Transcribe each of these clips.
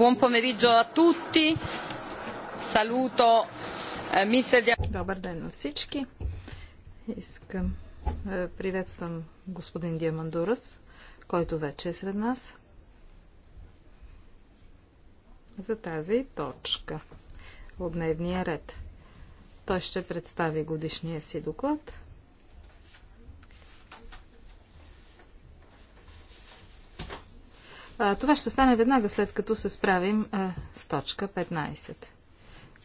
Buon pomeriggio a tutti. Saluto мистер eh, Добър ден на всички. Искам е, приветствам господин Диамандурас, който вече е сред нас за тази точка от дневния ред. Той ще представи годишния си доклад. Това ще стане веднага след като се справим е, с точка 15,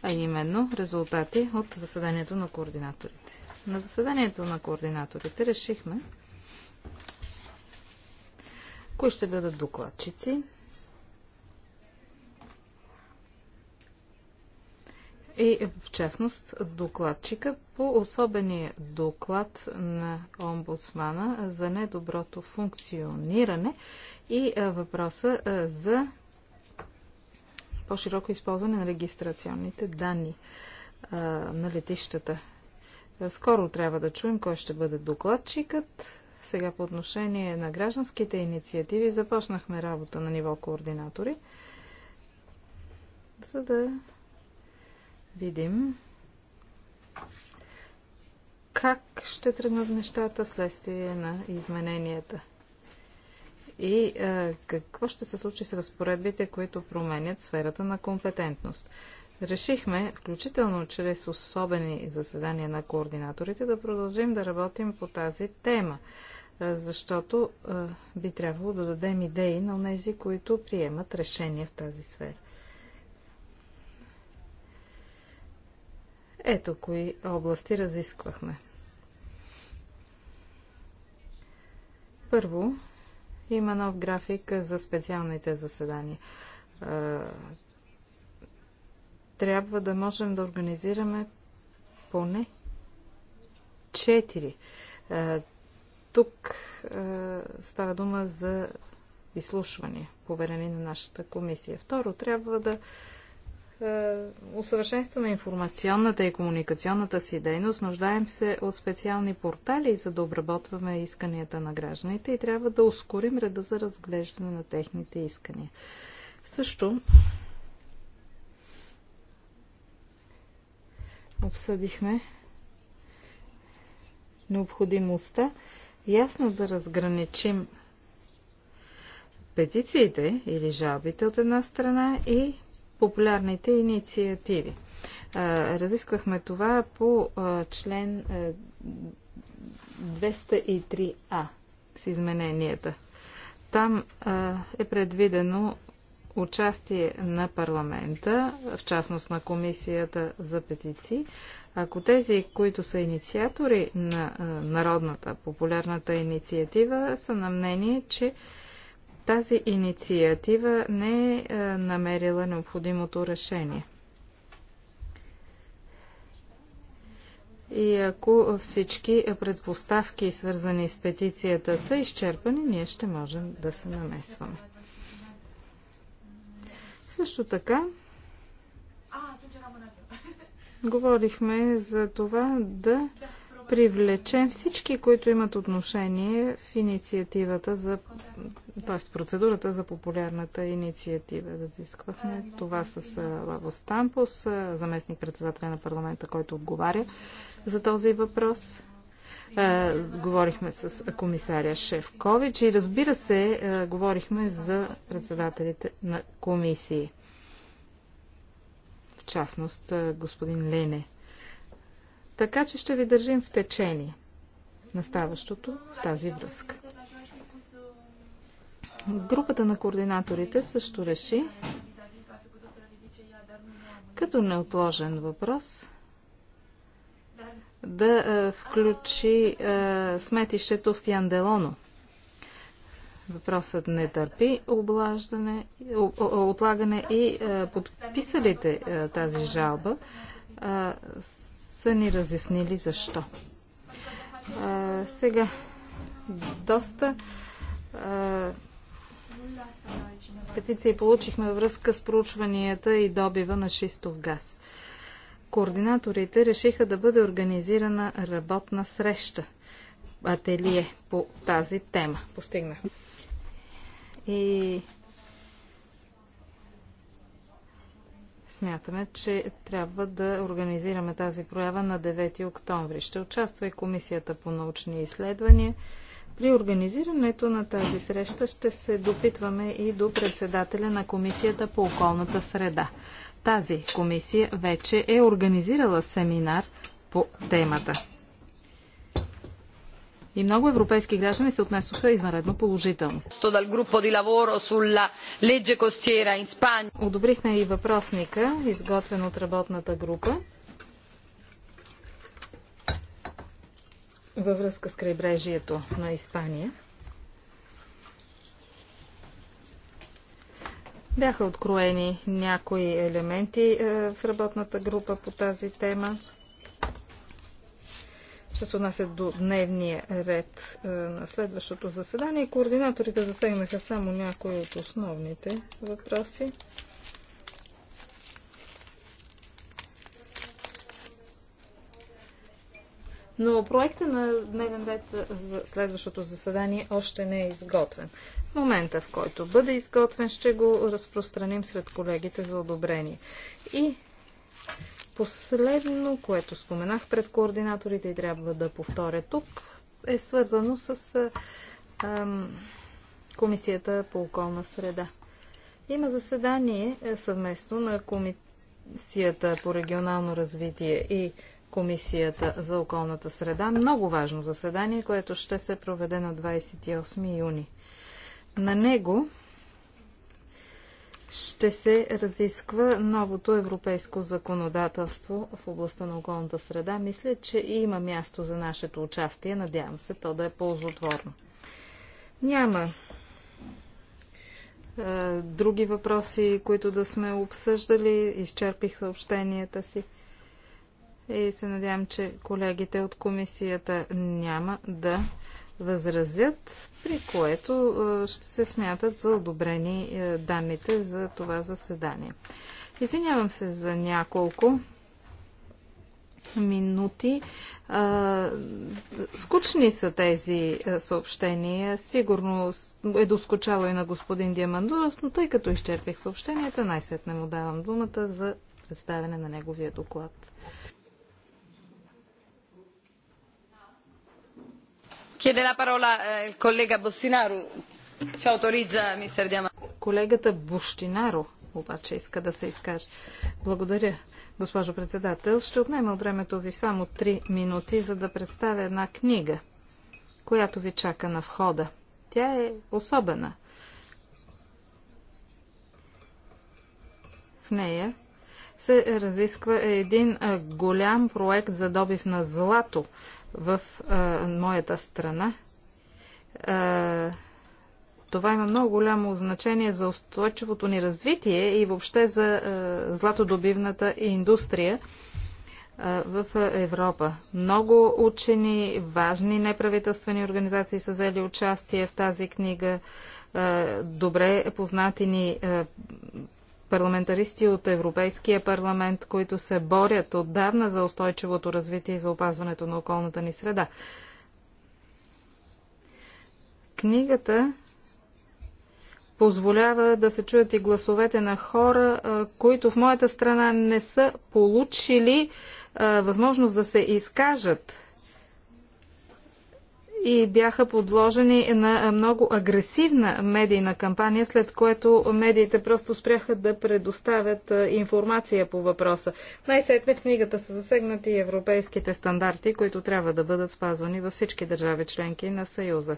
а именно резултати от заседанието на координаторите. На заседанието на координаторите решихме кои ще бъдат докладчици и в частност докладчика по особения доклад на омбудсмана за недоброто функциониране и въпроса за по-широко използване на регистрационните данни на летищата. Скоро трябва да чуем кой ще бъде докладчикът. Сега по отношение на гражданските инициативи започнахме работа на ниво координатори, за да видим как ще тръгнат нещата вследствие на измененията – и а, е, какво ще се случи с разпоредбите, които променят сферата на компетентност. Решихме, включително чрез особени заседания на координаторите, да продължим да работим по тази тема, е, защото а, е, би трябвало да дадем идеи на тези, които приемат решения в тази сфера. Ето кои области разисквахме. Първо, има нов график за специалните заседания. Трябва да можем да организираме поне четири. Тук става дума за изслушвания, поверени на нашата комисия. Второ, трябва да е, усъвършенстваме информационната и комуникационната си дейност, нуждаем се от специални портали, за да обработваме исканията на гражданите и трябва да ускорим реда за разглеждане на техните искания. Също обсъдихме необходимостта ясно да разграничим петициите или жалбите от една страна и популярните инициативи. Разисквахме това по член 203А с измененията. Там е предвидено участие на парламента, в частност на комисията за петиции, ако тези, които са инициатори на народната популярната инициатива, са на мнение, че тази инициатива не е, е намерила необходимото решение. И ако всички предпоставки, свързани с петицията, са изчерпани, ние ще можем да се намесваме. Също така, говорихме за това да привлечем всички, които имат отношение в инициативата за, т.е. процедурата за популярната инициатива. Разисквахме това с Лаво Стампус, заместник председателя на парламента, който отговаря за този въпрос. Говорихме с комисаря Шевкович и разбира се, говорихме за председателите на комисии. В частност, господин Лене. Така че ще ви държим в течение на ставащото в тази връзка. Групата на координаторите също реши, като неотложен въпрос, да е, включи е, сметището в Пянделоно. Въпросът не търпи облаждане, о, о, отлагане и е, подписалите е, тази жалба е, са ни разяснили защо. А, сега, доста а, петиции получихме връзка с проучванията и добива на шистов газ. Координаторите решиха да бъде организирана работна среща, ателие по тази тема. Постигнахме. И Смятаме, че трябва да организираме тази проява на 9 октомври. Ще участва и Комисията по научни изследвания. При организирането на тази среща ще се допитваме и до председателя на Комисията по околната среда. Тази комисия вече е организирала семинар по темата и много европейски граждани се отнесоха извънредно положително. Одобрихме и въпросника, изготвен от работната група. във връзка с крайбрежието на Испания. Бяха откроени някои елементи е, в работната група по тази тема. Ще се отнася до дневния ред е, на следващото заседание. Координаторите засегнаха само някои от основните въпроси. Но проекта на дневен ред за следващото заседание още не е изготвен. В момента, в който бъде изготвен, ще го разпространим сред колегите за одобрение. И последно, което споменах пред координаторите и трябва да повторя тук, е свързано с а, а, Комисията по околна среда. Има заседание е, съвместно на Комисията по регионално развитие и Комисията за околната среда. Много важно заседание, което ще се проведе на 28 юни. На него ще се разисква новото европейско законодателство в областта на околната среда. Мисля, че има място за нашето участие. Надявам се то да е ползотворно. Няма е, други въпроси, които да сме обсъждали. Изчерпих съобщенията си. И се надявам, че колегите от комисията няма да възразят, при което е, ще се смятат за одобрени е, данните за това заседание. Извинявам се за няколко минути. Е, скучни са тези съобщения. Сигурно е доскочало и на господин Диамандурас, но тъй като изчерпих съобщенията, най-сетне му давам думата за представяне на неговия доклад. Eh, Колегата Бущинаро обаче иска да се изкаже. Благодаря, госпожо председател. Ще отнема от времето ви само 3 минути, за да представя една книга, която ви чака на входа. Тя е особена. В нея се разисква един голям проект за добив на злато в а, моята страна. А, това има много голямо значение за устойчивото ни развитие и въобще за а, златодобивната индустрия в Европа. Много учени, важни неправителствени организации са взели участие в тази книга. Добре познати ни парламентаристи от Европейския парламент, които се борят отдавна за устойчивото развитие и за опазването на околната ни среда. Книгата позволява да се чуят и гласовете на хора, които в моята страна не са получили възможност да се изкажат и бяха подложени на много агресивна медийна кампания, след което медиите просто спряха да предоставят информация по въпроса. Най-сетне в книгата са засегнати европейските стандарти, които трябва да бъдат спазвани във всички държави членки на Съюза.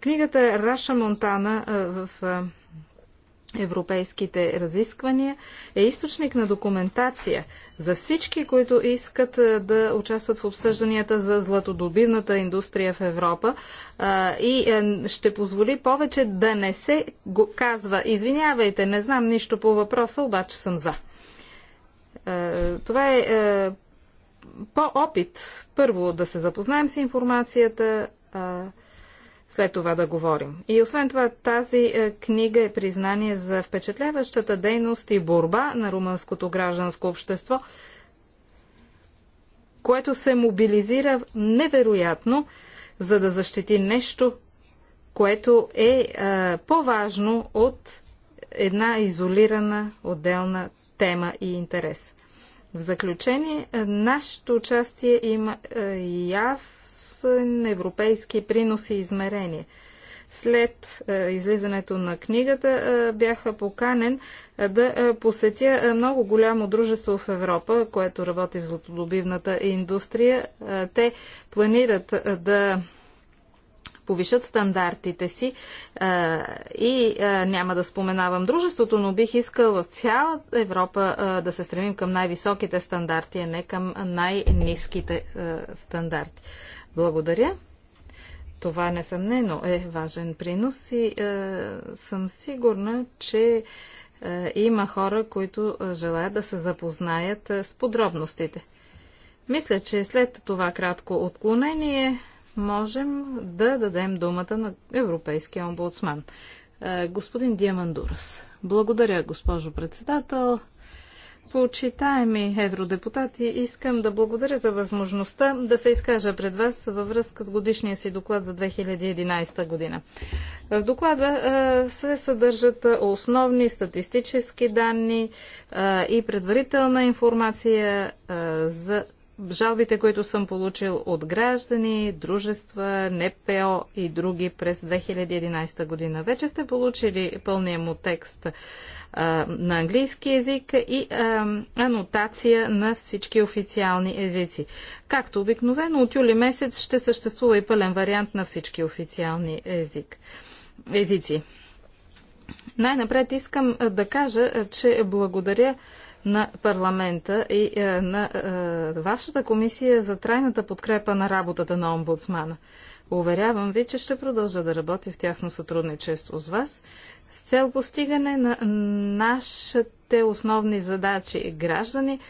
Книгата Раша Монтана в европейските разисквания, е източник на документация за всички, които искат да участват в обсъжданията за златодобивната индустрия в Европа и е, ще позволи повече да не се казва извинявайте, не знам нищо по въпроса, обаче съм за. Това е, е по опит първо да се запознаем с информацията, след това да говорим. И освен това, тази е, книга е признание за впечатляващата дейност и борба на румънското гражданско общество, което се мобилизира невероятно, за да защити нещо, което е, е по-важно от една изолирана отделна тема и интерес. В заключение, е, нашето участие има яв европейски принос и измерение. След е, излизането на книгата е, бяха поканен е, да посетя много голямо дружество в Европа, което работи в златодобивната индустрия. Те планират да повишат стандартите си и няма да споменавам дружеството, но бих искал в цяла Европа да се стремим към най-високите стандарти, а не към най-низките стандарти. Благодаря. Това несъмнено е важен принос и е, съм сигурна, че е, има хора, които е, желаят да се запознаят е, с подробностите. Мисля, че след това кратко отклонение можем да дадем думата на Европейския омбудсман. Е, господин Диамандурас. Благодаря, госпожо председател. Почитаеми евродепутати, искам да благодаря за възможността да се изкажа пред вас във връзка с годишния си доклад за 2011 година. В доклада се съдържат основни статистически данни и предварителна информация за жалбите, които съм получил от граждани, дружества, НПО и други през 2011 година. Вече сте получили пълния му текст а, на английски язик и а, анотация на всички официални езици. Както обикновено, от юли месец ще съществува и пълен вариант на всички официални език, езици. Най-напред искам да кажа, че благодаря на парламента и е, на е, вашата комисия за трайната подкрепа на работата на омбудсмана. Уверявам ви, че ще продължа да работя в тясно сътрудничество с вас с цел постигане на нашите основни задачи граждани,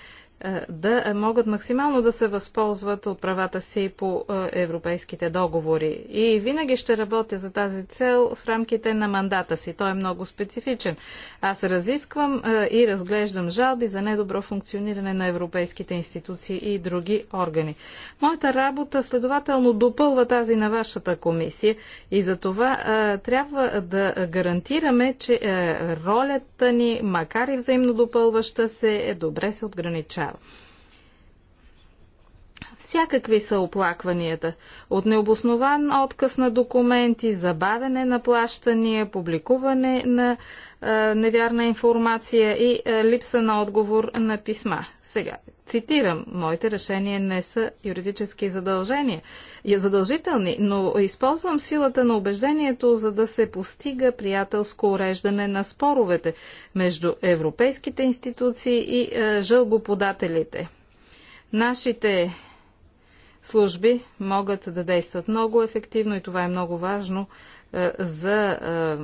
е, да могат максимално да се възползват от правата си по е, европейските договори. И винаги ще работя за тази цел в рамките на мандата си. Той е много специфичен. Аз разисквам е, и разглеждам жалби за недобро функциониране на европейските институции и други органи. Моята работа следователно допълва тази на вашата комисия и за това трябва да гарантираме, че ролята ни, макар и взаимно допълваща се, е добре се отграничава държава. Всякакви са оплакванията. От необоснован отказ на документи, забавене на плащания, публикуване на е, невярна информация и е, липса на отговор на писма. Сега, цитирам, моите решения не са юридически задължения, задължителни, но използвам силата на убеждението, за да се постига приятелско уреждане на споровете между европейските институции и е, жълбоподателите. Нашите служби могат да действат много ефективно и това е много важно е, за е,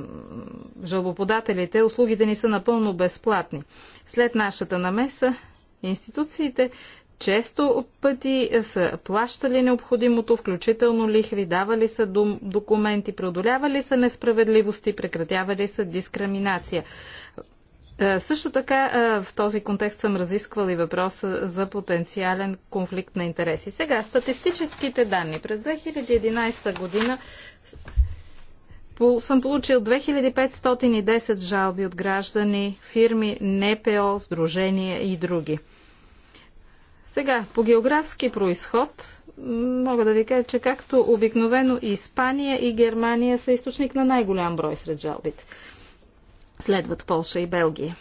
жалбоподателите. Услугите ни са напълно безплатни. След нашата намеса, институциите често пъти са плащали необходимото, включително лихви, давали са документи, преодолявали са несправедливости, прекратявали са дискриминация. Е, също така е, в този контекст съм разисквал и въпроса за потенциален конфликт на интереси. Сега, статистическите данни. През 2011 година съм получил 2510 жалби от граждани, фирми, НПО, сдружения и други. Сега, по географски происход, мога да ви кажа, че както обикновено Испания и Германия са източник на най-голям брой сред жалбите. Следват Полша и Белгия.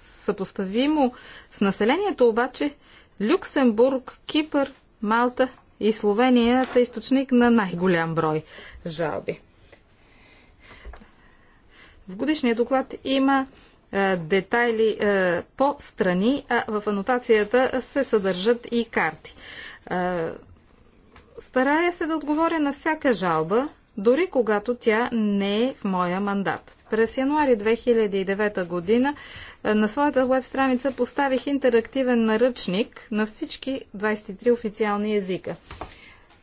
Съпоставимо с населението обаче, Люксембург, Кипър, Малта и Словения са източник на най-голям брой жалби. В годишния доклад има е, детайли е, по страни, а в анотацията се съдържат и карти. Е, старая се да отговоря на всяка жалба, дори когато тя не е в моя мандат. През януари 2009 година е, на своята веб страница поставих интерактивен наръчник на всички 23 официални езика.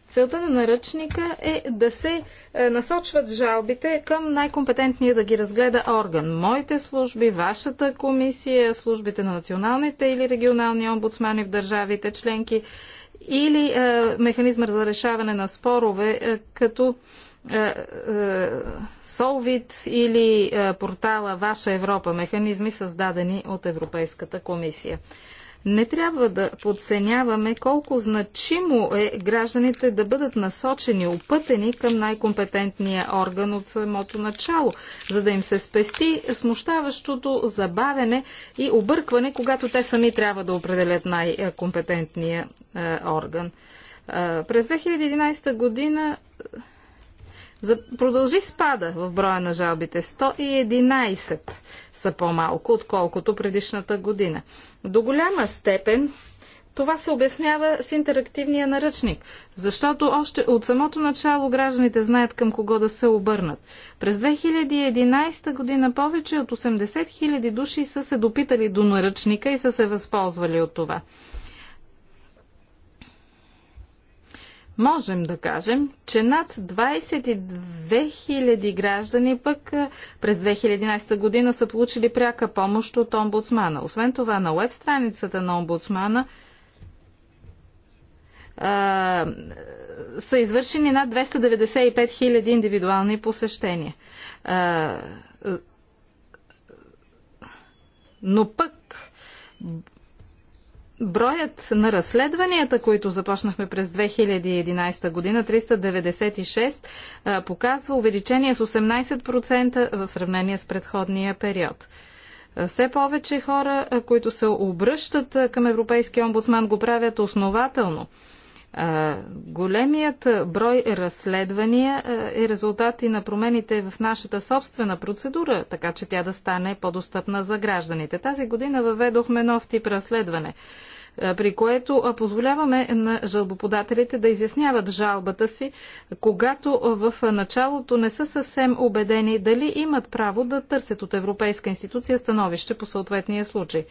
Целта на наръчника е да се е, насочват жалбите към най-компетентния да ги разгледа орган. Моите служби, вашата комисия, службите на националните или регионални омбудсмани в държавите членки или е, механизма за решаване на спорове, е, като Солвит е, е, или е, портала Ваша Европа, механизми създадени от Европейската комисия. Не трябва да подценяваме колко значимо е гражданите да бъдат насочени, опътени към най-компетентния орган от самото начало, за да им се спести смущаващото забавене и объркване, когато те сами трябва да определят най-компетентния орган. През 2011 година за... Продължи спада в броя на жалбите. 111 са по-малко, отколкото предишната година. До голяма степен това се обяснява с интерактивния наръчник, защото още от самото начало гражданите знаят към кого да се обърнат. През 2011 година повече от 80 000 души са се допитали до наръчника и са се възползвали от това. можем да кажем, че над 22 000 граждани пък през 2011 година са получили пряка помощ от омбудсмана. Освен това, на веб страницата на омбудсмана са извършени над 295 000 индивидуални посещения. но пък Броят на разследванията, които започнахме през 2011 година, 396, показва увеличение с 18% в сравнение с предходния период. Все повече хора, които се обръщат към Европейския омбудсман, го правят основателно. Големият брой разследвания е резултат и на промените в нашата собствена процедура, така че тя да стане по-достъпна за гражданите. Тази година въведохме нов тип разследване при което позволяваме на жалбоподателите да изясняват жалбата си, когато в началото не са съвсем убедени дали имат право да търсят от Европейска институция становище по съответния случай.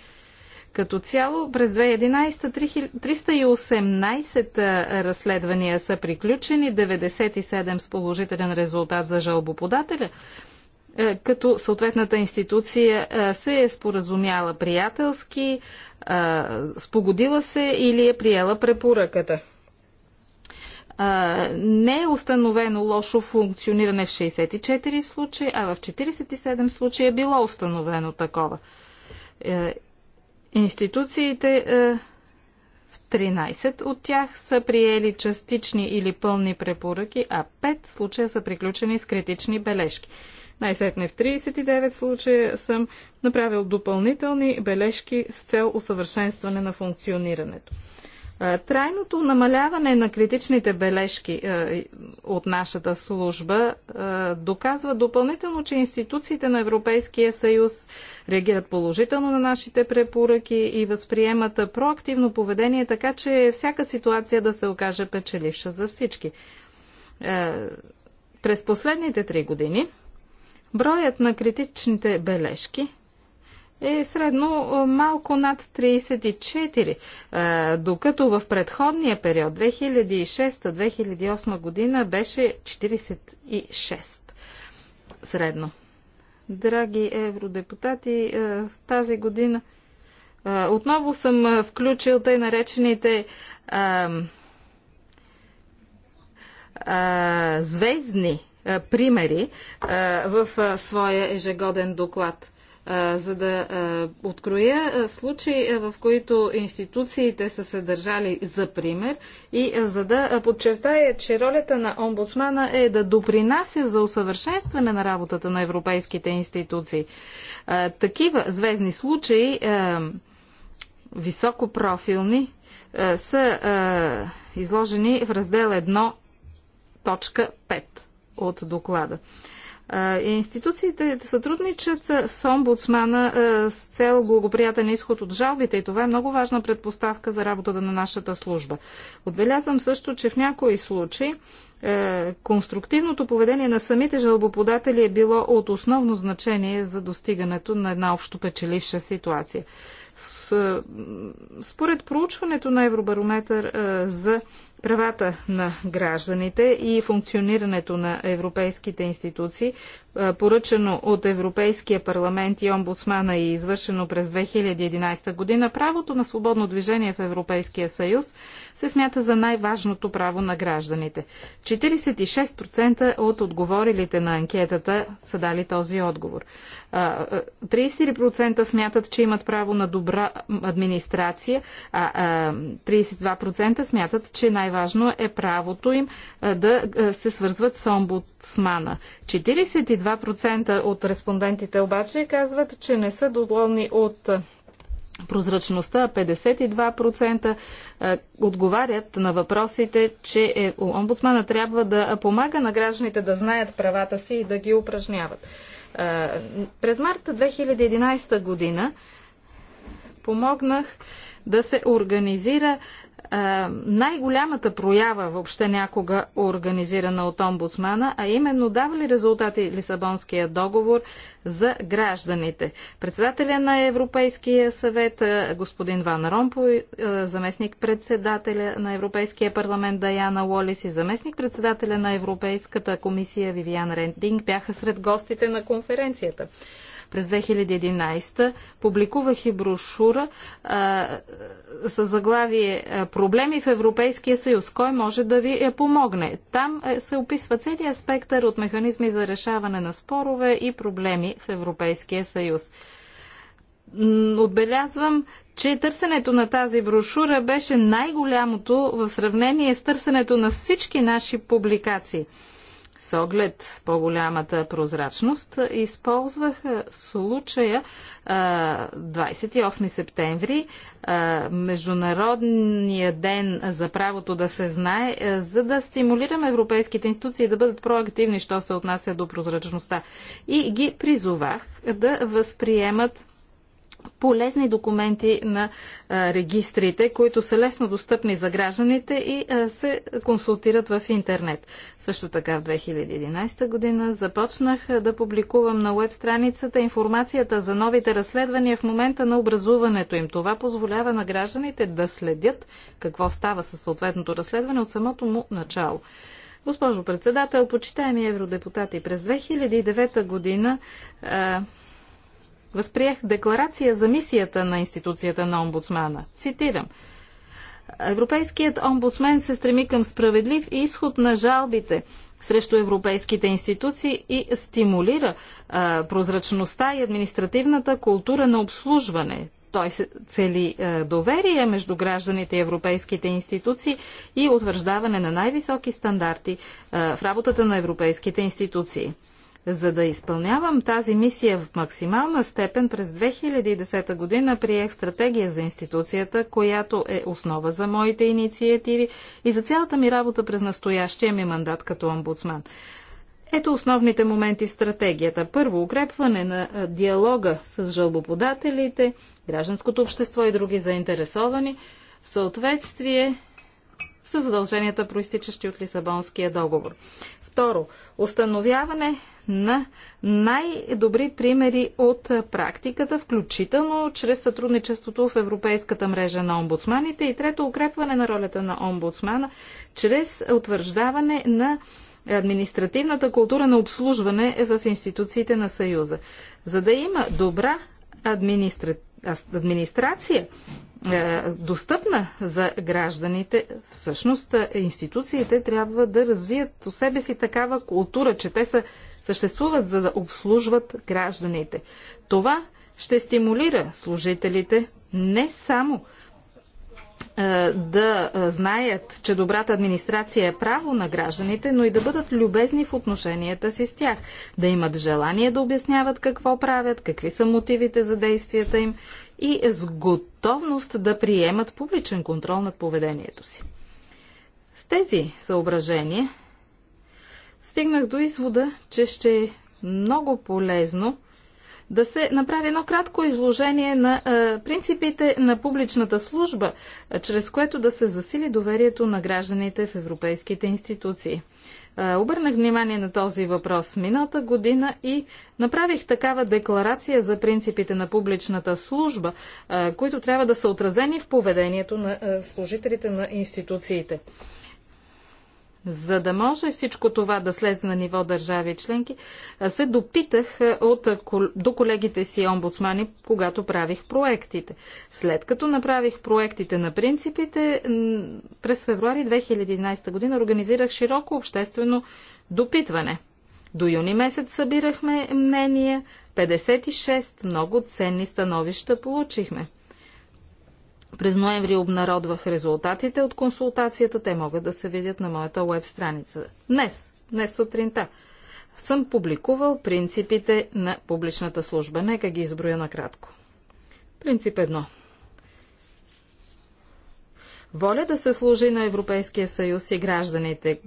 Като цяло през 2011 318 разследвания са приключени, 97 с положителен резултат за жалбоподателя, е, като съответната институция е, се е споразумяла приятелски, е, спогодила се или е приела препоръката не е установено лошо функциониране в 64 случаи, а в 47 случая е било установено такова. Институциите е, в 13 от тях са приели частични или пълни препоръки, а 5 случая са приключени с критични бележки. Най-сетне в 39 случая съм направил допълнителни бележки с цел усъвършенстване на функционирането. Е, трайното намаляване на критичните бележки е, от нашата служба е, доказва допълнително, че институциите на Европейския съюз реагират положително на нашите препоръки и възприемат проактивно поведение, така че всяка ситуация да се окаже печеливша за всички. През последните три години броят на критичните бележки е средно е, малко над 34, е, докато в предходния период 2006-2008 година беше 46 средно. Драги евродепутати, е, в тази година отново съм включил тъй наречените звездни примери в своя ежегоден доклад за да откроя случаи, в които институциите са се държали за пример и за да подчертая, че ролята на омбудсмана е да допринася за усъвършенстване на работата на европейските институции. Такива звездни случаи, високопрофилни, са изложени в раздел 1.5 от доклада. Институциите сътрудничат с омбудсмана с цел благоприятен изход от жалбите и това е много важна предпоставка за работата на нашата служба. Отбелязвам също, че в някои случаи е, конструктивното поведение на самите жалбоподатели е било от основно значение за достигането на една общо печеливша ситуация. Според проучването на Евробарометър е, за правата на гражданите и функционирането на европейските институции е, поръчено от Европейския парламент и омбудсмана и извършено през 2011 година, правото на свободно движение в Европейския съюз се смята за най-важното право на гражданите. 46% от отговорилите на анкетата са дали този отговор. 33% е, смятат, че имат право на добра администрация, а 32% смятат, че най-важно е правото им да се свързват с омбудсмана. 42 22% от респондентите обаче казват, че не са доволни от прозрачността, 52% отговарят на въпросите, че е, омбудсмана трябва да помага на гражданите да знаят правата си и да ги упражняват. През марта 2011 година помогнах да се организира е, най-голямата проява въобще някога организирана от омбудсмана, а именно дава ли резултати Лисабонския договор за гражданите. Председателя на Европейския съвет, е, господин Ван Ромпо, е, заместник председателя на Европейския парламент Даяна Уолис и заместник председателя на Европейската комисия Вивиан Рендинг бяха сред гостите на конференцията през 2011 публикувах и брошура а, с заглавие Проблеми в Европейския съюз. Кой може да ви е помогне? Там е, се описва целият спектър от механизми за решаване на спорове и проблеми в Европейския съюз. Отбелязвам, че търсенето на тази брошура беше най-голямото в сравнение с търсенето на всички наши публикации – с оглед по-голямата прозрачност, използвах случая 28 септември, Международния ден за правото да се знае, за да стимулираме европейските институции да бъдат проактивни, що се отнася до прозрачността. И ги призовах да възприемат полезни документи на регистрите, които са лесно достъпни за гражданите и се консултират в интернет. Също така в 2011 година започнах да публикувам на веб страницата информацията за новите разследвания в момента на образуването им. Това позволява на гражданите да следят какво става със съответното разследване от самото му начало. Госпожо председател, почитаеми евродепутати, през 2009 година възприех декларация за мисията на институцията на омбудсмана. Цитирам. Европейският омбудсмен се стреми към справедлив изход на жалбите срещу европейските институции и стимулира а, прозрачността и административната култура на обслужване. Той се цели а, доверие между гражданите и европейските институции и утвърждаване на най-високи стандарти а, в работата на европейските институции. За да изпълнявам тази мисия в максимална степен, през 2010 година приех стратегия за институцията, която е основа за моите инициативи и за цялата ми работа през настоящия ми мандат като омбудсман. Ето основните моменти в стратегията. Първо, укрепване на диалога с жалбоподателите, гражданското общество и други заинтересовани, в съответствие с задълженията, проистичащи от Лисабонския договор. Второ, установяване на най-добри примери от практиката, включително чрез сътрудничеството в Европейската мрежа на омбудсманите. И трето, укрепване на ролята на омбудсмана чрез утвърждаване на административната култура на обслужване в институциите на Съюза. За да има добра администра... администрация, е, достъпна за гражданите, всъщност е, институциите трябва да развият у себе си такава култура, че те са, съществуват за да обслужват гражданите. Това ще стимулира служителите не само е, да знаят, че добрата администрация е право на гражданите, но и да бъдат любезни в отношенията си с тях, да имат желание да обясняват какво правят, какви са мотивите за действията им и с готовност да приемат публичен контрол над поведението си. С тези съображения стигнах до извода, че ще е много полезно да се направи едно кратко изложение на а, принципите на публичната служба, а, чрез което да се засили доверието на гражданите в европейските институции. Е, обърнах внимание на този въпрос миналата година и направих такава декларация за принципите на публичната служба, е, които трябва да са отразени в поведението на е, служителите на институциите. За да може всичко това да слезе на ниво държави и членки, се допитах от, до колегите си омбудсмани, когато правих проектите. След като направих проектите на принципите, през февруари 2011 година организирах широко обществено допитване. До юни месец събирахме мнения, 56 много ценни становища получихме. През ноември обнародвах резултатите от консултацията. Те могат да се видят на моята веб страница. Днес, днес сутринта, съм публикувал принципите на публичната служба. Нека ги изброя накратко. Принцип 1. Воля да се служи на Европейския съюз и гражданите.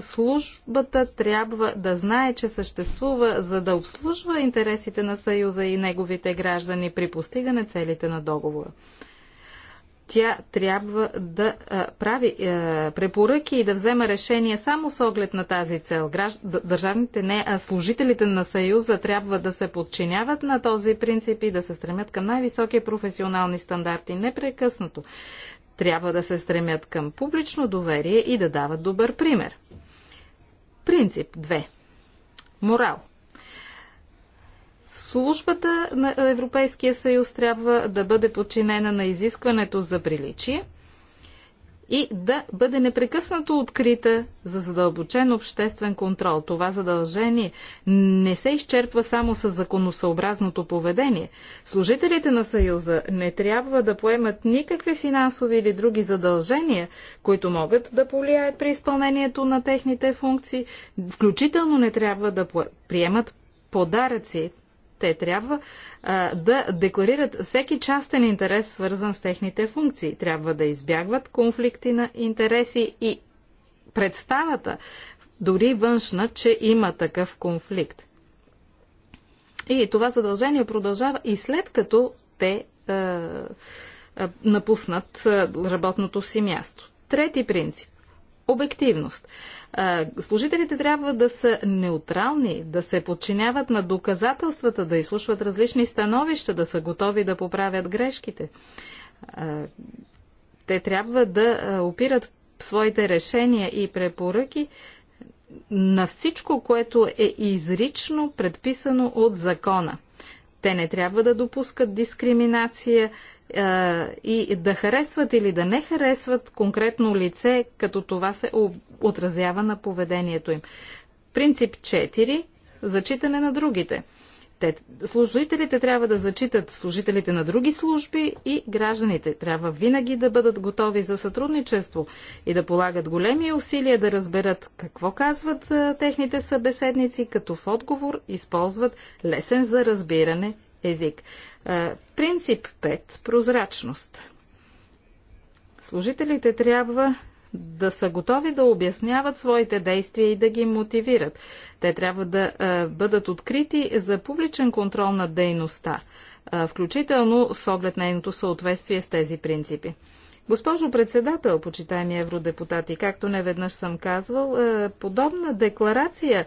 Службата трябва да знае, че съществува, за да обслужва интересите на съюза и неговите граждани при постигане целите на договора тя трябва да а, прави а, препоръки и да взема решение само с оглед на тази цел. Гражд... Държавните не, а служителите на Съюза трябва да се подчиняват на този принцип и да се стремят към най-високи професионални стандарти непрекъснато. Трябва да се стремят към публично доверие и да дават добър пример. Принцип 2. Морал. Службата на Европейския съюз трябва да бъде подчинена на изискването за приличие и да бъде непрекъснато открита за задълбочен обществен контрол. Това задължение не се изчерпва само с законосъобразното поведение. Служителите на Съюза не трябва да поемат никакви финансови или други задължения, които могат да повлияят при изпълнението на техните функции. Включително не трябва да приемат подаръци, те трябва а, да декларират всеки частен интерес, свързан с техните функции. Трябва да избягват конфликти на интереси и представата, дори външна, че има такъв конфликт. И това задължение продължава и след като те а, а, напуснат работното си място. Трети принцип обективност. Служителите трябва да са неутрални, да се подчиняват на доказателствата, да изслушват различни становища, да са готови да поправят грешките. Те трябва да опират своите решения и препоръки на всичко, което е изрично предписано от закона. Те не трябва да допускат дискриминация, и да харесват или да не харесват конкретно лице, като това се отразява на поведението им. Принцип 4. Зачитане на другите. Те, служителите трябва да зачитат служителите на други служби и гражданите трябва винаги да бъдат готови за сътрудничество и да полагат големи усилия да разберат какво казват а, техните събеседници, като в отговор използват лесен за разбиране език. Е, принцип 5. Прозрачност. Служителите трябва да са готови да обясняват своите действия и да ги мотивират. Те трябва да е, бъдат открити за публичен контрол на дейността, е, включително с оглед нейното съответствие с тези принципи. Госпожо председател, почитаеми евродепутати, както не веднъж съм казвал, е, подобна декларация е,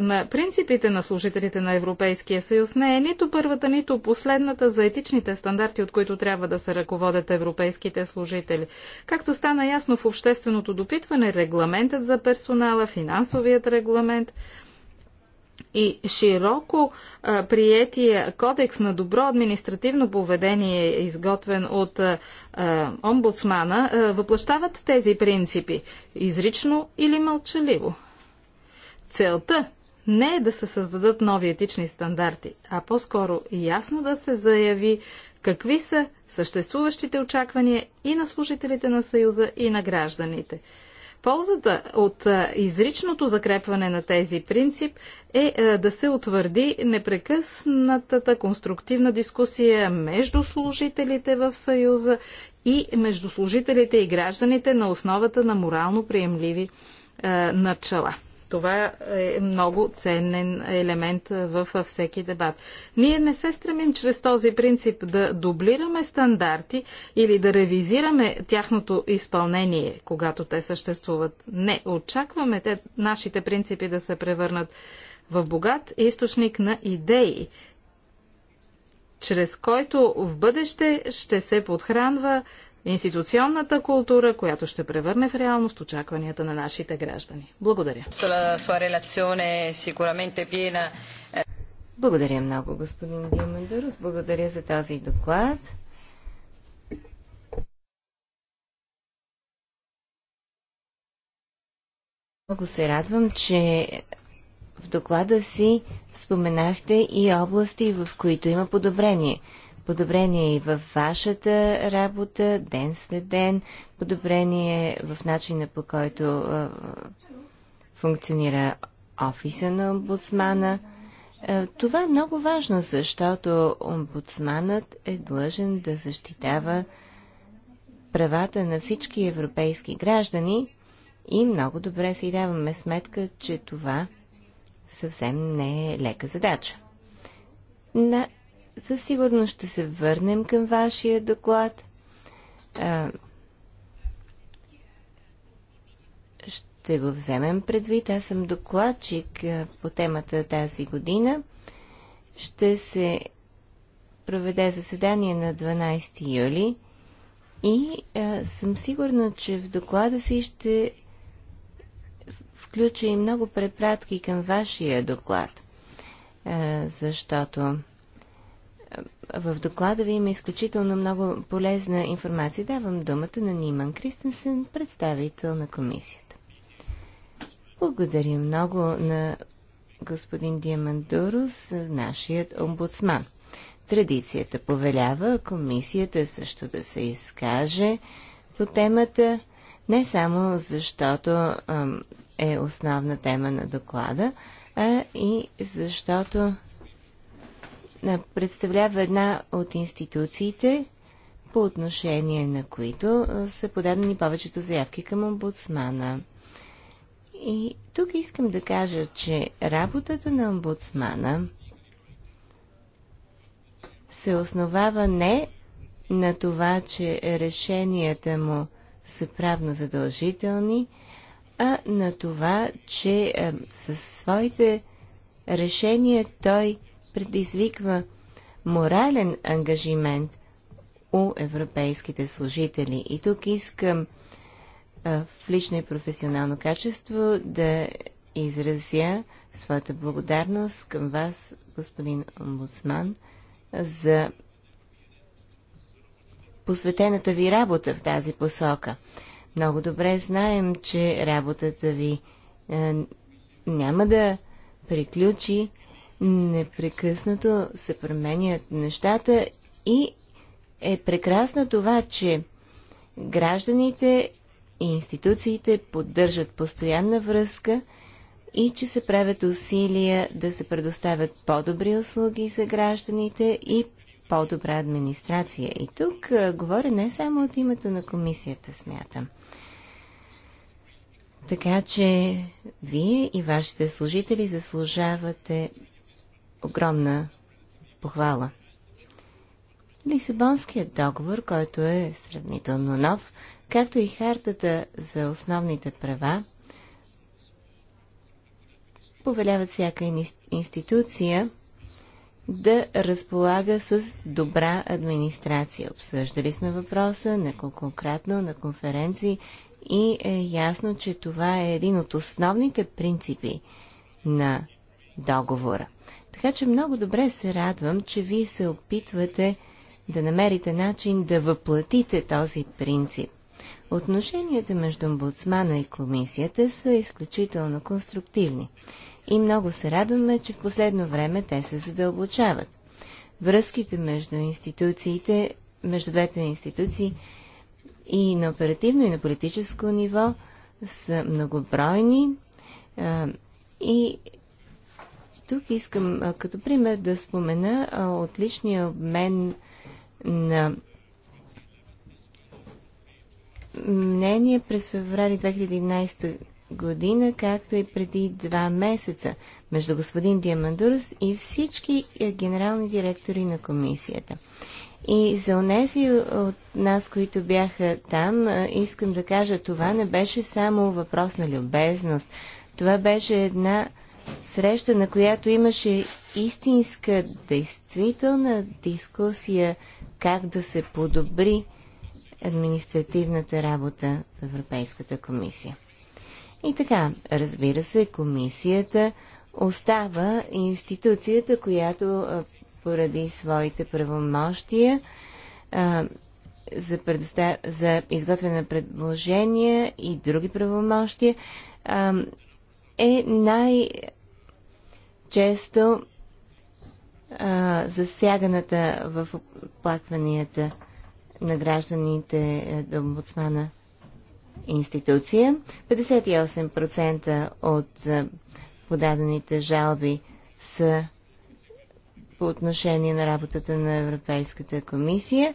на принципите на служителите на Европейския съюз не е нито първата, нито последната за етичните стандарти, от които трябва да се ръководят европейските служители. Както стана ясно в общественото допитване, регламентът за персонала, финансовият регламент, и широко приятия кодекс на добро административно поведение, изготвен от омбудсмана, въплащават тези принципи изрично или мълчаливо. Целта не е да се създадат нови етични стандарти, а по-скоро ясно да се заяви какви са съществуващите очаквания и на служителите на Съюза, и на гражданите – Ползата от изричното закрепване на тези принцип е да се утвърди непрекъснатата конструктивна дискусия между служителите в Съюза и между служителите и гражданите на основата на морално приемливи начала. Това е много ценен елемент във всеки дебат. Ние не се стремим чрез този принцип да дублираме стандарти или да ревизираме тяхното изпълнение, когато те съществуват. Не, очакваме те, нашите принципи да се превърнат в богат източник на идеи, чрез който в бъдеще ще се подхранва институционната култура, която ще превърне в реалност очакванията на нашите граждани. Благодаря. Е Благодаря много, господин Диамандурус. Благодаря за този доклад. Много се радвам, че в доклада си споменахте и области, в които има подобрение подобрение и в вашата работа, ден след ден, подобрение в начина по който а, функционира офиса на омбудсмана. А, това е много важно, защото омбудсманът е длъжен да защитава правата на всички европейски граждани и много добре си даваме сметка, че това съвсем не е лека задача. На със сигурност ще се върнем към вашия доклад. Ще го вземем предвид. Аз съм докладчик по темата тази година. Ще се проведе заседание на 12 юли и съм сигурна, че в доклада си ще включа и много препратки към вашия доклад, защото в доклада ви има изключително много полезна информация. Давам думата на Ниман Кристенсен, представител на комисията. Благодаря много на господин Диамандурус, нашият омбудсман. Традицията повелява комисията също да се изкаже по темата, не само защото е основна тема на доклада, а и защото представлява една от институциите, по отношение на които са подадени повечето заявки към омбудсмана. И тук искам да кажа, че работата на омбудсмана се основава не на това, че решенията му са правно задължителни, а на това, че със своите решения той предизвиква морален ангажимент у европейските служители. И тук искам в лично и професионално качество да изразя своята благодарност към вас, господин омбудсман, за посветената ви работа в тази посока. Много добре знаем, че работата ви е, няма да приключи непрекъснато се променят нещата и е прекрасно това, че гражданите и институциите поддържат постоянна връзка и че се правят усилия да се предоставят по-добри услуги за гражданите и по-добра администрация. И тук а, говоря не само от името на комисията, смятам. Така че вие и вашите служители заслужавате огромна похвала. Лисабонският договор, който е сравнително нов, както и хартата за основните права, повеляват всяка институция да разполага с добра администрация. Обсъждали сме въпроса неколкократно на конференции и е ясно, че това е един от основните принципи на договора. Така че много добре се радвам, че вие се опитвате да намерите начин да въплатите този принцип. Отношенията между омбудсмана и комисията са изключително конструктивни и много се радваме, че в последно време те се задълбочават. Връзките между институциите, между двете институции и на оперативно и на политическо ниво са многобройни и тук искам като пример да спомена отличния обмен на мнение през феврали 2011 година, както и преди два месеца между господин Диамандурус и всички е, генерални директори на комисията. И за онези от нас, които бяха там, искам да кажа, това не беше само въпрос на любезност. Това беше една среща, на която имаше истинска, действителна дискусия как да се подобри административната работа в Европейската комисия. И така, разбира се, комисията остава институцията, която поради своите правомощия за, предостав... за изготвяне на предложения и други правомощия е най- често а, засяганата в оплакванията на гражданите е, до омбудсмана институция. 58% от подадените жалби са по отношение на работата на Европейската комисия.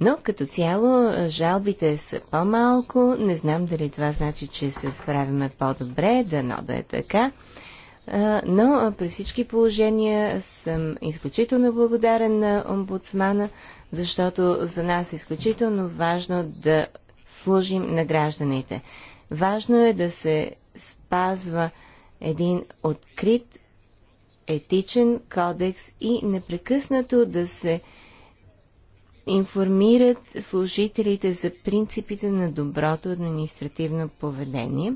Но като цяло жалбите са по-малко. Не знам дали това значи, че се справяме по-добре, дано да е така но при всички положения съм изключително благодарен на омбудсмана, защото за нас е изключително важно да служим на гражданите. Важно е да се спазва един открит етичен кодекс и непрекъснато да се информират служителите за принципите на доброто административно поведение.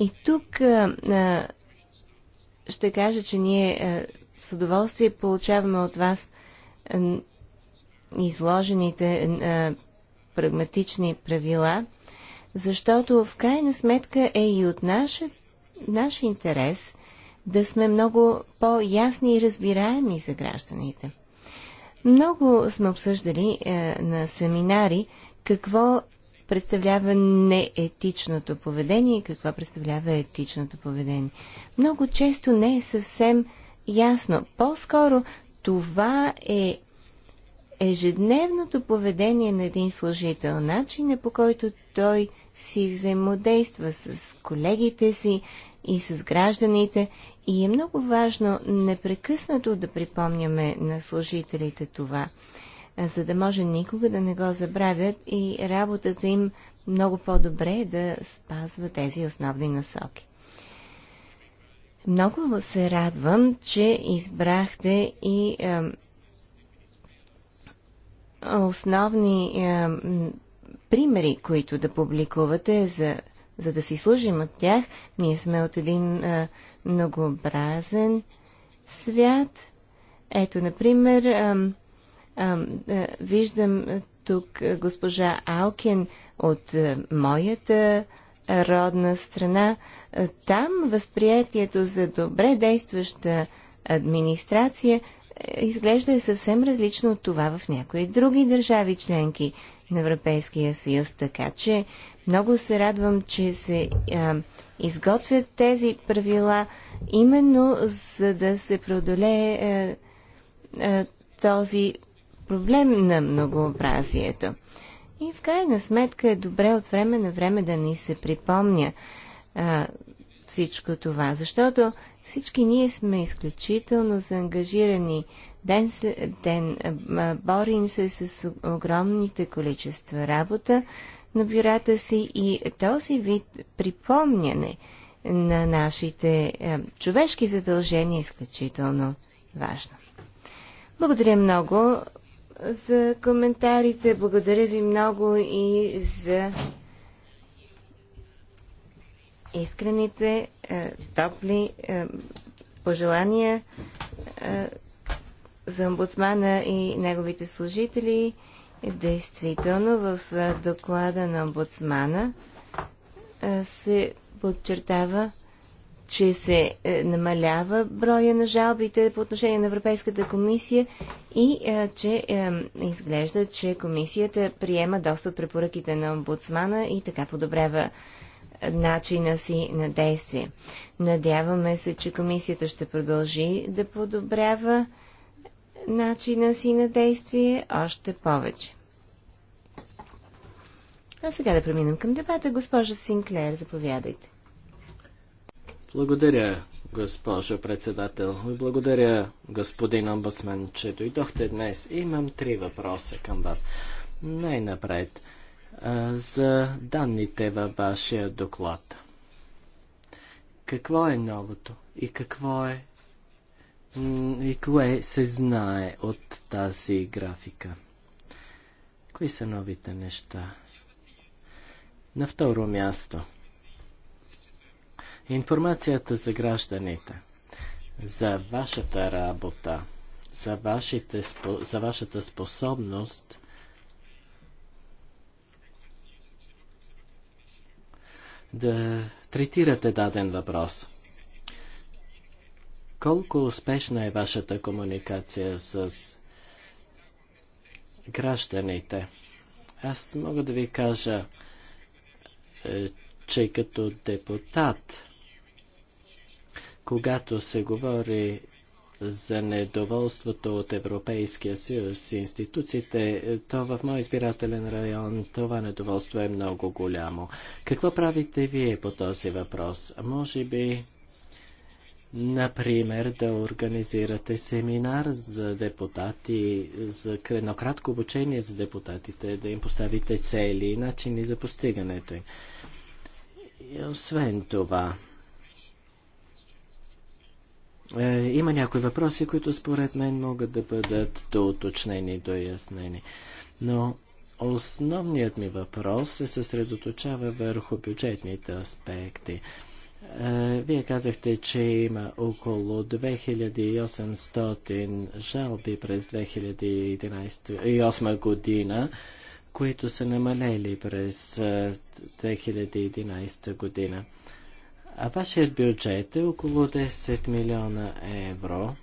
И тук а, ще кажа, че ние е, с удоволствие получаваме от вас е, изложените е, прагматични правила, защото в крайна сметка е и от наш, наш интерес да сме много по-ясни и разбираеми за гражданите. Много сме обсъждали е, на семинари какво представлява неетичното поведение и какво представлява етичното поведение. Много често не е съвсем ясно. По-скоро това е ежедневното поведение на един служител, начинът по който той си взаимодейства с колегите си и с гражданите. И е много важно непрекъснато да припомняме на служителите това за да може никога да не го забравят и работата им много по-добре е да спазва тези основни насоки. Много се радвам, че избрахте и е, основни е, примери, които да публикувате, за, за да си служим от тях. Ние сме от един е, многообразен свят. Ето, например, е, е, виждам е, тук е, госпожа Алкен от моята родна страна. Там възприятието за добре действаща администрация изглежда е съвсем различно от това в някои други държави членки на Европейския съюз. Така че много се радвам, че се а, изготвят тези правила, именно за да се преодолее а, а, този проблем на многообразието. И в крайна сметка е добре от време на време да ни се припомня а, всичко това, защото всички ние сме изключително заангажирани. Ден след ден а, борим се с огромните количества работа на бюрата си и този вид припомняне на нашите а, човешки задължения е изключително важно. Благодаря много за коментарите. Благодаря ви много и за искрените, е, топли е, пожелания е, за омбудсмана и неговите служители. Действително, в доклада на омбудсмана се подчертава че се е, намалява броя на жалбите по отношение на Европейската комисия и е, че е, изглежда, че комисията приема доста от препоръките на омбудсмана и така подобрява е, начина си на действие. Надяваме се, че комисията ще продължи да подобрява начина си на действие още повече. А сега да преминем към дебата. Госпожа Синклер, заповядайте. Благодаря, госпожо председател. Благодаря, господин омбудсмен, че дойдохте днес. Имам три въпроса към вас. Най-напред, за данните във вашия доклад. Какво е новото и какво е и кое се знае от тази графика? Кои са новите неща? На второ място – Информацията за гражданите, за вашата работа, за, вашите, за вашата способност да третирате даден въпрос. Колко успешна е вашата комуникация с гражданите? Аз мога да ви кажа, е, че като депутат когато се говори за недоволството от Европейския съюз и институциите, е, то в моят избирателен район това недоволство е много голямо. Какво правите вие по този въпрос? Може би, например, да организирате семинар за депутати, за кратко обучение за депутатите, да им поставите цели и начини за постигането им. И освен това, е, има някои въпроси, които според мен могат да бъдат доуточнени, дояснени. Но основният ми въпрос се съсредоточава върху бюджетните аспекти. Е, вие казахте, че има около 2800 жалби през 2008 година, които са намалели през 2011 е, година. А вашият бюджет е около 10 милиона евро.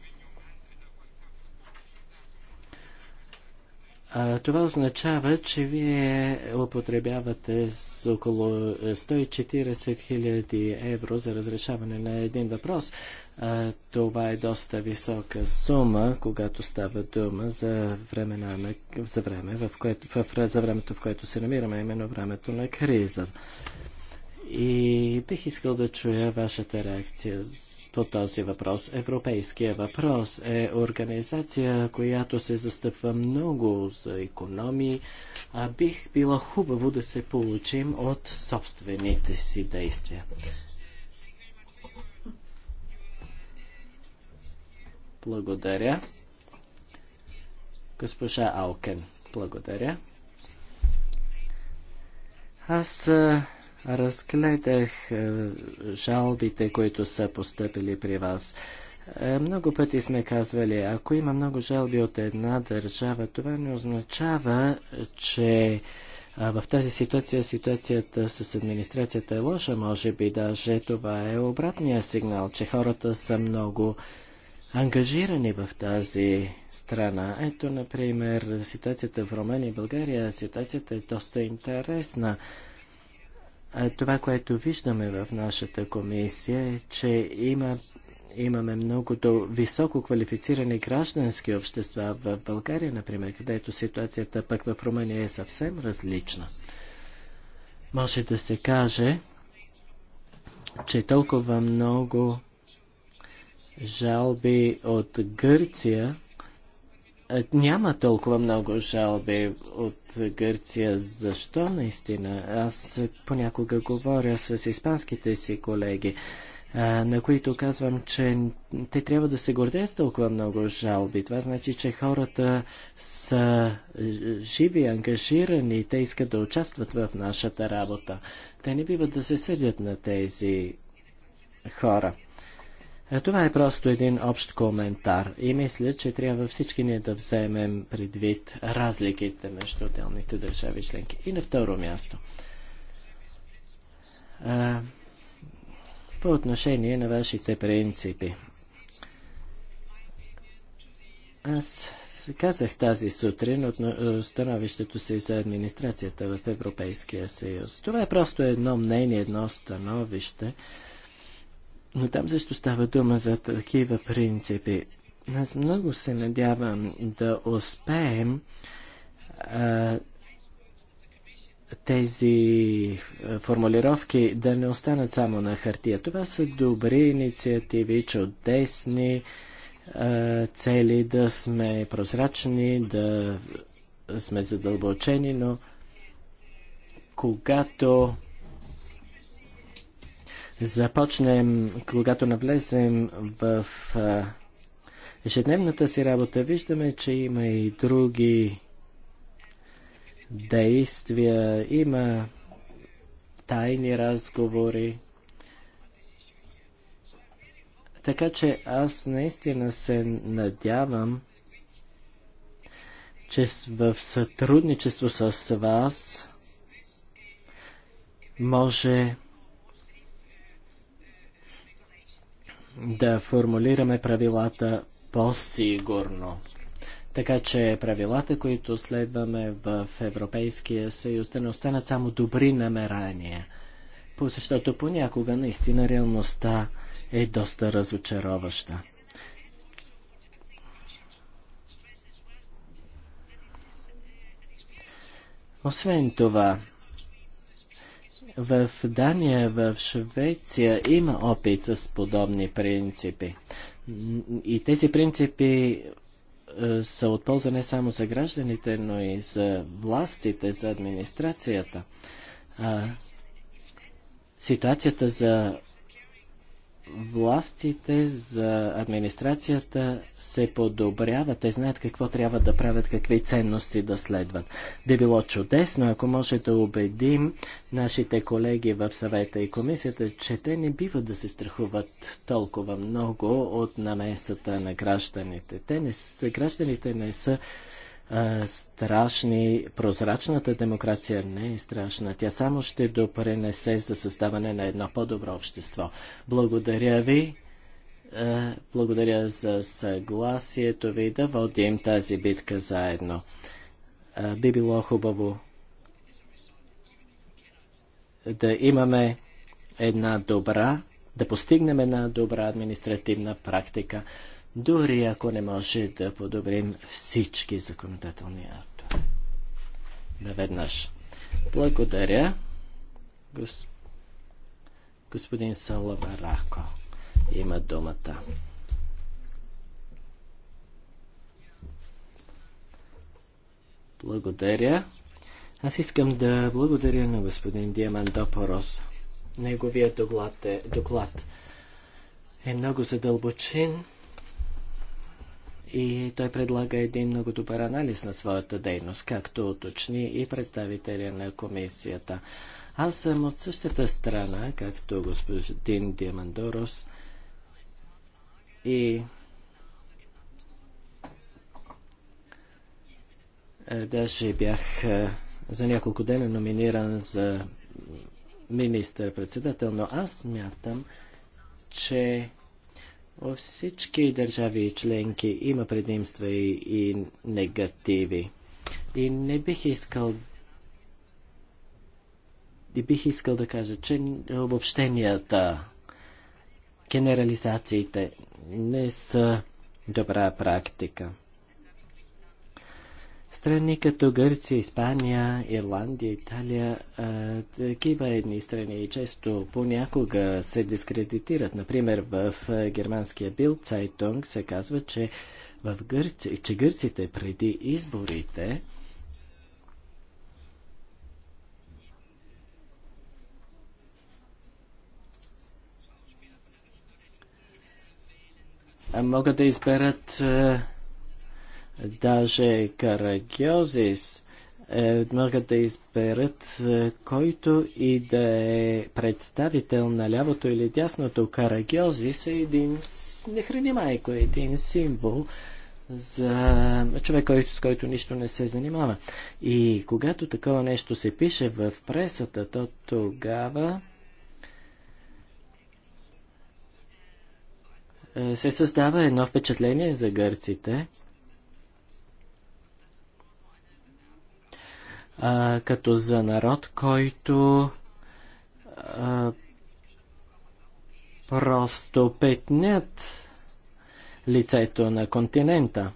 А, това означава, че вие употребявате с около 140 хиляди евро за разрешаване на един въпрос. А, това е доста висока сума, когато става дума за, времена на, за, време, в което, в, за времето, в което се намираме, именно времето на криза. И бих искал да чуя вашата реакция по този въпрос. Европейския въпрос е организация, която се застъпва много за економии, а бих било хубаво да се получим от собствените си действия. Благодаря. Госпожа Алкен, благодаря. Аз Разгледах е, жалбите, които са поступили при вас. Е, много пъти сме казвали, ако има много жалби от една държава, това не означава, че в тази ситуация ситуацията с администрацията е лоша. Може би даже това е обратния сигнал, че хората са много ангажирани в тази страна. Ето, например, ситуацията в Румъния и България. Ситуацията е доста интересна. Това, което виждаме в нашата комисия е, че има, имаме много до високо квалифицирани граждански общества в България, например, където ситуацията пък в Румъния е съвсем различна. Може да се каже, че толкова много жалби от Гърция няма толкова много жалби от Гърция. Защо наистина? Аз понякога говоря с испанските си колеги, на които казвам, че те трябва да се гордеят с толкова много жалби. Това значи, че хората са живи, ангажирани, и те искат да участват в нашата работа. Те не биват да се съдят на тези хора. Е, това е просто един общ коментар и мисля, че трябва всички ние да вземем предвид разликите между отделните държави членки. И на второ място. А, по отношение на вашите принципи. Аз казах тази сутрин от становището си за администрацията в Европейския съюз. Това е просто едно мнение, едно становище. Но там също става дума за такива принципи. Аз много се надявам да успеем а, тези формулировки да не останат само на хартия. Това са добри инициативи, чудесни а, цели да сме прозрачни, да сме задълбочени, но когато започнем, когато навлезем в ежедневната си работа, виждаме, че има и други действия, има тайни разговори. Така че аз наистина се надявам, че в сътрудничество с вас може да формулираме правилата по-сигурно. Така че правилата, които следваме в Европейския съюз, да не останат само добри намерания. Защото понякога наистина реалността е доста разочароваща. Освен това, в Дания, в Швеция има опит с подобни принципи. И тези принципи е, са от полза не само за гражданите, но и за властите, за администрацията. А, ситуацията за властите за администрацията се подобряват. Те знаят какво трябва да правят, какви ценности да следват. Би било чудесно, ако може да убедим нашите колеги в съвета и комисията, че те не бива да се страхуват толкова много от намесата на гражданите. Те не, гражданите не са страшни. Прозрачната демокрация не е страшна. Тя само ще допренесе за създаване на едно по-добро общество. Благодаря ви. благодаря за съгласието ви да водим тази битка заедно. би било хубаво да имаме една добра, да постигнем една добра административна практика дори ако не може да подобрим всички законодателни актове. Наведнъж. Благодаря, гос... господин Рако Има думата. Благодаря. Аз искам да благодаря на господин Допорос. Неговият доклад е, доклад е много задълбочен и той предлага един много добър анализ на своята дейност, както уточни и представителя на комисията. Аз съм от същата страна, както господин Диамандорос и е, даже бях е, за няколко дена номиниран за министър-председател, но аз мятам, че във всички държави и членки има предимства и, и негативи. И не бих искал и бих искал да кажа, че обобщенията, генерализациите не са добра практика. Страни като Гърция, Испания, Ирландия, Италия, а, такива едни страни често понякога се дискредитират. Например, в германския бил Цайтонг се казва, че, в Гърци, че гърците преди изборите могат да изберат а, даже карагиозис е, могат да изберат е, който и да е представител на лявото или дясното. карагиозис е един нехрени майко, е един символ за човек, който, с който нищо не се занимава. И когато такова нещо се пише в пресата, то тогава се създава едно впечатление за гърците – а, като за народ, който а, просто петнят лицето на континента.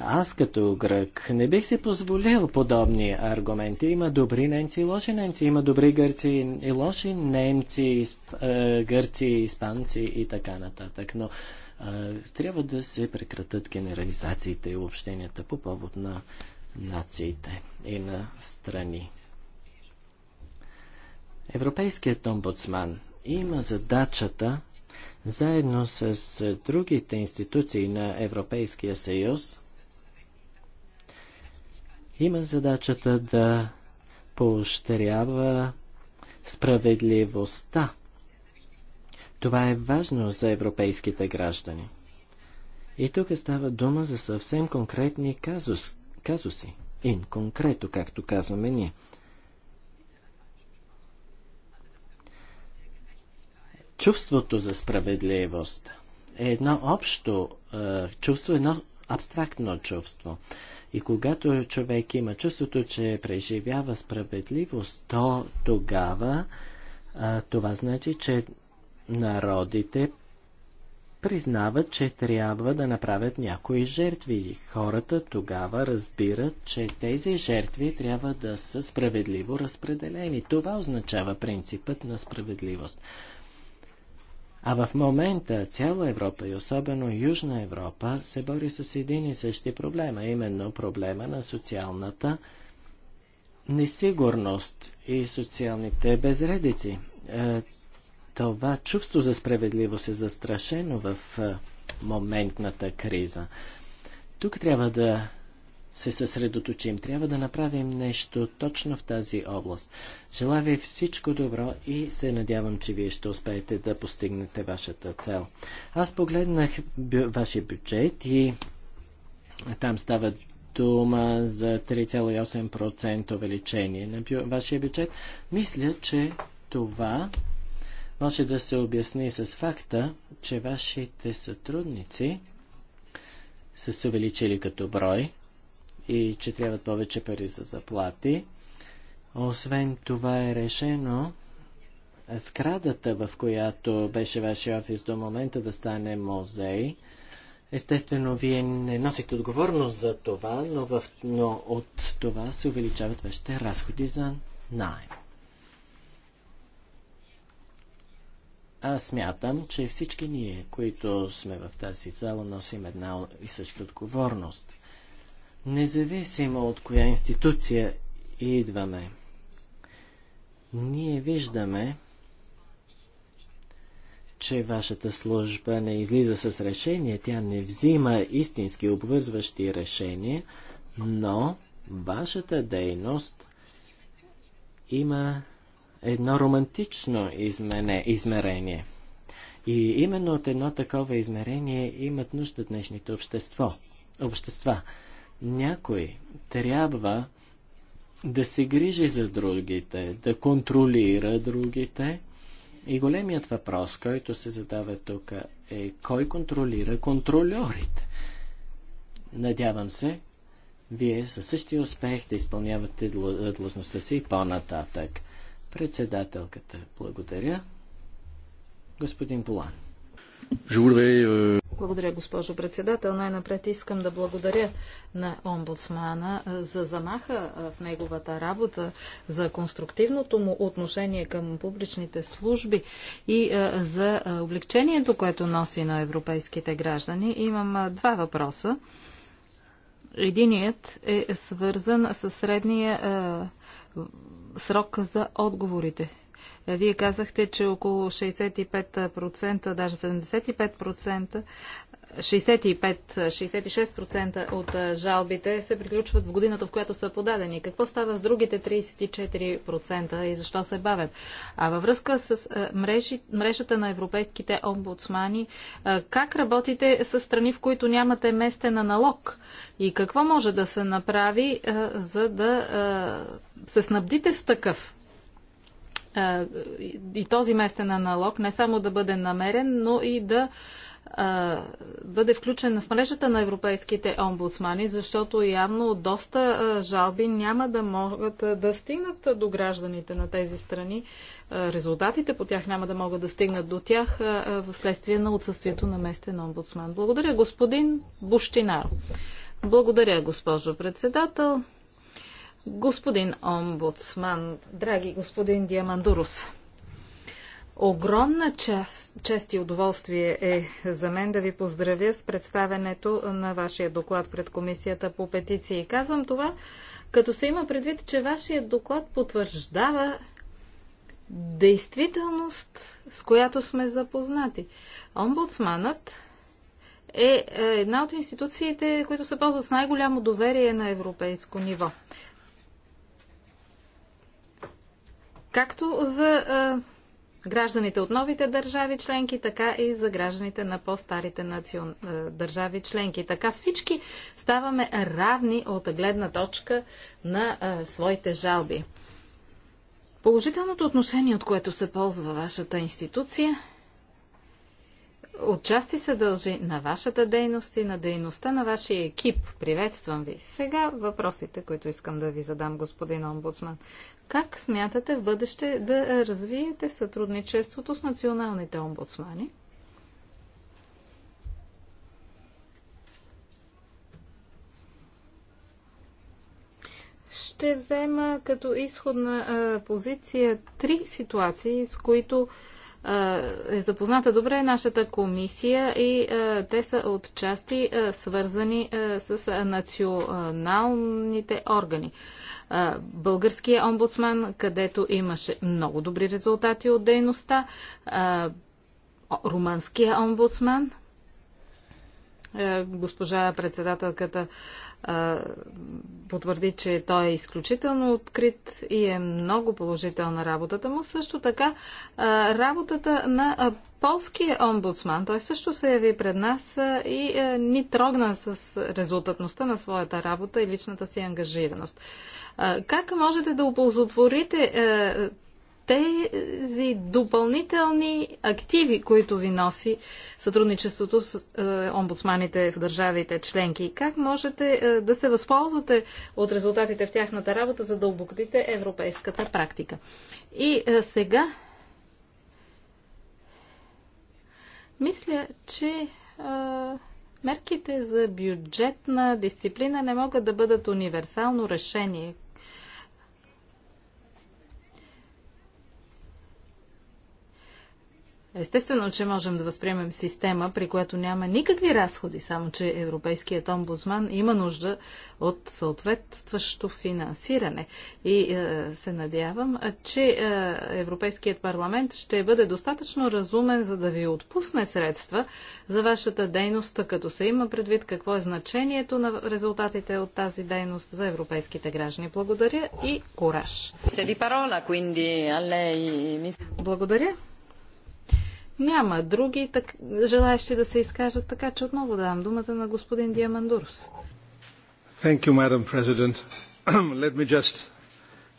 Аз като грък не бих си позволил подобни аргументи. Има добри немци и лоши немци, има добри гърци и лоши немци, исп... гърци, испанци и така нататък. Но а, трябва да се прекратат генерализациите и общенията по повод на нациите и на страни. Европейският омбудсман има задачата заедно с е, другите институции на Европейския съюз има задачата да поощрява справедливостта. Това е важно за европейските граждани. И тук става дума за съвсем конкретни казуси казуси. Ин конкрето, както казваме ние. Чувството за справедливост е едно общо е, чувство, едно абстрактно чувство. И когато човек има чувството, че преживява справедливост, то тогава е, това значи, че народите признават, че трябва да направят някои жертви. Хората тогава разбират, че тези жертви трябва да са справедливо разпределени. Това означава принципът на справедливост. А в момента цяла Европа и особено Южна Европа се бори с един и същи проблем, а именно проблема на социалната несигурност и социалните безредици. Е, това чувство за справедливост е застрашено в моментната криза. Тук трябва да се съсредоточим. Трябва да направим нещо точно в тази област. Желая ви всичко добро и се надявам, че вие ще успеете да постигнете вашата цел. Аз погледнах бю- вашия бюджет и там става дума за 3,8% увеличение на бю- вашия бюджет. Мисля, че това може да се обясни с факта, че вашите сътрудници са се увеличили като брой и че трябват повече пари за заплати. Освен това е решено сградата, в която беше вашия офис до момента да стане музей. Естествено, вие не носите отговорност за това, но, в, но от това се увеличават вашите разходи за найем. Аз смятам, че всички ние, които сме в тази зала, носим една и съща отговорност. Независимо от коя институция идваме, ние виждаме, че вашата служба не излиза с решение, тя не взима истински обвързващи решения, но вашата дейност има едно романтично измене, измерение. И именно от едно такова измерение имат нужда днешните общество, общества. Някой трябва да се грижи за другите, да контролира другите. И големият въпрос, който се задава тук е кой контролира контролерите? Надявам се, вие със същия успех да изпълнявате длъжността си по-нататък. Председателката, благодаря. Господин Полан. Euh, благодаря, госпожо председател. Най-напред искам да благодаря на омбудсмана за замаха в неговата работа, за конструктивното му отношение към публичните служби и за облегчението, което носи на европейските граждани. Имам два въпроса. Единият е свързан с средния срок за отговорите. Вие казахте, че около 65%, даже 75% 65-66% от жалбите се приключват в годината, в която са подадени. Какво става с другите 34% и защо се бавят? А във връзка с мрежи, мрежата на европейските омбудсмани, как работите с страни, в които нямате местен аналог? И какво може да се направи, за да се снабдите с такъв? и този местен аналог не само да бъде намерен, но и да бъде включен в мрежата на европейските омбудсмани, защото явно доста жалби няма да могат да стигнат до гражданите на тези страни. Резултатите по тях няма да могат да стигнат до тях в следствие на отсъствието на местен омбудсман. Благодаря, господин Бущинар. Благодаря, госпожо председател. Господин омбудсман, драги господин Диамандурус. Огромна част, чест и удоволствие е за мен да ви поздравя с представенето на вашия доклад пред Комисията по петиции. Казвам това, като се има предвид, че вашия доклад потвърждава действителност, с която сме запознати. Омбудсманът е, е една от институциите, които се ползват с най-голямо доверие на европейско ниво. Както за гражданите от новите държави членки, така и за гражданите на по-старите национ... Е, държави членки. Така всички ставаме равни от гледна точка на а, е, своите жалби. Положителното отношение, от което се ползва вашата институция, отчасти се дължи на вашата дейност и на дейността на вашия екип. Приветствам ви. Сега въпросите, които искам да ви задам, господин омбудсман. Как смятате в бъдеще да развиете сътрудничеството с националните омбудсмани? Ще взема като изходна позиция три ситуации, с които а, е запозната добре нашата комисия и те са отчасти свързани с националните органи. Българския омбудсман, където имаше много добри резултати от дейността, румънския омбудсман – е, госпожа председателката е, потвърди, че той е изключително открит и е много положителна работата му. Също така е, работата на полския омбудсман. Той също се яви пред нас и ни трогна с резултатността на своята работа и личната си ангажираност. Как можете да оползотворите тези допълнителни активи, които ви носи сътрудничеството с е, омбудсманите в държавите членки? Как можете е, да се възползвате от резултатите в тяхната работа, за да обогатите европейската практика? И е, сега мисля, че мерките за бюджетна дисциплина не могат да бъдат универсално решение, Естествено, че можем да възприемем система, при която няма никакви разходи, само че Европейският омбудсман има нужда от съответстващо финансиране. И е, се надявам, че е, Европейският парламент ще бъде достатъчно разумен, за да ви отпусне средства за вашата дейност, като се има предвид какво е значението на резултатите от тази дейност за европейските граждани. Благодаря и кораж. Благодаря. Няма други так... желаящи да се изкажат, така че отново давам думата на господин Диамандурус. Thank you, Madam President. Let me just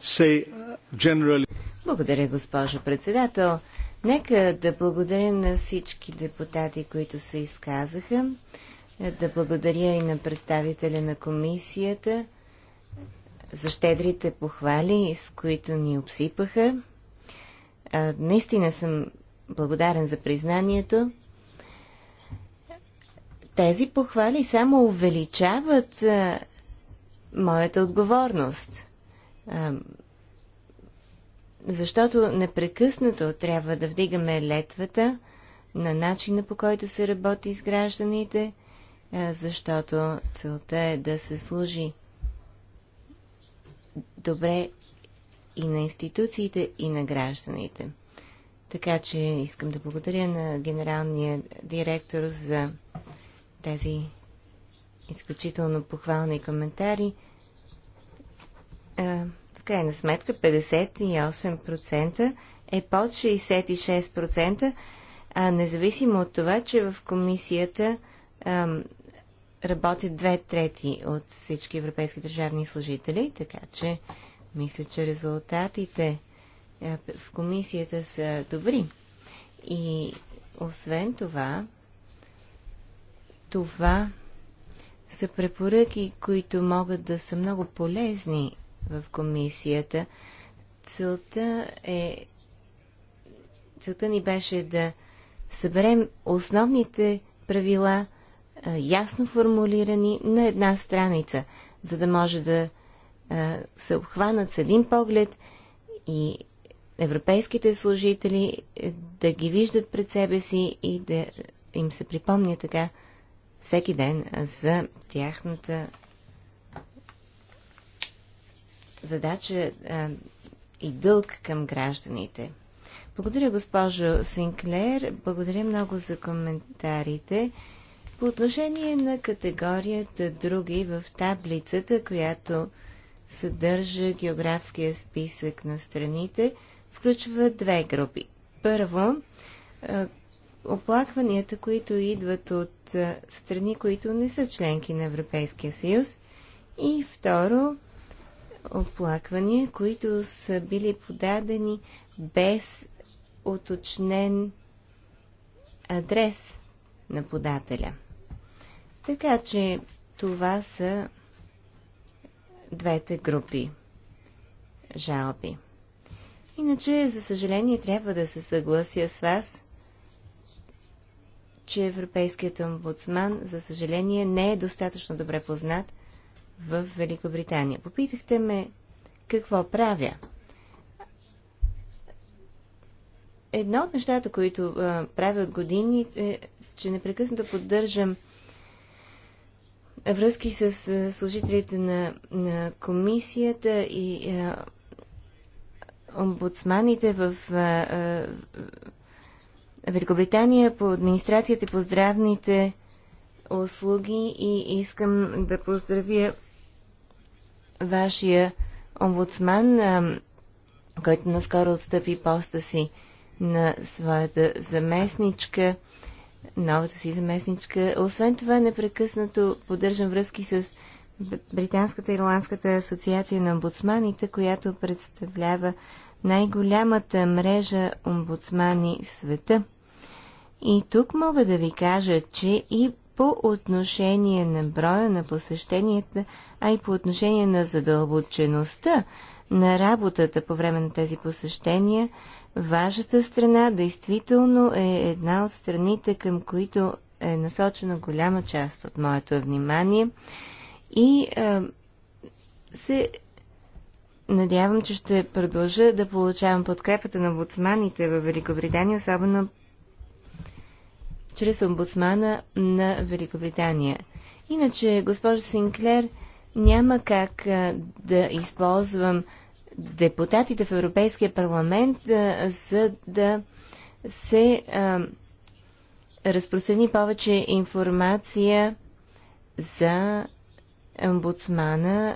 say uh, generally... Благодаря, госпожо председател. Нека да благодаря на всички депутати, които се изказаха. Да благодаря и на представителя на комисията за щедрите похвали, с които ни обсипаха. наистина съм благодарен за признанието. Тези похвали само увеличават а, моята отговорност. А, защото непрекъснато трябва да вдигаме летвата на начина по който се работи с гражданите, а, защото целта е да се служи добре и на институциите, и на гражданите. Така че искам да благодаря на генералния директор за тези изключително похвални коментари. В крайна сметка 58% е под 66%, а независимо от това, че в комисията работят две трети от всички европейски държавни служители, така че мисля, че резултатите е, в комисията са добри. И освен това, това са препоръки, които могат да са много полезни в комисията. Целта е целта ни беше да съберем основните правила, е, ясно формулирани на една страница, за да може да е, се обхванат с един поглед и европейските служители е, да ги виждат пред себе си и да им се припомня така всеки ден за тяхната задача а, и дълг към гражданите. Благодаря, госпожо Синклер. Благодаря много за коментарите. По отношение на категорията други в таблицата, която съдържа географския списък на страните, включва две групи. Първо, е, оплакванията, които идват от е, страни, които не са членки на Европейския съюз. И второ, оплаквания, които са били подадени без уточнен адрес на подателя. Така че това са двете групи жалби. Иначе, за съжаление, трябва да се съглася с вас, че Европейският омбудсман, за съжаление, не е достатъчно добре познат в Великобритания. Попитахте ме какво правя. Едно от нещата, които а, правя от години, е, че непрекъснато поддържам връзки с служителите на, на комисията и а, омбудсманите в Великобритания по администрацията по здравните услуги и искам да поздравя вашия омбудсман, който наскоро отстъпи поста си на своята заместничка, новата си заместничка. Освен това, непрекъснато поддържам връзки с Британската и Ирландската асоциация на омбудсманите, която представлява най-голямата мрежа омбудсмани в света. И тук мога да ви кажа, че и по отношение на броя на посещенията, а и по отношение на задълбочеността на работата по време на тези посещения, вашата страна действително е една от страните, към които е насочена голяма част от моето внимание и е, се Надявам, че ще продължа да получавам подкрепата на омбудсманите в Великобритания, особено чрез омбудсмана на Великобритания. Иначе, госпожа Синклер, няма как да използвам депутатите в Европейския парламент, за да се разпространи повече информация за омбудсмана,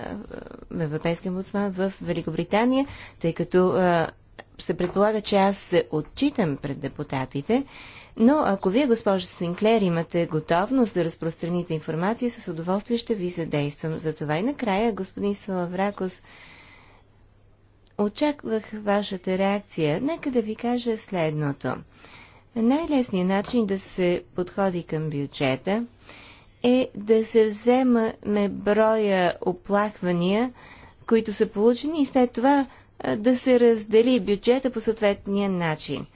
Европейския омбудсман в Великобритания, тъй като а, е, се предполага, че аз се отчитам пред депутатите, но ако вие, госпожо Синклер, имате готовност да разпространите информация, с удоволствие ще ви задействам за това. И накрая, господин Салавракос, очаквах вашата реакция. Нека да ви кажа следното. Най-лесният начин да се подходи към бюджета е да се вземаме броя оплаквания, които са получени и след това да се раздели бюджета по съответния начин.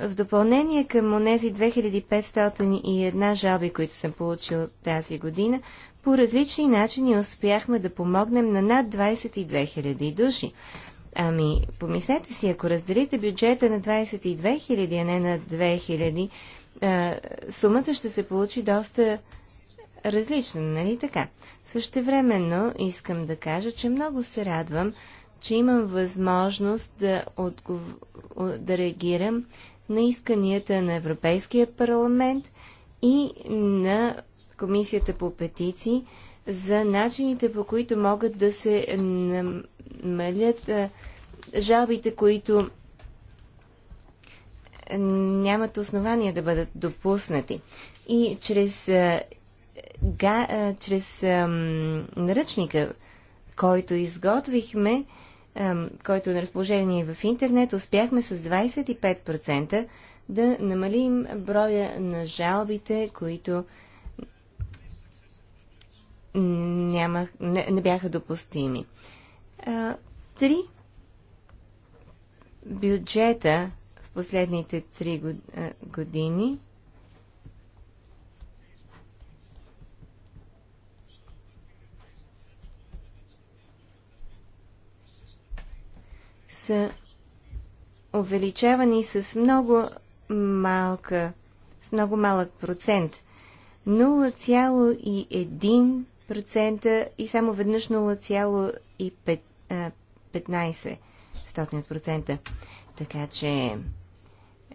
В допълнение към онези 2501 жалби, които съм получил тази година, по различни начини успяхме да помогнем на над 22 000 души. Ами, помислете си, ако разделите бюджета на 22 000, а не на 2000, е, сумата ще се получи доста различна, нали така? Същевременно искам да кажа, че много се радвам, че имам възможност да, отгов... да реагирам на исканията на Европейския парламент и на Комисията по петиции за начините по които могат да се намалят е, жалбите, които нямат основания да бъдат допуснати. И чрез, га, чрез наръчника, който изготвихме, който е на разположение в интернет, успяхме с 25% да намалим броя на жалбите, които няма, не, не бяха допустими. Три бюджета последните три години. са увеличавани с много малка, с много малък процент. 0,1% и само веднъж 0,15%. Така че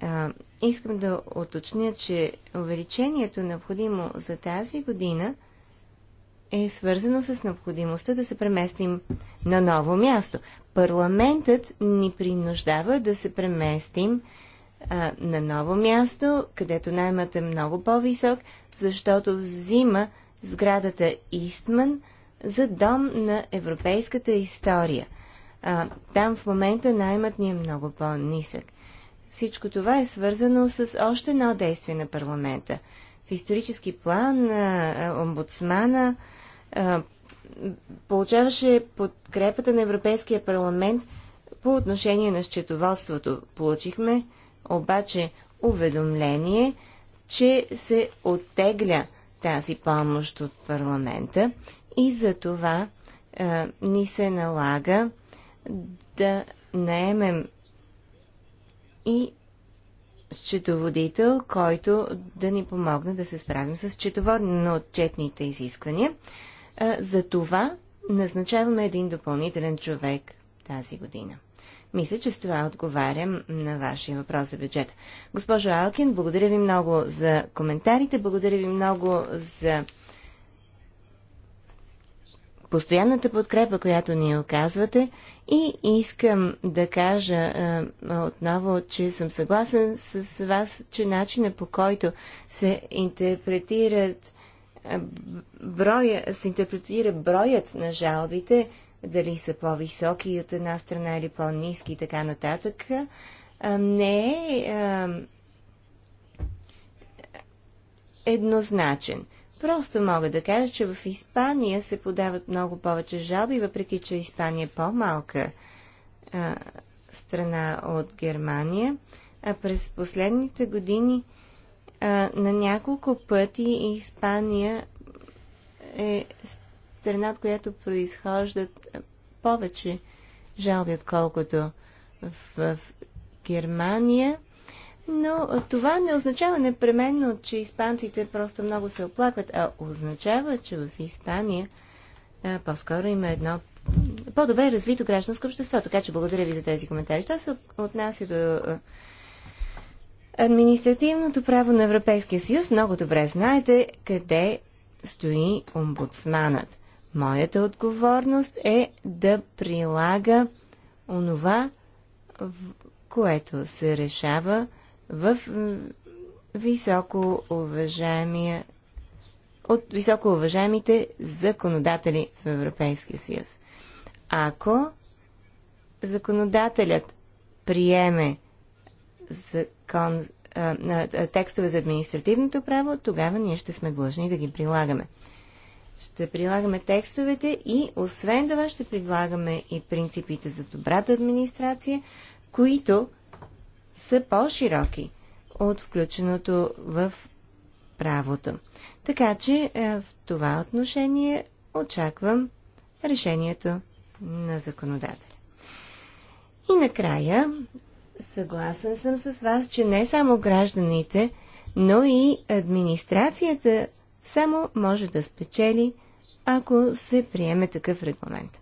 а, искам да оточня, че увеличението необходимо за тази година е свързано с необходимостта да се преместим на ново място. Парламентът ни принуждава да се преместим а, на ново място, където наймът е много по-висок, защото взима сградата Истман за дом на европейската история. А, там в момента наймът ни е много по-нисък. Всичко това е свързано с още едно действие на парламента. В исторически план омбудсмана получаваше подкрепата на Европейския парламент по отношение на счетоводството. Получихме обаче уведомление, че се оттегля тази помощ от парламента и за това ни се налага да наемем и счетоводител, който да ни помогне да се справим с счетоводно-отчетните изисквания. За това назначаваме един допълнителен човек тази година. Мисля, че с това отговарям на вашия въпрос за бюджета. Госпожо Алкин, благодаря ви много за коментарите, благодаря ви много за постоянната подкрепа, която ни оказвате и искам да кажа е, отново, че съм съгласен с вас, че начина по който се интерпретират е, броя, се интерпретира броят на жалбите, дали са по-високи от една страна или по-низки и така нататък, е, не е, е еднозначен. Просто мога да кажа, че в Испания се подават много повече жалби, въпреки че Испания е по-малка страна от Германия. А през последните години а, на няколко пъти Испания е страна, от която произхождат повече жалби, отколкото в, в Германия но това не означава непременно, че испанците просто много се оплакват, а означава, че в Испания по-скоро има едно по-добре развито гражданско общество. Така че благодаря ви за тези коментари. Що се отнася до административното право на Европейския съюз, много добре знаете къде стои омбудсманът. Моята отговорност е да прилага онова, което се решава в високо уважаемия от високо уважаемите законодатели в Европейския съюз. Ако законодателят приеме закон, а, а, текстове за административното право, тогава ние ще сме длъжни да ги прилагаме. Ще прилагаме текстовете и освен това ще прилагаме и принципите за добрата администрация, които са по-широки от включеното в правото. Така че е, в това отношение очаквам решението на законодателя. И накрая, съгласен съм с вас, че не само гражданите, но и администрацията само може да спечели, ако се приеме такъв регламент.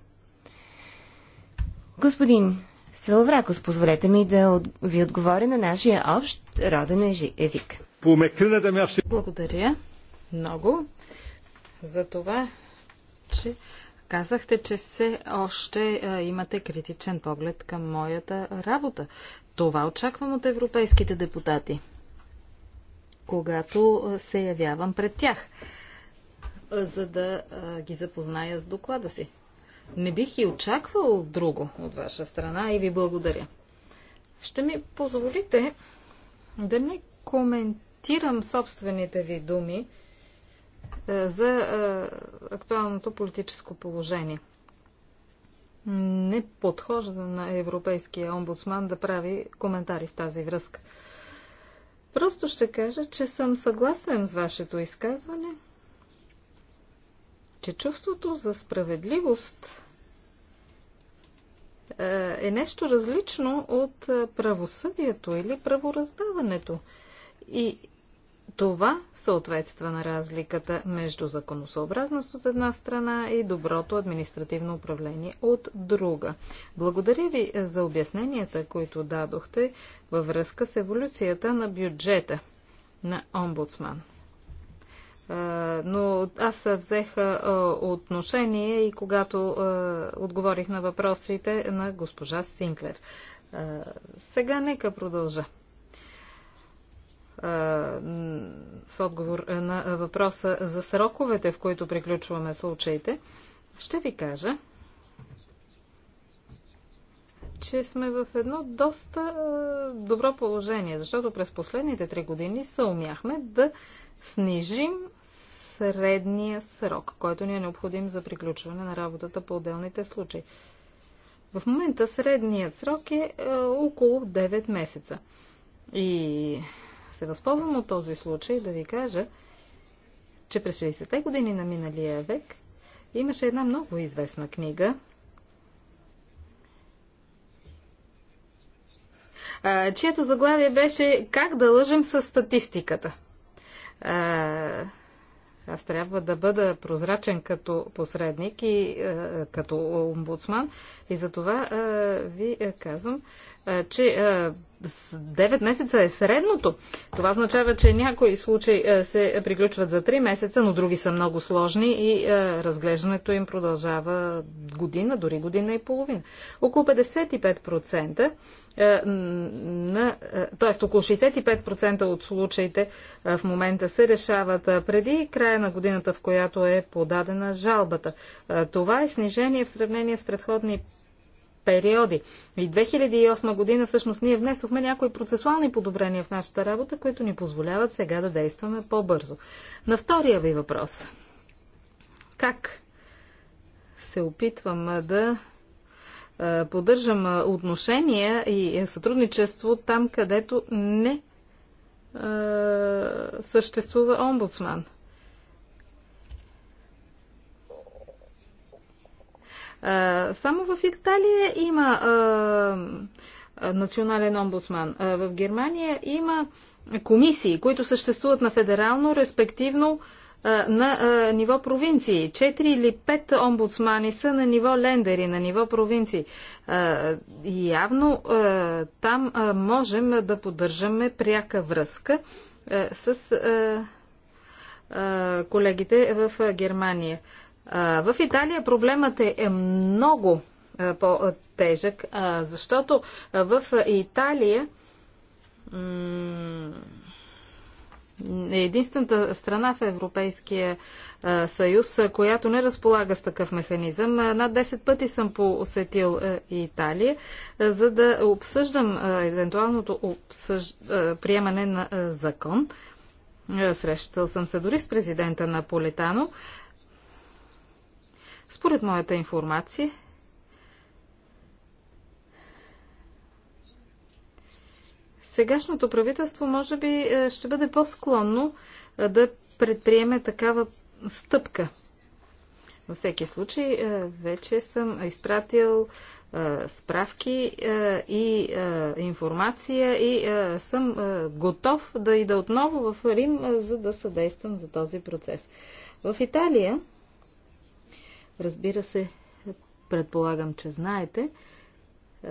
Господин Салавракос, позволете ми да ви отговоря на нашия общ роден език. Е Благодаря много за това, че казахте, че все още имате критичен поглед към моята работа. Това очаквам от европейските депутати, когато се явявам пред тях, за да ги запозная с доклада си. Не бих и очаквал друго от ваша страна и ви благодаря. Ще ми позволите да не коментирам собствените ви думи е, за е, актуалното политическо положение. Не подхожда на Европейския омбудсман да прави коментари в тази връзка. Просто ще кажа, че съм съгласен с вашето изказване – че чувството за справедливост е, е нещо различно от е, правосъдието или правораздаването. И това съответства на разликата между законосъобразност от една страна и доброто административно управление от друга. Благодаря ви за обясненията, които дадохте във връзка с еволюцията на бюджета на омбудсман но аз взех отношение и когато отговорих на въпросите на госпожа Синклер. Сега нека продължа с отговор на въпроса за сроковете, в които приключваме случаите, ще ви кажа, че сме в едно доста добро положение, защото през последните три години се умяхме да снижим средния срок, който ни е необходим за приключване на работата по отделните случаи. В момента средният срок е, е около 9 месеца. И се възползвам от този случай да ви кажа, че през 60-те години на миналия век имаше една много известна книга. Чието заглавие беше Как да лъжем с статистиката. Е, аз трябва да бъда прозрачен като посредник и е, като омбудсман. И за това е, ви казвам, че 9 месеца е средното. Това означава, че някои случаи се приключват за 3 месеца, но други са много сложни и разглеждането им продължава година, дори година и половина. Около 55% на, т.е. около 65% от случаите в момента се решават преди края на годината, в която е подадена жалбата. Това е снижение в сравнение с предходни периоди. И 2008 година всъщност ние внесохме някои процесуални подобрения в нашата работа, които ни позволяват сега да действаме по-бързо. На втория ви въпрос. Как се опитвам да поддържам отношения и сътрудничество там, където не съществува омбудсман – Е, само в Италия има е, национален омбудсман. Е, в Германия има комисии, които съществуват на федерално, респективно на ниво провинции. Четири или пет омбудсмани са на ниво лендери, на ниво провинции. явно там можем да поддържаме пряка връзка с колегите в Германия. В Италия проблемът е, е много по-тежък, защото в Италия е единствената страна в Европейския съюз, която не разполага с такъв механизъм. Над 10 пъти съм посетил Италия, за да обсъждам евентуалното обсъж... приемане на закон. Срещал съм се дори с президента на Политано. Според моята информация, сегашното правителство може би е, ще бъде по-склонно е, да предприеме такава стъпка. На всеки случай, е, вече съм изпратил справки и информация и съм готов да ида отново в Рим, за да съдействам за този процес. В Италия Разбира се, предполагам, че знаете, е,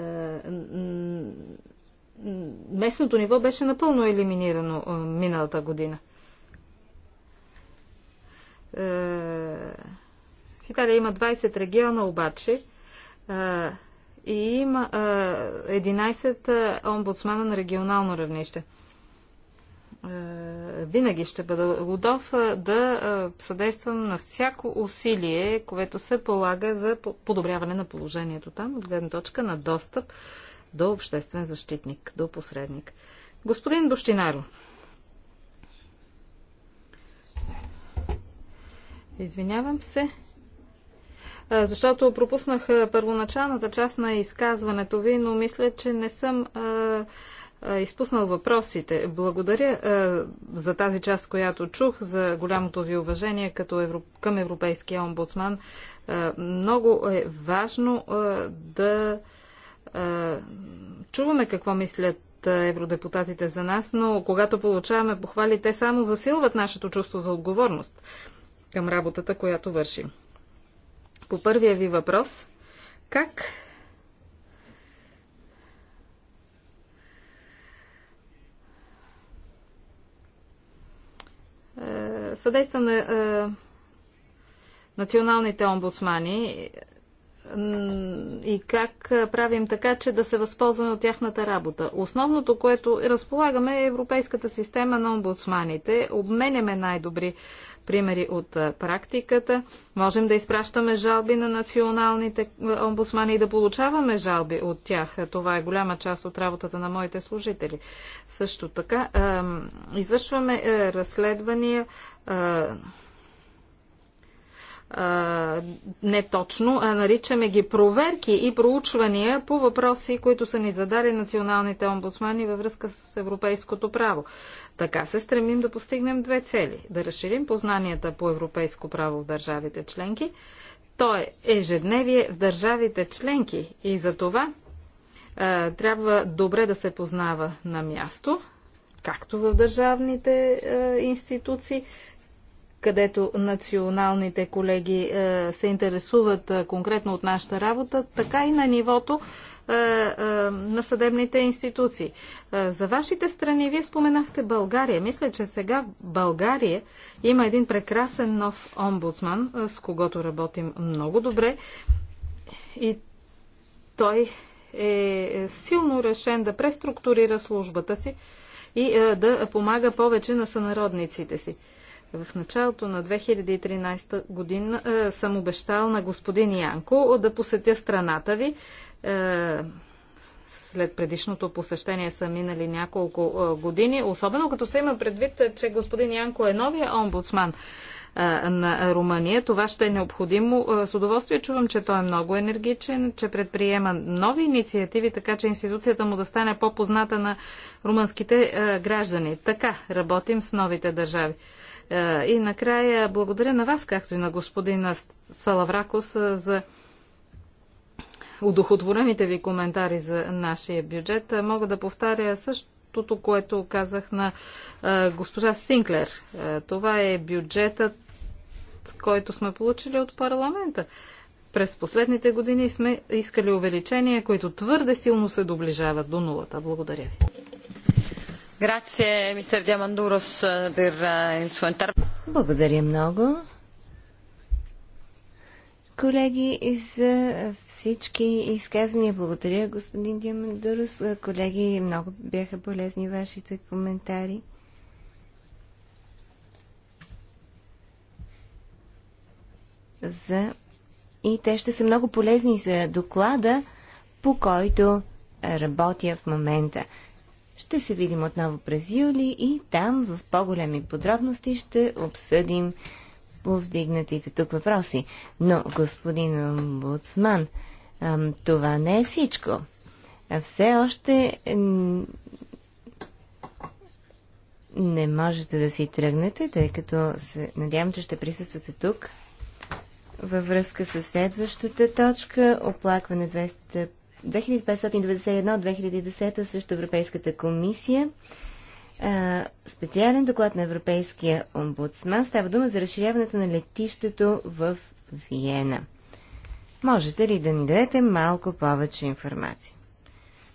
местното ниво беше напълно елиминирано е, миналата година. В е, Италия има 20 региона обаче и има 11 омбудсмана на регионално равнище. Е, винаги ще бъда готов е, да е, съдействам на всяко усилие, което се полага за подобряване на положението там, от гледна точка на достъп до обществен защитник, до посредник. Господин Бощинаро. Извинявам се, защото пропуснах първоначалната част на изказването ви, но мисля, че не съм е, изпуснал въпросите. Благодаря е, за тази част, която чух, за голямото ви уважение като евро... към Европейския омбудсман. Е, много е важно да чуваме какво мислят евродепутатите за нас, но когато получаваме похвали, те само засилват нашето чувство за отговорност към работата, която вършим. По първия ви въпрос, как Е, съдейства на е, националните омбудсмани и как е, правим така, че да се възползваме от тяхната работа. Основното, което разполагаме е Европейската система на омбудсманите. Обменяме най-добри примери от практиката. Можем да изпращаме жалби на националните омбудсмани и да получаваме жалби от тях. Това е голяма част от работата на моите служители. Също така, извършваме е, разследвания а, не точно, а наричаме ги проверки и проучвания по въпроси, които са ни задали националните омбудсмани във връзка с европейското право. Така се стремим да постигнем две цели. Да разширим познанията по европейско право в държавите членки. То е ежедневие в държавите членки и за това а, трябва добре да се познава на място, както в държавните институции, където националните колеги е, се интересуват е, конкретно от нашата работа, така и на нивото е, на съдебните институции. За вашите страни, вие споменахте България. Мисля, че сега в България има един прекрасен нов омбудсман, с когото работим много добре. И той е силно решен да преструктурира службата си и да помага повече на сънародниците си. В началото на 2013 година е, съм обещал на господин Янко да посетя страната ви. Е, след предишното посещение са минали няколко е, години, особено като се има предвид, е, че господин Янко е новия омбудсман е, на Румъния. Това ще е необходимо. С удоволствие чувам, че той е много енергичен, че предприема нови инициативи, така че институцията му да стане по-позната на румънските граждани. Така работим с новите държави. Е, и накрая благодаря на вас, както и на господина Салавракос е, за удохотворените ви коментари за нашия бюджет. Е, мога да повтаря същото, което казах на госпожа Синклер. Това е бюджетът, който сме получили от парламента. През последните години сме искали увеличения, които твърде силно се доближават до нулата. Благодаря ви. Eh, благодаря много. Колеги, за е, всички изказвания благодаря, господин Диамандурус. Е, колеги, много бяха полезни вашите коментари. За... И те ще са много полезни за доклада, по който работя в момента. Ще се видим отново през юли и там в по-големи подробности ще обсъдим повдигнатите тук въпроси. Но, господин омбудсман, това не е всичко. Все още не можете да си тръгнете, тъй като се надявам, че ще присъствате тук във връзка с следващата точка, оплакване 250 2591-2010 срещу Европейската комисия. Специален доклад на Европейския омбудсман. Става дума за разширяването на летището в Виена. Можете ли да ни дадете малко повече информация?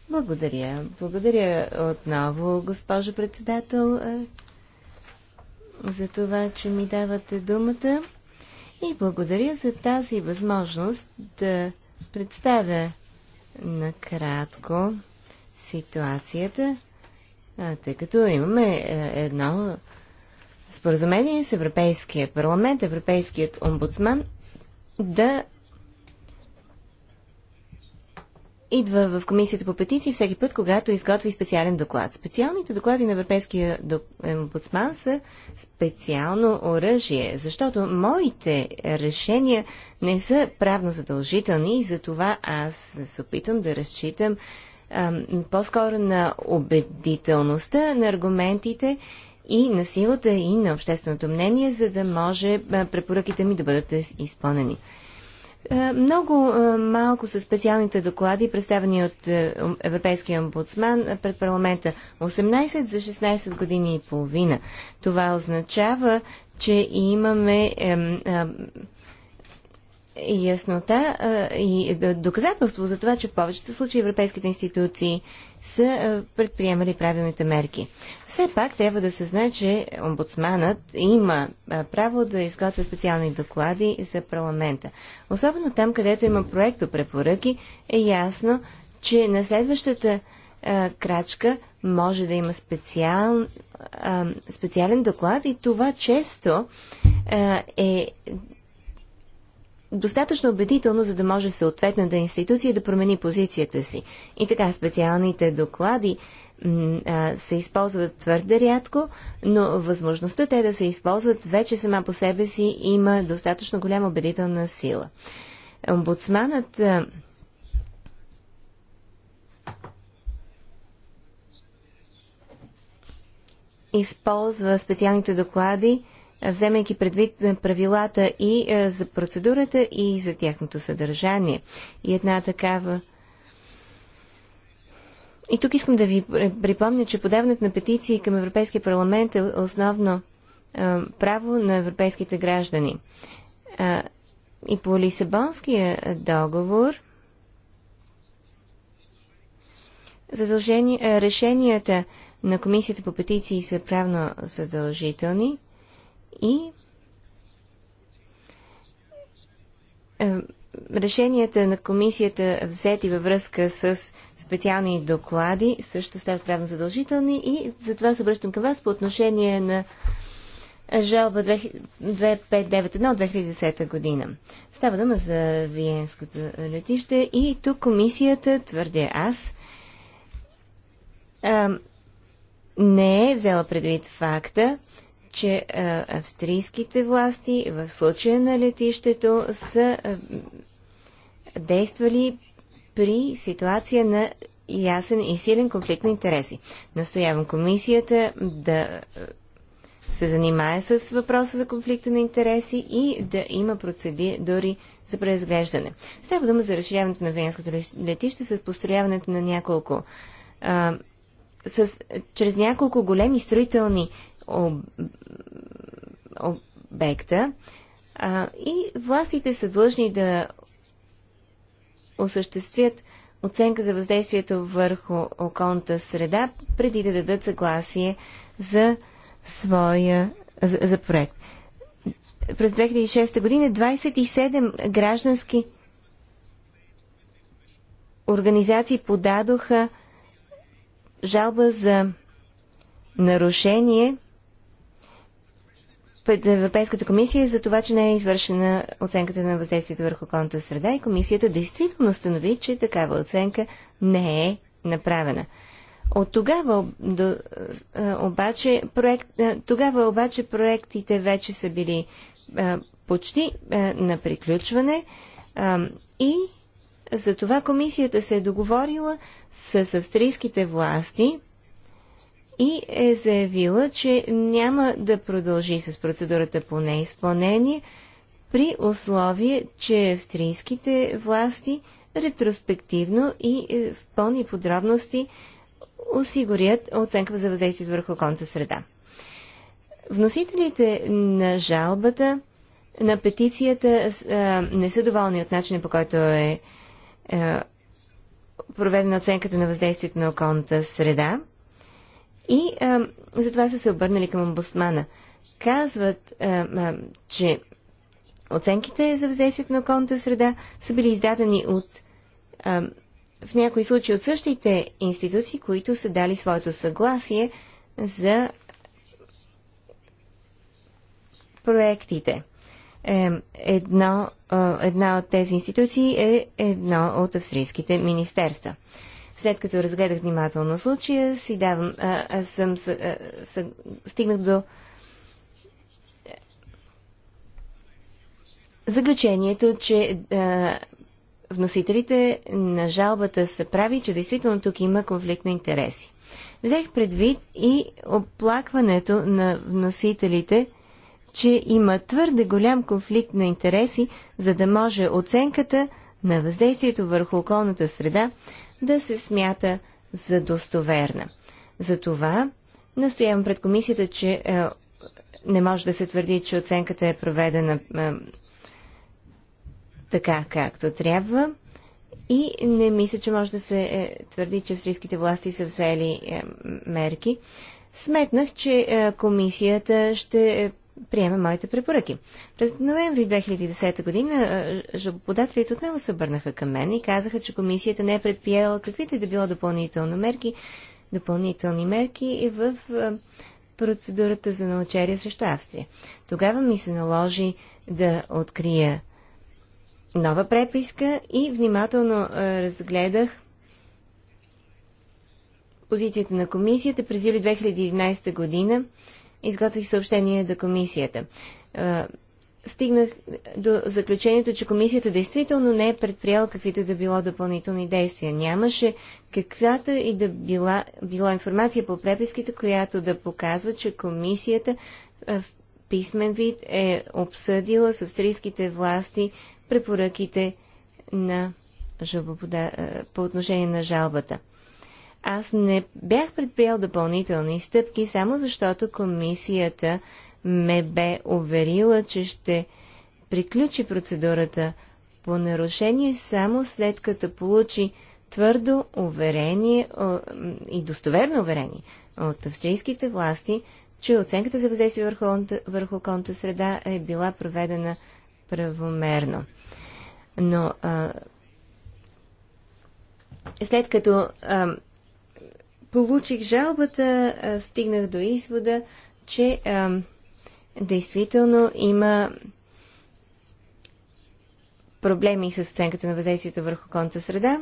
Благодаря. Благодаря отново, госпожо председател, за това, че ми давате думата. И благодаря за тази възможност да представя накратко ситуацията, тъй като имаме е, едно споразумение с Европейския парламент, Европейският омбудсман да идва в комисията по петиции всеки път, когато изготви специален доклад. Специалните доклади на Европейския омбудсман са специално оръжие, защото моите решения не са правно задължителни и затова аз се опитам да разчитам по-скоро на убедителността на аргументите и на силата и на общественото мнение, за да може препоръките ми да бъдат изпълнени. Е, много е, малко са специалните доклади, представени от е, Европейския омбудсман пред парламента. 18 за 16 години и половина. Това означава, че имаме яснота и доказателство за това, че в повечето случаи европейските институции са предприемали правилните мерки. Все пак трябва да се знае, че омбудсманът има право да изготвя специални доклади за парламента. Особено там, където има проекто препоръки, е ясно, че на следващата крачка може да има специал, специален доклад и това често е достатъчно убедително, за да може съответната институция да промени позицията си. И така специалните доклади се използват твърде рядко, но възможността те да се използват вече сама по себе си има достатъчно голяма убедителна сила. Омбудсманът използва специалните доклади вземайки предвид правилата и е, за процедурата, и за тяхното съдържание. И една такава и тук искам да ви припомня, че подаването на петиции към Европейския парламент е основно е, право на европейските граждани. Е, и по Лисабонския договор решенията на Комисията по петиции са правно задължителни – и е, решенията на комисията взети във връзка с специални доклади също стават правно задължителни и затова се обръщам към вас по отношение на жалба 2591 от 2010 година. Става дума за Виенското летище и тук комисията, твърдя аз, е, не е взела предвид факта, че е, австрийските власти в случая на летището са е, действали при ситуация на ясен и силен конфликт на интереси. Настоявам комисията да е, се занимае с въпроса за конфликта на интереси и да има процедури за преразглеждане. Става дума за разширяването на Венското летище с построяването на няколко а, с, чрез няколко големи строителни обекта а, и властите са длъжни да осъществят оценка за въздействието върху околната среда, преди да дадат съгласие за своя за, за проект. През 2006 година 27 граждански организации подадоха жалба за нарушение – пред Европейската комисия за това, че не е извършена оценката на въздействието върху околната среда и комисията действително установи, че такава оценка не е направена. От тогава до, обаче, проект, тогава обаче проектите вече са били почти на приключване и за това комисията се е договорила с австрийските власти и е заявила, че няма да продължи с процедурата по неизпълнение при условие, че австрийските власти ретроспективно и е, в пълни подробности осигурят оценка за въздействие върху околната среда. Вносителите на жалбата на петицията не са доволни от начина по който е, е проведена оценката на въздействието на околната среда и а, затова са се обърнали към омбудсмана. Казват, а, а, че оценките за въздействието на околната среда са били издадени от, а, в някои случаи от същите институции, които са дали своето съгласие за проектите. едно, една от тези институции е едно от австрийските министерства. След като разгледах внимателно случая, си давам, а, а съм, а, съм, стигнах до заключението, че а, вносителите на жалбата са прави, че действително тук има конфликт на интереси. Взех предвид и оплакването на вносителите, че има твърде голям конфликт на интереси, за да може оценката на въздействието върху околната среда да се смята за достоверна. Затова настоявам пред комисията, че е, не може да се твърди, че оценката е проведена е, така както трябва. И не мисля, че може да се е, твърди, че австрийските власти са взели е, мерки. Сметнах, че е, комисията ще е, приема моите препоръки. През ноември 2010 година жалбоподателите отново се обърнаха към мен и казаха, че комисията не е предприела каквито и да било допълнителни мерки, допълнителни мерки в процедурата за научерия срещу Австрия. Тогава ми се наложи да открия нова преписка и внимателно разгледах позицията на комисията през юли 2011 година изготвих съобщение до комисията. Стигнах до заключението, че комисията действително не е предприела каквито да било допълнителни действия. Нямаше каквато и да била, била информация по преписките, която да показва, че комисията в писмен вид е обсъдила с австрийските власти препоръките на жалбопода... по отношение на жалбата. Аз не бях предприял допълнителни стъпки, само защото комисията ме бе уверила, че ще приключи процедурата по нарушение само след като получи твърдо уверение и достоверно уверение от австрийските власти, че оценката за въздействие върху, върху околната среда е била проведена правомерно. Но а, след като а, получих жалбата, стигнах до извода, че а, действително има проблеми с оценката на въздействието върху конта среда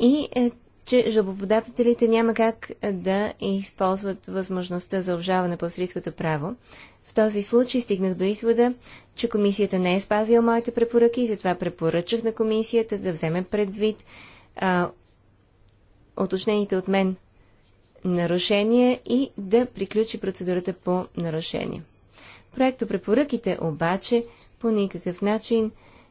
и е, че жалбоподателите няма как да използват възможността за обжаване по австрийското право. В този случай стигнах до извода, че комисията не е спазила моите препоръки и затова препоръчах на комисията да вземе предвид а, уточнените от мен нарушение и да приключи процедурата по нарушение. Проекто препоръките обаче по никакъв начин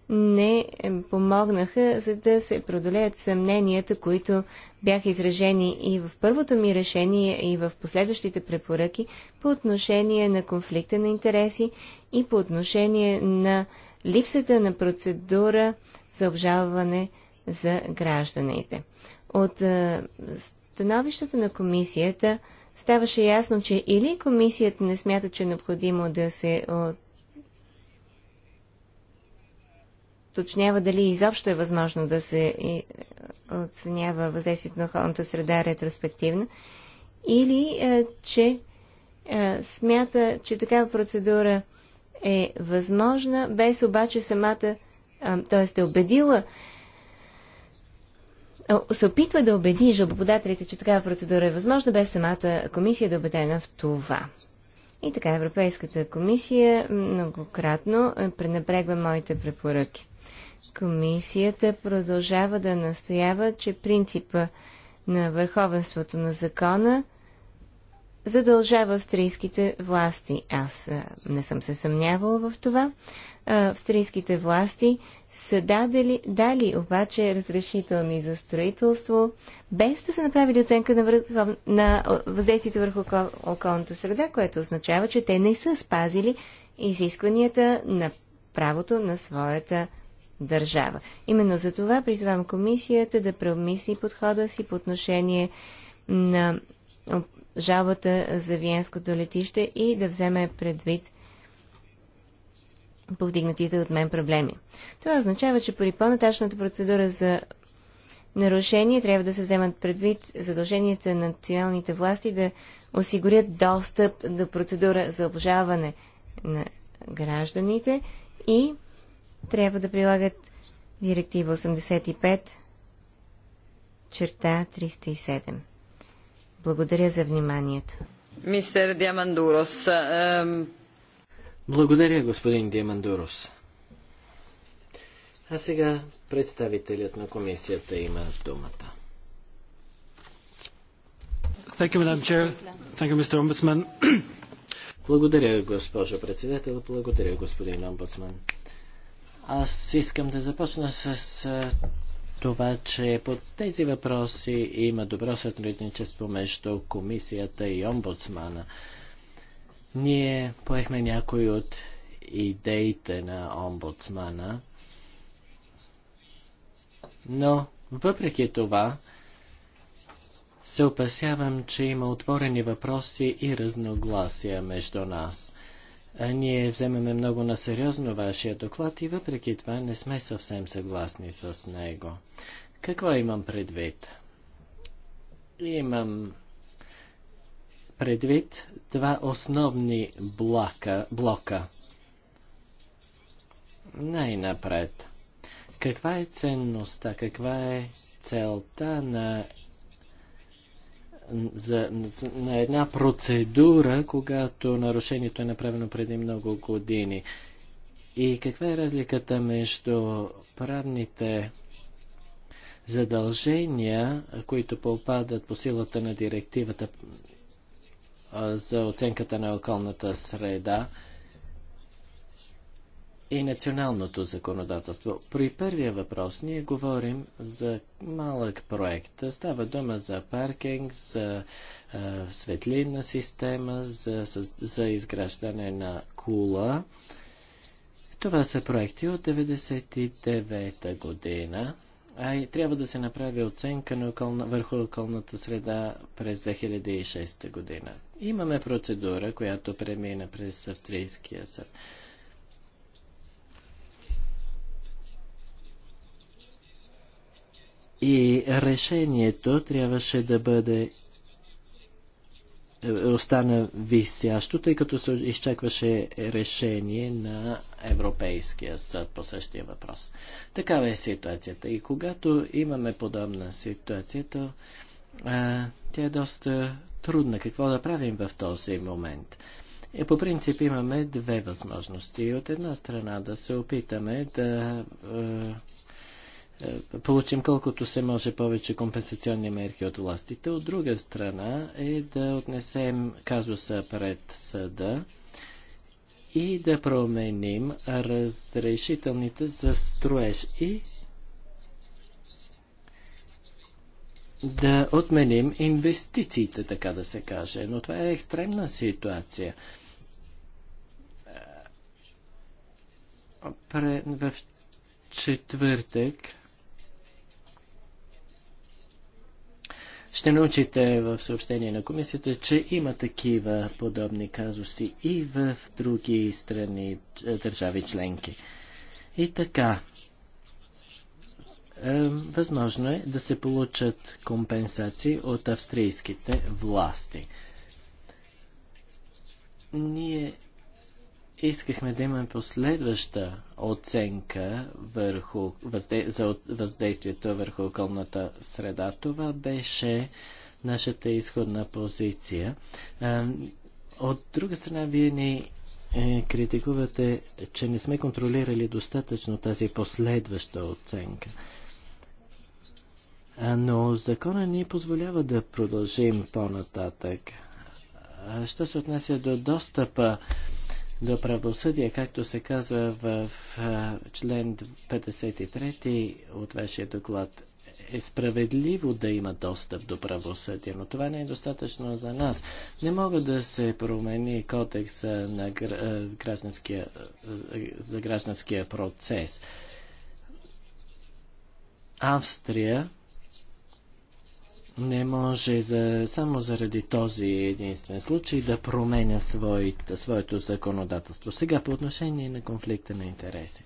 не е, помогнаха, за да се продолеят съмненията, които бяха изражени и в първото ми решение, и в последващите препоръки по отношение на конфликта на интереси и по отношение на липсата на процедура за обжалване за гражданите. От е, становището на комисията ставаше ясно, че или комисията не смята, че е необходимо да се уточнява дали изобщо е възможно да се е, оценява въздействието на околната среда ретроспективно, или е, че е, смята, че такава процедура е възможна, без обаче самата, т.е. е убедила се опитва да убеди жалбоподателите, че такава процедура е възможна, без самата комисия да е убедена в това. И така, Европейската комисия многократно е, пренебрегва моите препоръки. Комисията продължава да настоява, че принципа на върховенството на закона задължава австрийските власти. Аз е, не съм се съмнявала в това австрийските власти са дадали, дали обаче разрешителни за строителство, без да са направили оценка на, върху, на въздействието върху околната среда, което означава, че те не са спазили изискванията на правото на своята държава. Именно за това призвам комисията да преобмисли подхода си по отношение на жалбата за Виенското летище и да вземе предвид повдигнатите от мен проблеми. Това означава, че при по-нататъчната процедура за нарушение трябва да се вземат предвид задълженията на националните власти да осигурят достъп до процедура за обжаване на гражданите и трябва да прилагат директива 85 черта 307. Благодаря за вниманието. Мистер Диамандурос, благодаря, господин Демандурус. А сега представителят на комисията има думата. Благодаря, госпожо председател. Благодаря, господин омбудсман. Аз искам да започна с това, че по тези въпроси има добро сътрудничество между комисията и омбудсмана. Ние поехме някои от идеите на омбудсмана, но въпреки това се опасявам, че има отворени въпроси и разногласия между нас. А ние вземеме много на сериозно вашия доклад и въпреки това не сме съвсем съгласни с него. Какво имам предвид? Имам предвид два основни блока. блока. Най-напред. Каква е ценността, каква е целта на, за, на една процедура, когато нарушението е направено преди много години? И каква е разликата между правните задължения, които попадат по силата на директивата за оценката на околната среда и националното законодателство. При първия въпрос ние говорим за малък проект. Става дума за паркинг, за е, светлинна система, за, за, изграждане на кула. Това са проекти от 99-та година. А и трябва да се направи оценка на околна, върху околната среда през 2006 година. Имаме процедура, която премина през Австрийския съд. И решението трябваше да бъде е, остана висящо, тъй като се изчакваше решение на Европейския съд по същия въпрос. Такава е ситуацията. И когато имаме подобна ситуация, то а, тя е доста трудна. Какво да правим в този момент? И е, по принцип имаме две възможности. От една страна да се опитаме да е, е, получим колкото се може повече компенсационни мерки от властите. От друга страна е да отнесем казуса пред съда и да променим разрешителните за строеж и да отменим инвестициите, така да се каже. Но това е екстремна ситуация. В четвъртък Ще научите в съобщение на комисията, че има такива подобни казуси и в други страни, държави членки. И така, е, възможно е да се получат компенсации от австрийските власти. Ние искахме да имаме последваща оценка върху възде... за въздействието върху околната среда. Това беше нашата изходна позиция. Е, от друга страна, вие ни е, критикувате, че не сме контролирали достатъчно тази последваща оценка но закона ни позволява да продължим по-нататък. Що се отнася до достъпа до правосъдие, както се казва в член 53 от вашия доклад, е справедливо да има достъп до правосъдие, но това не е достатъчно за нас. Не мога да се промени кодекса на гражданския, за гражданския процес. Австрия не може за, само заради този единствен случай да променя своите, своето законодателство. Сега по отношение на конфликта на интереси.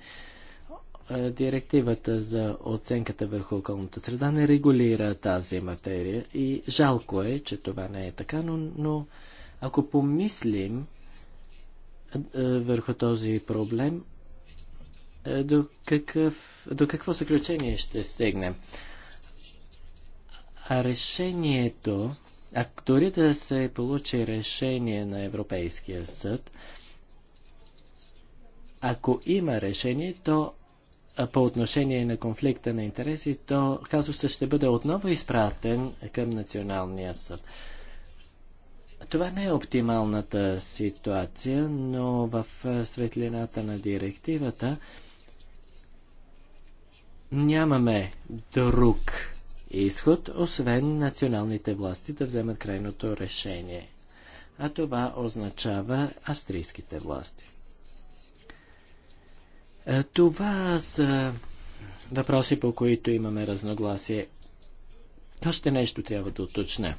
Е, директивата за оценката върху околната среда не регулира тази материя и жалко е, че това не е така, но, но ако помислим е, върху този проблем, е, до, какъв, до какво заключение ще стигнем? А решението, а дори да се получи решение на Европейския съд, ако има решение, то по отношение на конфликта на интереси, то казусът ще бъде отново изпратен към Националния съд. Това не е оптималната ситуация, но в светлината на директивата нямаме друг изход, освен националните власти да вземат крайното решение. А това означава австрийските власти. Е, това са въпроси, по които имаме разногласие. Още нещо трябва да уточня,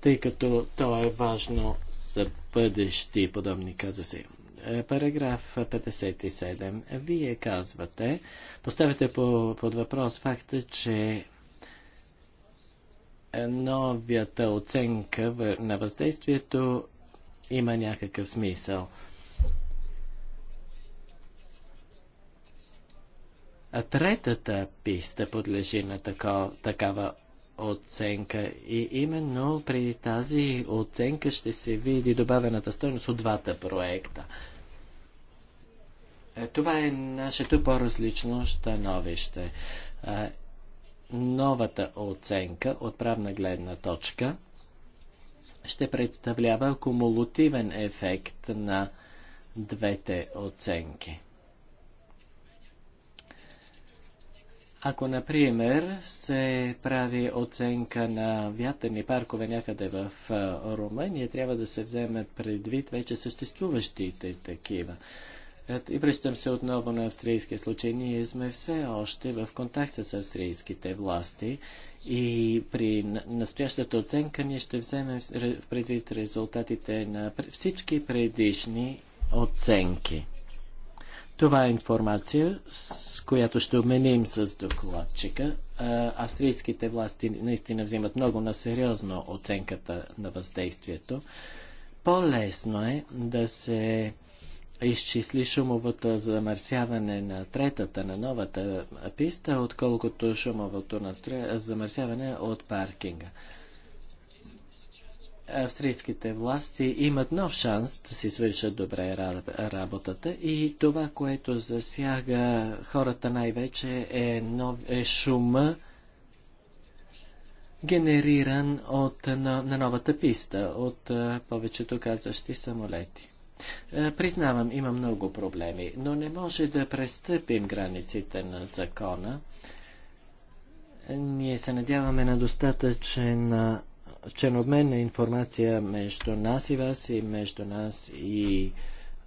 тъй като то е важно за бъдещи подобни казуси. Е, параграф 57. Вие казвате, поставяте под въпрос факта, че новията оценка на въздействието има някакъв смисъл. А третата писта подлежи на тако, такава оценка и именно при тази оценка ще се види добавената стойност от двата проекта. Е, това е нашето по-различно становище новата оценка от правна гледна точка ще представлява кумулативен ефект на двете оценки. Ако, например, се прави оценка на вятърни паркове някъде в Румъния, трябва да се вземе предвид вече съществуващите такива. И връщам се отново на австрийския случай. Ние сме все още в контакт с австрийските власти и при настоящата оценка ние ще вземем предвид резултатите на всички предишни оценки. Това е информация, с която ще обменим с докладчика. Австрийските власти наистина взимат много на сериозно оценката на въздействието. По-лесно е да се изчисли шумовото замърсяване на третата, на новата писта, отколкото шумовото замърсяване от паркинга. Австрийските власти имат нов шанс да си свършат добре работата и това, което засяга хората най-вече е, нов, е шума, генериран от, на, на новата писта от повечето казащи самолети. Е, признавам, има много проблеми, но не може да престъпим границите на закона. Ние се надяваме на достатъчен чен обмен на информация между нас и вас и между нас и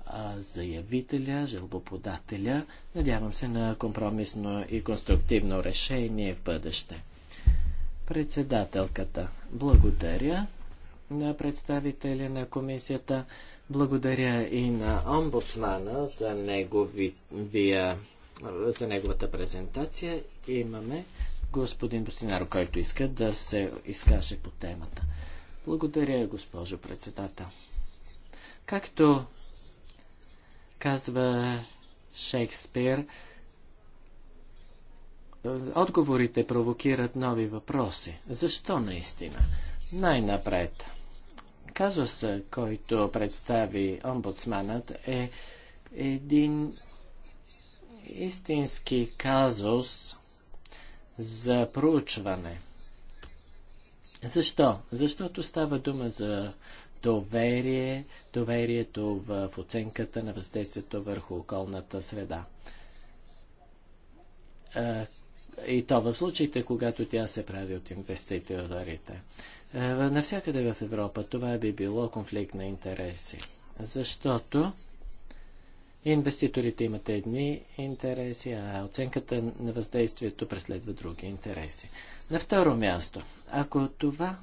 а, заявителя, жалбоподателя. Надявам се на компромисно и конструктивно решение в бъдеще. Председателката, благодаря на представителя на комисията. Благодаря и на омбудсмана за, неговия, за неговата презентация. Имаме господин Босинаро, който иска да се изкаже по темата. Благодаря, госпожо председател. Както казва Шекспир, е, отговорите провокират нови въпроси. Защо наистина? Най-напред. се, който представи омбудсманът е един истински казус за проучване. Защо? Защото става дума за доверие, доверието в оценката на въздействието върху околната среда. И то в случаите, когато тя се прави от инвеститорите. Е, навсякъде в Европа това би било конфликт на интереси, защото инвеститорите имат едни интереси, а оценката на въздействието преследва други интереси. На второ място, ако това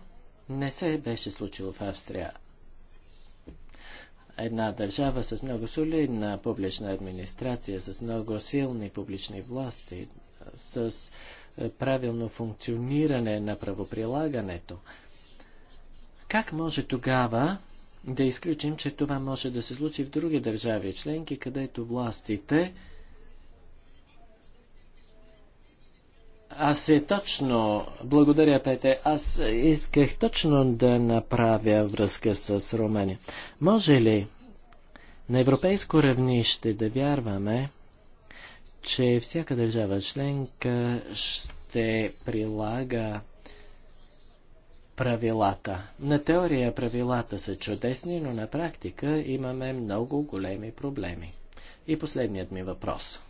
не се беше случило в Австрия, една държава с много солидна публична администрация, с много силни публични власти, с е, правилно функциониране на правоприлагането, как може тогава да изключим, че това може да се случи в други държави членки, където властите Аз е точно, благодаря Пете, аз исках точно да направя връзка с Румъния. Може ли на европейско равнище да вярваме, че всяка държава членка ще прилага правилата. На теория правилата са чудесни, но на практика имаме много големи проблеми. И последният ми въпрос.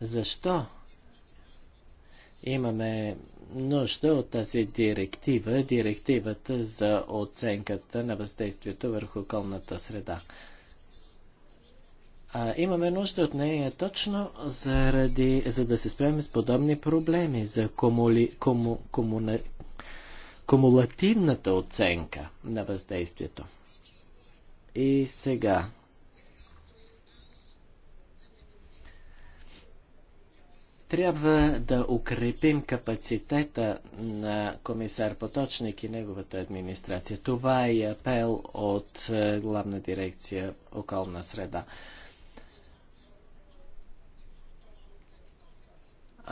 Защо имаме нужда от тази директива, директивата за оценката на въздействието върху околната среда? А, имаме нужда от нея точно заради, за да се справим с подобни проблеми, за комули, кому, кому, кумулативната оценка на въздействието. И сега. Трябва да укрепим капацитета на комисар Поточник и неговата администрация. Това е апел от е, главна дирекция околна среда.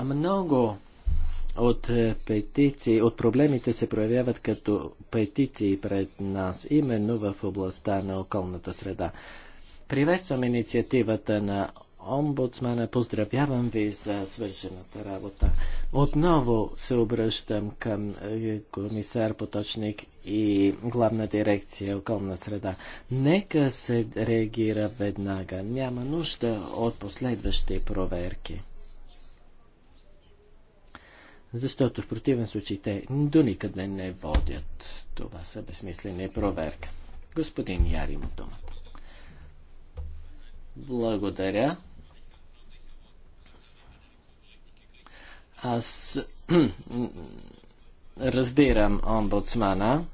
Много от е, петиции, от проблемите се проявяват като петиции пред нас, именно в областта на околната среда. Приветствам инициативата на омбудсмана. Поздравявам ви за свършената работа. Отново се обръщам към е, комисар Поточник и главна дирекция околна среда. Нека се реагира веднага. Няма нужда от последващи проверки. Защото в противен случай те до никъде не водят. Това са безсмислени проверка. Господин Яри има думата. Благодаря. Аз разбирам омбудсмана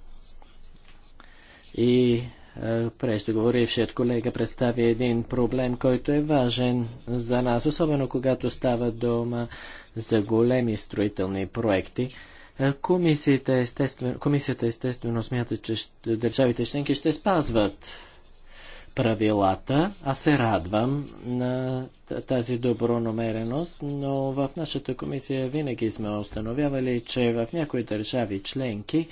и Преждеговорившият колега представи един проблем, който е важен за нас, особено когато става дума за големи строителни проекти. Е, комисията естествено, комисията естествено смята, че държавите членки ще спазват правилата. Аз се радвам на тази добронамереност, но в нашата комисия винаги сме установявали, че в някои държави членки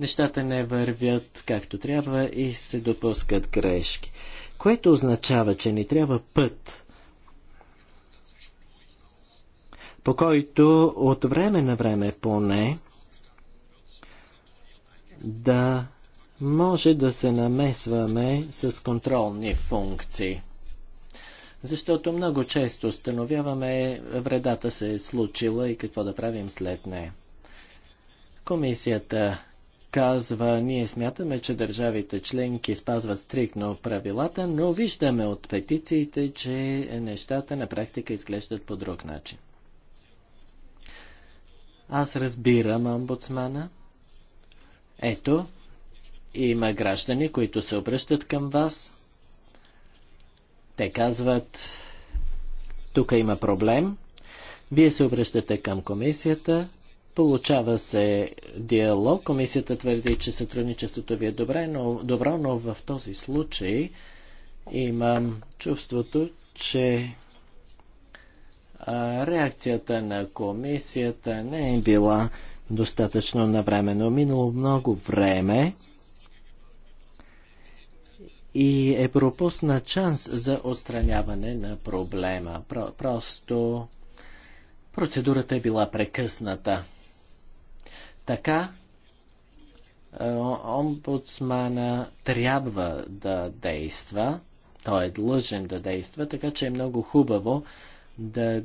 нещата не вървят както трябва и се допускат грешки. Което означава, че ни трябва път, по който от време на време поне да може да се намесваме с контролни функции. Защото много често установяваме вредата се е случила и какво да правим след нея. Комисията казва, ние смятаме, че държавите членки спазват стрикно правилата, но виждаме от петициите, че нещата на практика изглеждат по друг начин. Аз разбирам омбудсмана. Ето, има граждани, които се обръщат към вас. Те казват, тук има проблем. Вие се обръщате към комисията, Получава се диалог. Комисията твърди, че сътрудничеството ви е добре, но, добро, но в този случай имам чувството, че а, реакцията на комисията не е била достатъчно навременно. Минало много време и е пропусна шанс за отстраняване на проблема. Про- просто процедурата е била прекъсната. Така, е, омбудсмана трябва да действа, той е длъжен да действа, така че е много хубаво да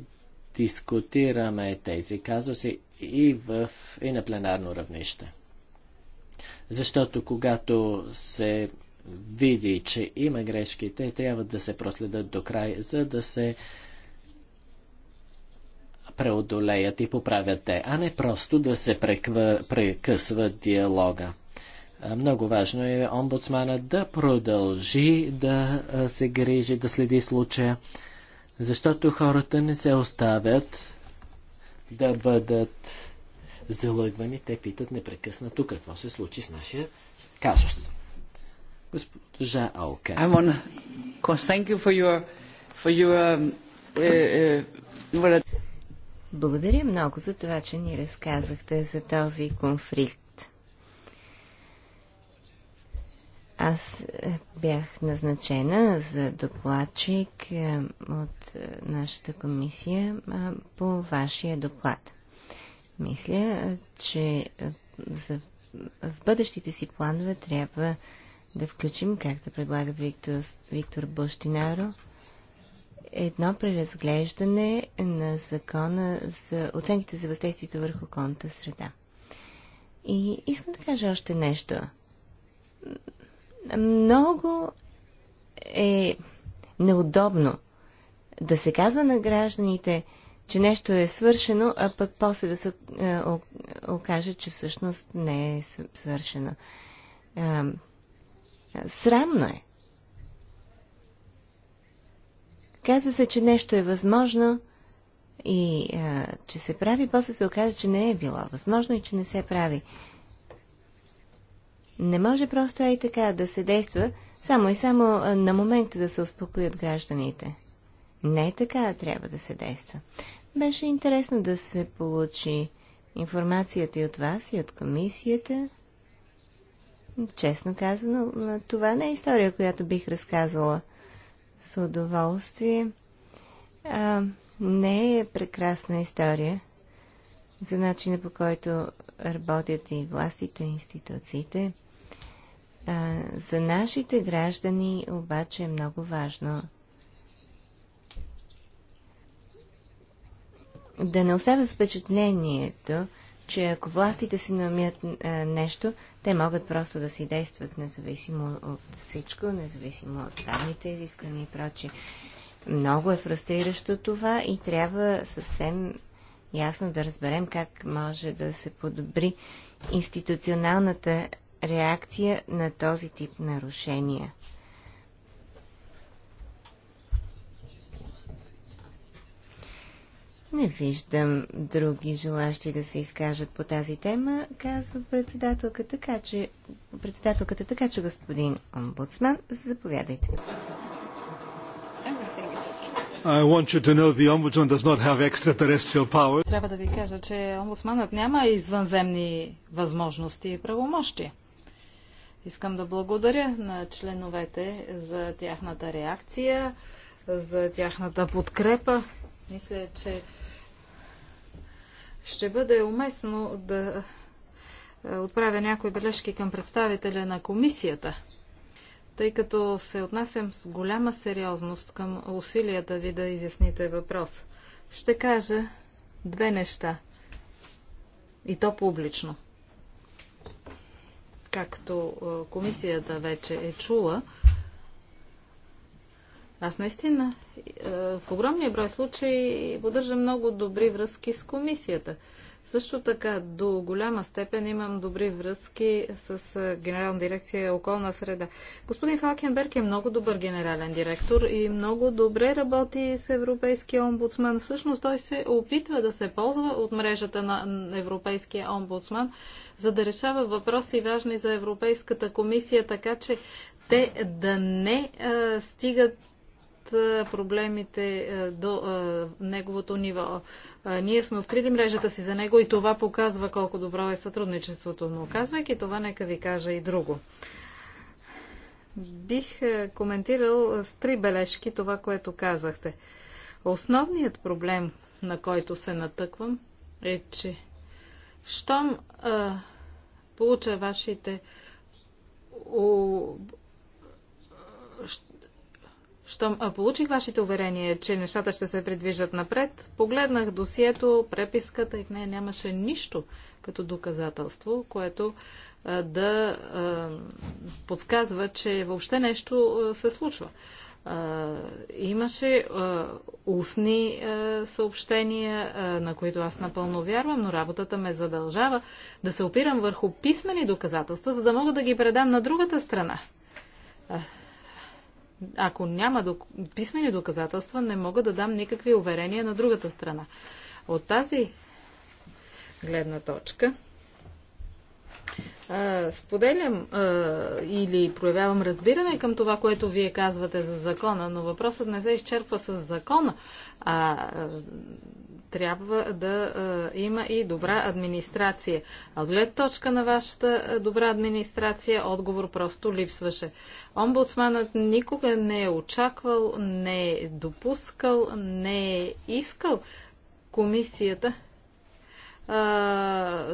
дискутираме тези казуси и, в, и на пленарно равнище. Защото когато се види, че има грешки, те трябва да се проследат до край, за да се преодолеят и поправят те, а не просто да се прекъсва, прекъсва диалога. Много важно е омбудсмана да продължи да се грижи, да следи случая, защото хората не се оставят да бъдат залъгвани. Те питат непрекъснато какво се случи с нашия казус. Госпожа Алка. Um, uh, uh, Благодаря много за това, че ни разказахте за този конфликт. Аз е, бях назначена за докладчик е, от е, нашата комисия по вашия доклад. Мисля, че в бъдещите си планове трябва да включим, както предлага Виктор, Виктор Бощинаро, едно преразглеждане на закона за оценките за въздействието върху околната среда. И искам да кажа още нещо. Много е неудобно да се казва на гражданите, че нещо е свършено, а пък после да се е, окаже, че всъщност не е свършено. Срамно е. Казва се, че нещо е възможно и а, че се прави, после се оказа, че не е било възможно и че не се прави. Не може просто и така да се действа само и само на момента да се успокоят гражданите. Не е така трябва да се действа. Беше интересно да се получи информацията и от вас, и от комисията. Честно казано, това не е история, която бих разказала с удоволствие. А, не е прекрасна история за начина по който работят и властите, институциите. А, за нашите граждани обаче е много важно да не оставя впечатлението, че ако властите си намят а, нещо, те могат просто да си действат независимо от всичко, независимо от правните изисквания и прочие. Много е фрустриращо това и трябва съвсем ясно да разберем как може да се подобри институционалната реакция на този тип нарушения – Не виждам други желащи да се изкажат по тази тема, казва председателката, така че, председателката, така че господин омбудсман, заповядайте. I want you to know the ombudsman does not have extraterrestrial power. Трябва да ви кажа, че омбудсманът няма извънземни възможности и правомощия. Искам да благодаря на членовете за тяхната реакция, за тяхната подкрепа. Мисля, че ще бъде уместно да е, отправя някои бележки към представителя на комисията, тъй като се отнасям с голяма сериозност към усилията ви да изясните въпрос. Ще кажа две неща. И то публично. Както е, комисията вече е чула, аз наистина е, в огромния брой случаи поддържам много добри връзки с комисията. Също така до голяма степен имам добри връзки с е, Генерална дирекция околна среда. Господин Фалкенберг е много добър генерален директор и много добре работи с Европейския омбудсман. Всъщност той се опитва да се ползва от мрежата на Европейския омбудсман, за да решава въпроси важни за Европейската комисия, така че те да не а, е, стигат проблемите до неговото ниво. Ние сме открили мрежата си за него и това показва колко добро е сътрудничеството. Но казвайки това, нека ви кажа и друго. Бих коментирал с три бележки това, което казахте. Основният проблем, на който се натъквам, е, че щом а, получа вашите щом получих вашите уверение, че нещата ще се придвижат напред, погледнах досието, преписката и в нея нямаше нищо като доказателство, което да подсказва, че въобще нещо се случва. имаше устни съобщения, на които аз напълно вярвам, но работата ме задължава да се опирам върху писмени доказателства, за да мога да ги предам на другата страна ако няма док... писмени доказателства, не мога да дам никакви уверения на другата страна. От тази гледна точка, Споделям или проявявам разбиране към това, което вие казвате за закона, но въпросът не се изчерпва с закона, а трябва да има и добра администрация. А от глед точка на вашата добра администрация отговор просто липсваше. Омбудсманът никога не е очаквал, не е допускал, не е искал комисията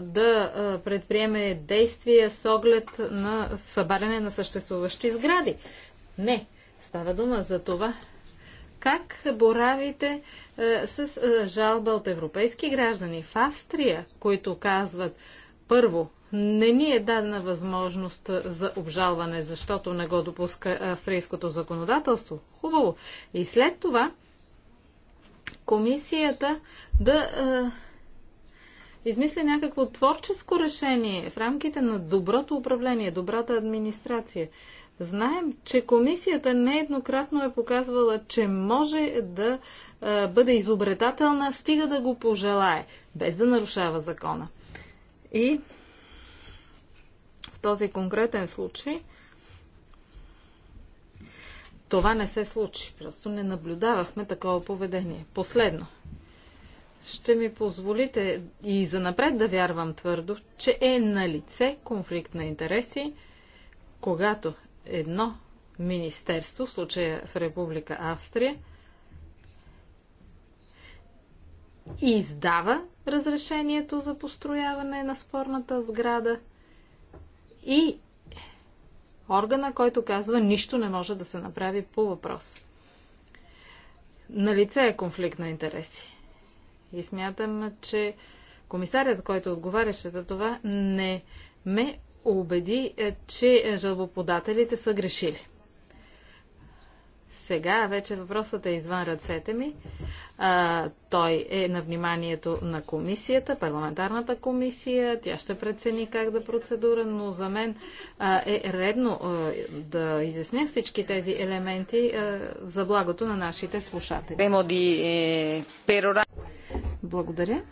да предприеме действия с оглед на събаряне на съществуващи сгради. Не, става дума за това. Как боравите с жалба от европейски граждани в Австрия, които казват първо, не ни е дадена възможност за обжалване, защото не го допуска австрийското законодателство. Хубаво. И след това комисията да измисли някакво творческо решение в рамките на доброто управление, добрата администрация. Знаем, че комисията нееднократно е показвала, че може да бъде изобретателна, стига да го пожелае, без да нарушава закона. И в този конкретен случай това не се случи. Просто не наблюдавахме такова поведение. Последно ще ми позволите и занапред да вярвам твърдо, че е на лице конфликт на интереси, когато едно министерство, в случая в Република Австрия, издава разрешението за построяване на спорната сграда и органа, който казва нищо не може да се направи по въпрос. Налице е конфликт на интереси. И смятам, че комисарят, който отговаряше за това, не ме убеди, е, че жалбоподателите са грешили. Сега вече въпросът е извън ръцете ми. А, той е на вниманието на комисията, парламентарната комисия. Тя ще прецени как да процедура, но за мен а, е редно а, да изясня всички тези елементи а, за благото на нашите слушатели. Е, Благодаря.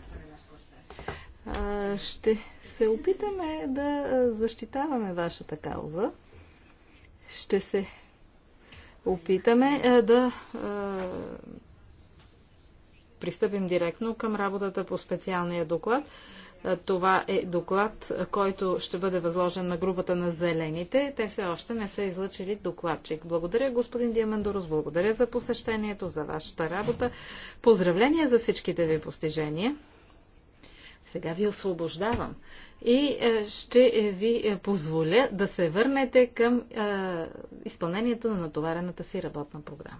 А, ще се опитаме да защитаваме вашата кауза. Ще се опитаме е, да е, пристъпим директно към работата по специалния доклад. Е, това е доклад, който ще бъде възложен на групата на зелените. Те все още не са излъчили докладчик. Благодаря, господин Диамандорос. Благодаря за посещението, за вашата работа. Поздравления за всичките ви постижения. Сега ви освобождавам и е, ще е, ви е, позволя да се върнете към изпълнението на натоварената си работна програма.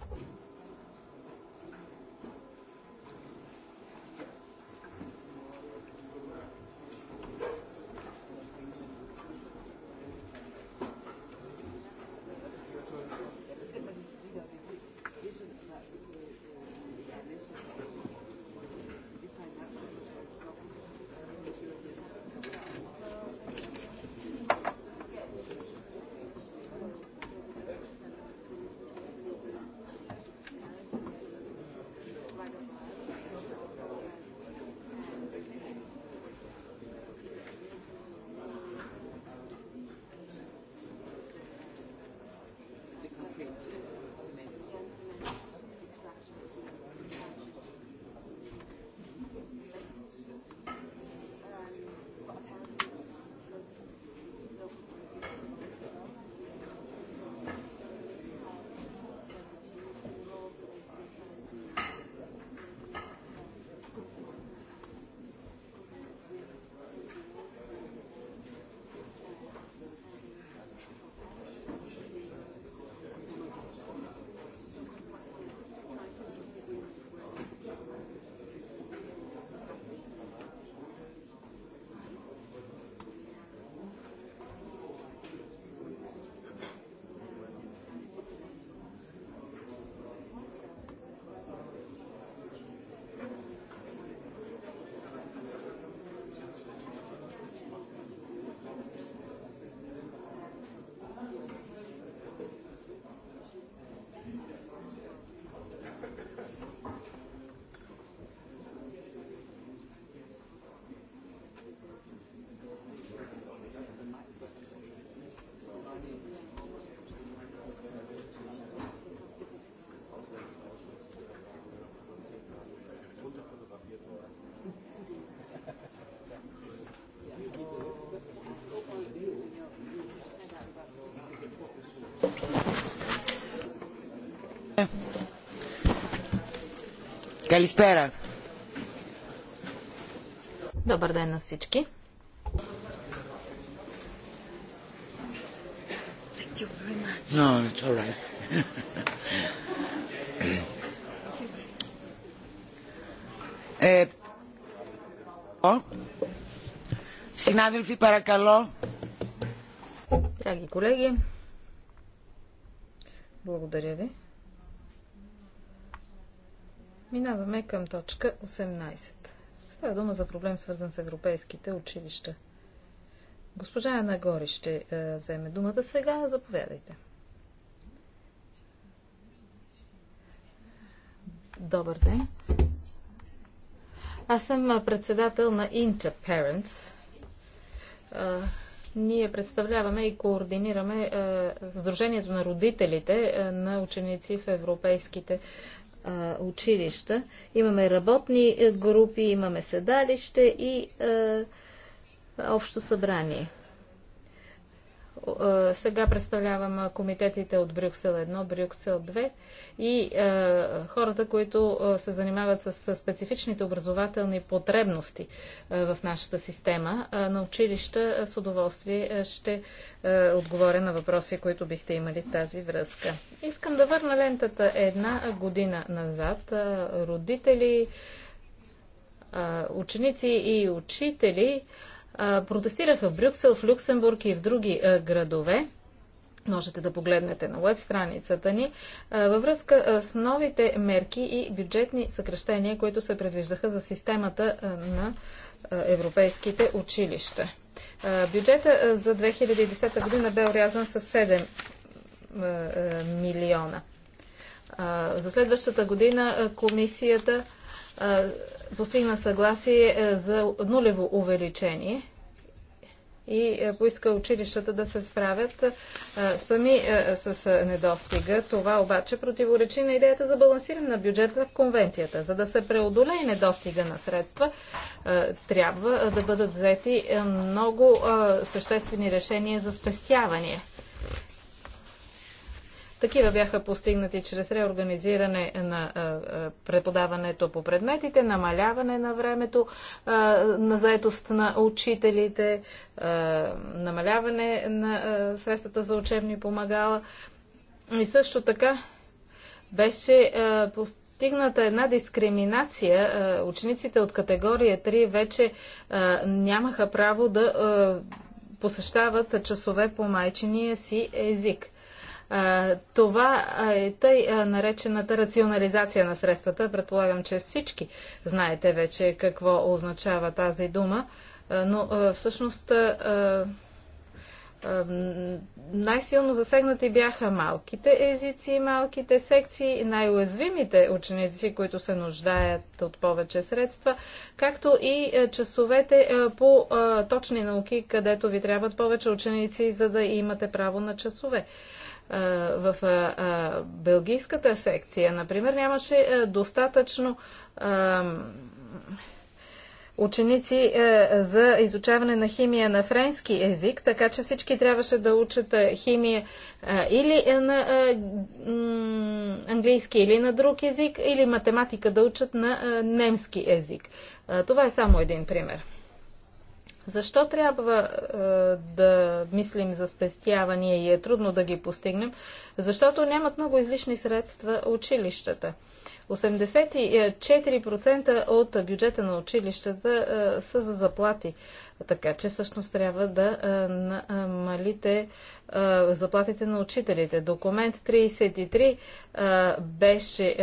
Καλησπέρα. Добър ден на всички. No, it's all right. ε, ο, συνάδελφοι παρακαλώ. Драги колеги, благодаря ви. към точка 18. Става дума за проблем, свързан с европейските училища. Госпожа Нагори ще е, вземе думата сега. Заповядайте. Добър ден. Аз съм председател на Interparents. Е, ние представляваме и координираме е, Сдружението на родителите е, на ученици в европейските училища. Имаме работни е, групи, имаме седалище и е, общо събрание. Е, сега представлявам комитетите от Брюксел 1, Брюксел 2 и е, хората, които е, се занимават с специфичните образователни потребности в нашата система на училища. С удоволствие ще отговоря на въпроси, които бихте имали в тази връзка. Искам да върна лентата една година назад. Родители, ученици и учители протестираха в Брюксел, в Люксембург и в други градове можете да погледнете на веб страницата ни, във връзка с новите мерки и бюджетни съкрещения, които се предвиждаха за системата на европейските училища. Бюджета за 2010 година бе урязан с 7 милиона. За следващата година комисията постигна съгласие е, за нулево увеличение и е, поиска училищата да се справят е, сами с недостига. Това обаче противоречи на идеята за балансиране на бюджета в конвенцията. За да се преодолее недостига на средства, трябва да бъдат взети много съществени решения за спестяване. Такива бяха постигнати чрез реорганизиране на преподаването по предметите, намаляване на времето на заетост на учителите, намаляване на средствата за учебни помагала. И също така беше постигнато постигната една дискриминация. Учениците от категория 3 вече нямаха право да посещават часове по майчиния си език. Това е тъй наречената рационализация на средствата. Предполагам, че всички знаете вече какво означава тази дума, но всъщност най-силно засегнати бяха малките езици, малките секции, най-уязвимите ученици, които се нуждаят от повече средства, както и часовете по точни науки, където ви трябват повече ученици, за да имате право на часове в белгийската секция, например, нямаше достатъчно ученици за изучаване на химия на френски език, така че всички трябваше да учат химия или на английски, или на друг език, или математика да учат на немски език. Това е само един пример. Защо трябва е, да мислим за спестявания и е трудно да ги постигнем? Защото нямат много излишни средства училищата. 84% от бюджета на училищата е, са за заплати. Така че всъщност трябва да намалите заплатите на учителите. Документ 33 беше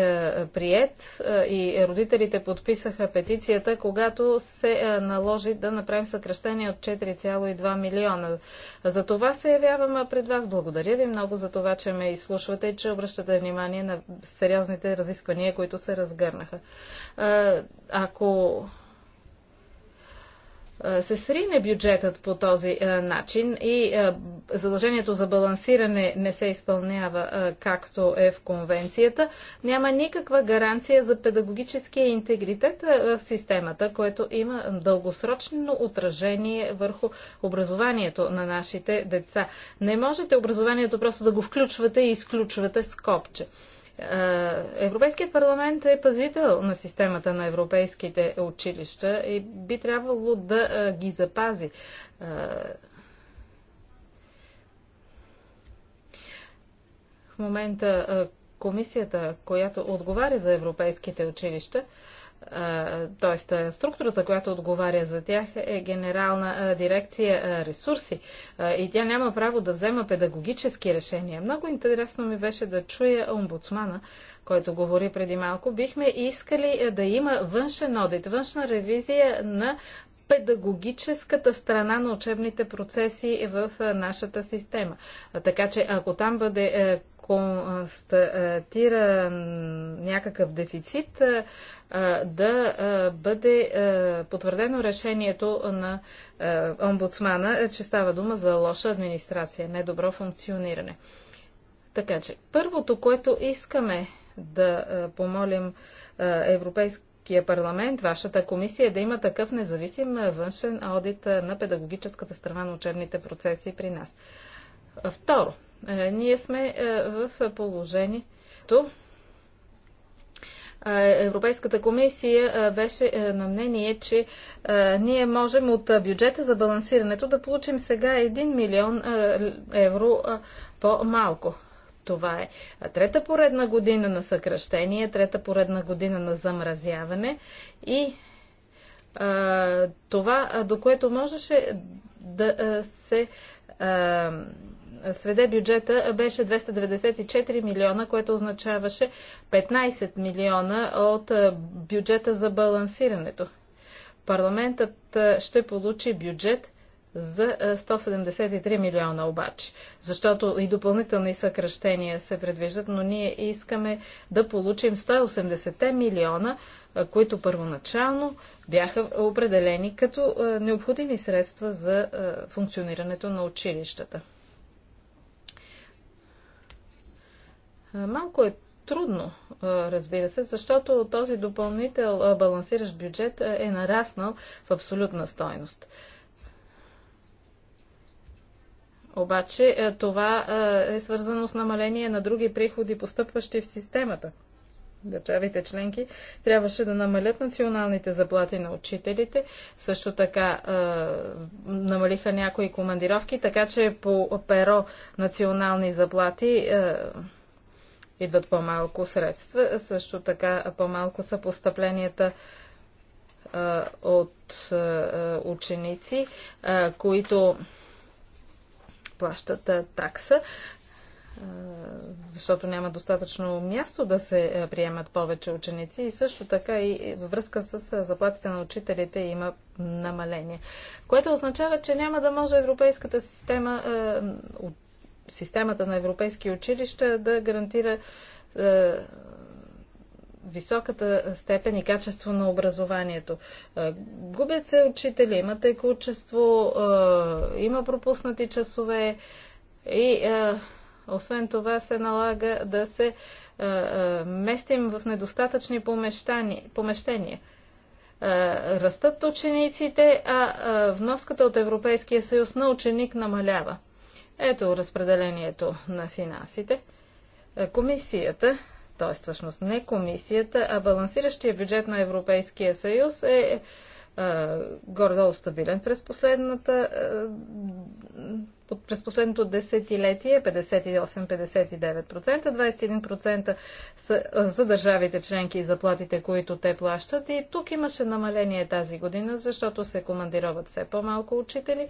прият и родителите подписаха петицията, когато се наложи да направим съкръщение от 4,2 милиона. За това се явявам пред вас. Благодаря ви много за това, че ме изслушвате и че обръщате внимание на сериозните разисквания, които се разгърнаха. Ако се срине бюджетът по този начин и задължението за балансиране не се изпълнява както е в конвенцията, няма никаква гаранция за педагогическия интегритет в системата, което има дългосрочно отражение върху образованието на нашите деца. Не можете образованието просто да го включвате и изключвате с копче. Е, Европейският парламент е пазител на системата на европейските училища и би трябвало да е, ги запази. Е, в момента комисията, която отговаря за европейските училища, т.е. структурата, която отговаря за тях е генерална дирекция ресурси и тя няма право да взема педагогически решения. Много интересно ми беше да чуя омбудсмана, който говори преди малко. Бихме искали да има външен одит, външна ревизия на педагогическата страна на учебните процеси в нашата система. Така че ако там бъде констатира някакъв дефицит, да бъде потвърдено решението на омбудсмана, че става дума за лоша администрация, недобро функциониране. Така че, първото, което искаме да помолим Европейски Европейския парламент, вашата комисия, е да има такъв независим външен аудит на педагогическата страна на учебните процеси при нас. Второ, е, ние сме е, в положението. Е, Европейската комисия беше на мнение, че ние можем от бюджета за балансирането да получим сега 1 милион евро по-малко. Това е трета поредна година на съкръщение, трета поредна година на замразяване и това, до което можеше да се сведе бюджета беше 294 милиона, което означаваше 15 милиона от бюджета за балансирането. Парламентът ще получи бюджет за 173 милиона обаче, защото и допълнителни съкръщения се предвиждат, но ние искаме да получим 180 милиона, които първоначално бяха определени като необходими средства за функционирането на училищата. Малко е трудно, разбира се, защото този допълнител балансиращ бюджет е нараснал в абсолютна стойност. Обаче това е свързано с намаление на други приходи, постъпващи в системата. Държавите членки трябваше да намалят националните заплати на учителите, също така е, намалиха някои командировки, така че по перо национални заплати. Е, идват по-малко средства. Също така по-малко са постъпленията от ученици, които плащат такса, защото няма достатъчно място да се приемат повече ученици и също така и във връзка с заплатите на учителите има намаление, което означава, че няма да може европейската система системата на европейски училища да гарантира е, високата степен и качество на образованието. Е, губят се учители, има текучество, е, има пропуснати часове и е, освен това се налага да се е, е, местим в недостатъчни помещения растат учениците, а вноската от Европейския съюз на ученик намалява. Ето разпределението на финансите. Е, комисията, т.е. всъщност не комисията, а балансиращия бюджет на Европейския съюз е, е, е гордо горе-долу стабилен през последната през последното десетилетие 58-59%, 21% са за държавите членки и заплатите, които те плащат. И тук имаше намаление тази година, защото се командироват все по-малко учители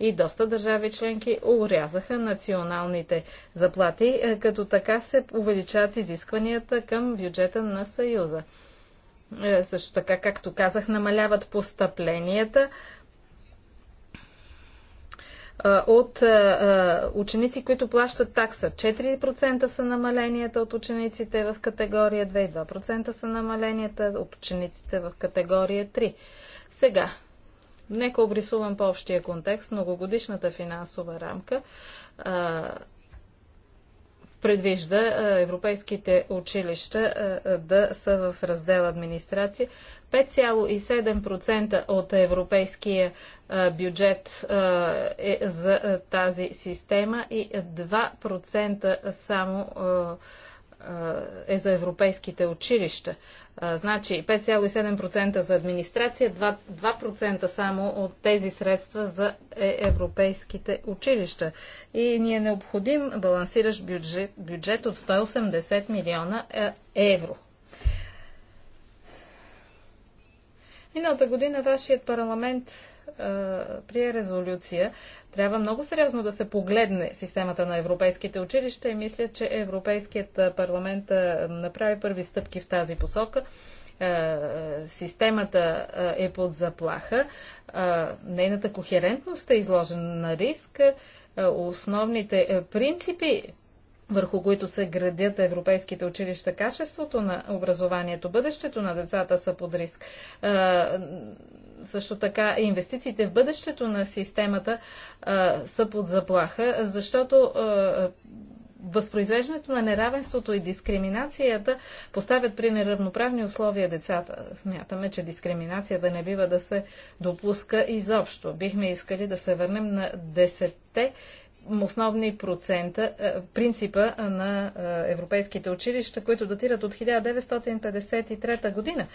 и доста държави членки урязаха националните заплати, е, като така се увеличават изискванията към бюджета на Съюза. Е, също така, както казах, намаляват постъпленията от ученици, които плащат такса. 4% са намаленията от учениците в категория 2 и 2% са намаленията от учениците в категория 3. Сега, нека обрисувам по-общия контекст. Многогодишната финансова рамка предвижда европейските училища да са в раздел администрация. 5,7% от европейския бюджет е за тази система и 2% само е за европейските училища. Значи 5,7% за администрация, 2%, 2 само от тези средства за е, европейските училища. И ни е необходим балансиращ бюджет, бюджет от 180 милиона евро. Миналата година вашият парламент прие резолюция. Трябва много сериозно да се погледне системата на европейските училища и мисля, че Европейският парламент направи първи стъпки в тази посока. Системата е под заплаха. Нейната кохерентност е изложена на риск. Основните принципи върху които се градят европейските училища, качеството на образованието, бъдещето на децата са под риск. също така инвестициите в бъдещето на системата са под заплаха, защото възпроизвеждането на неравенството и дискриминацията поставят при неравноправни условия децата. Смятаме, че дискриминацията не бива да се допуска изобщо. Бихме искали да се върнем на 10 основни процента, е, принципа на е, европейските училища, които датират от 1953 година.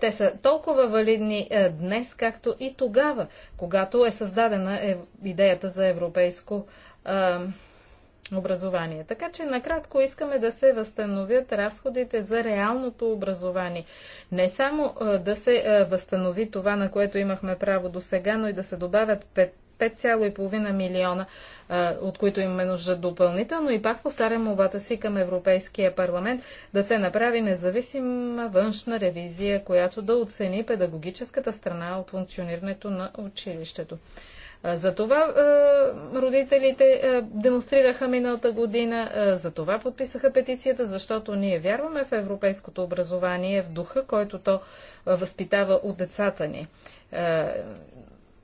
Те са толкова валидни е, днес, както и тогава, когато е създадена идеята за европейско образование. Така че накратко искаме да се възстановят разходите за реалното образование. Не само да се възстанови това, на което имахме право до сега, но и да се добавят 5,5 милиона, от които имаме нужда допълнително. И пак повтарям мовата си към Европейския парламент да се направи независима външна ревизия, която да оцени педагогическата страна от функционирането на училището. Затова е, родителите е, демонстрираха миналата година, е, затова подписаха петицията, защото ние вярваме в европейското образование, в духа, който то възпитава от децата ни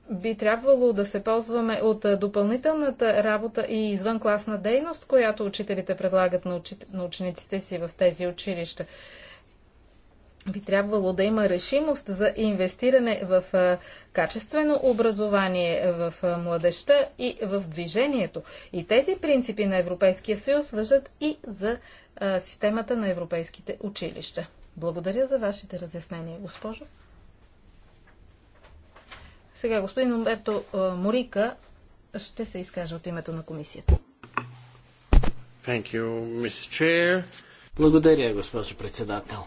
би трябвало да се ползваме от допълнителната работа и извънкласна дейност, която учителите предлагат на, на учениците си в тези училища. Би трябвало да има решимост за инвестиране в качествено образование в младеща и в движението. И тези принципи на Европейския съюз въжат и за системата на европейските училища. Благодаря за вашите разяснения, госпожо. Сега господин Умберто е, Морика ще се изкаже от името на комисията. Thank you, Mrs. Chair. Благодаря, госпожо председател.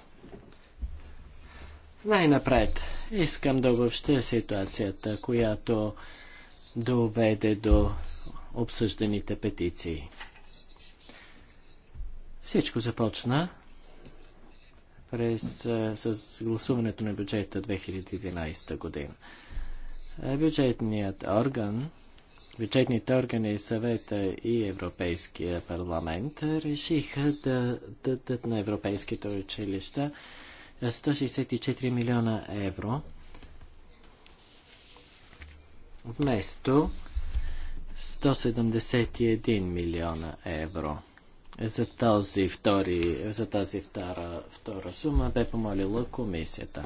Най-напред искам да обобщя ситуацията, която доведе до обсъжданите петиции. Всичко започна през, е, с гласуването на бюджета 2011 година. Е, бюджетният орган, бюджетните органи, и съвета и Европейския парламент решиха да дадат на европейските училища 164 е, милиона евро вместо 171 милиона евро. За, тази, втори, за тази втора, втора сума бе помолила комисията.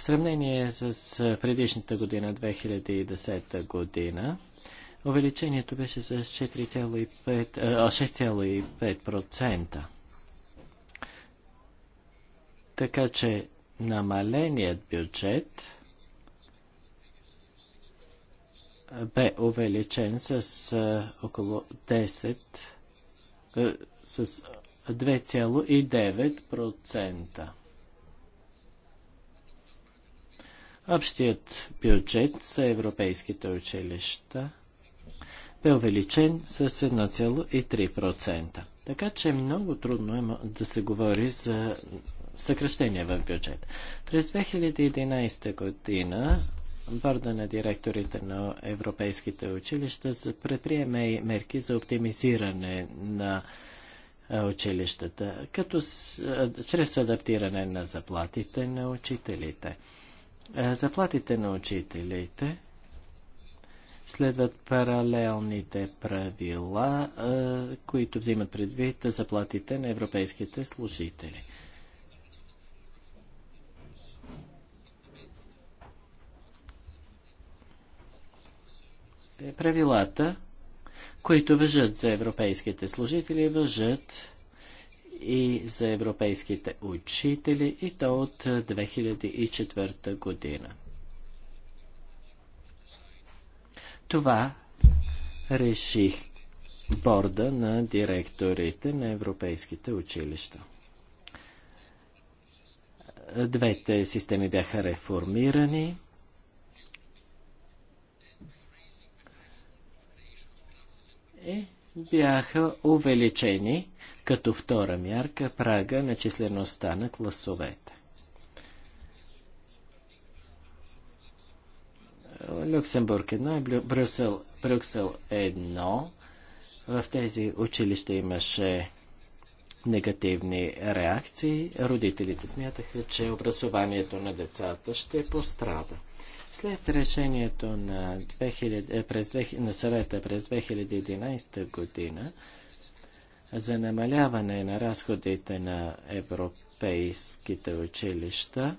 В сравнение с предишната година, 2010 година, увеличението беше с 6,5%. Така че намаленият бюджет бе увеличен с около 10, с 2,9%. Общият бюджет за европейските училища бе увеличен с 1,3%. Така че много трудно е да се говори за съкръщение в бюджет. През 2011 година борда на директорите на европейските училища за предприеме мерки за оптимизиране на училищата, като с, чрез адаптиране на заплатите на учителите. Е, заплатите на учителите следват паралелните правила, е, които взимат предвид заплатите на европейските служители. Е, правилата, които въжат за европейските служители, въжат и за европейските учители и то от 2004 година. Това реших борда на директорите на европейските училища. Двете системи бяха реформирани. И бяха увеличени като втора мярка прага на числеността на класовете. Люксембург 1 и Брюсел, Брюксел 1. В тези училища имаше негативни реакции. Родителите смятаха, че образованието на децата ще пострада. След решението на, 2000, е, през 2000, на съвета през 2011 година за намаляване на разходите на европейските училища,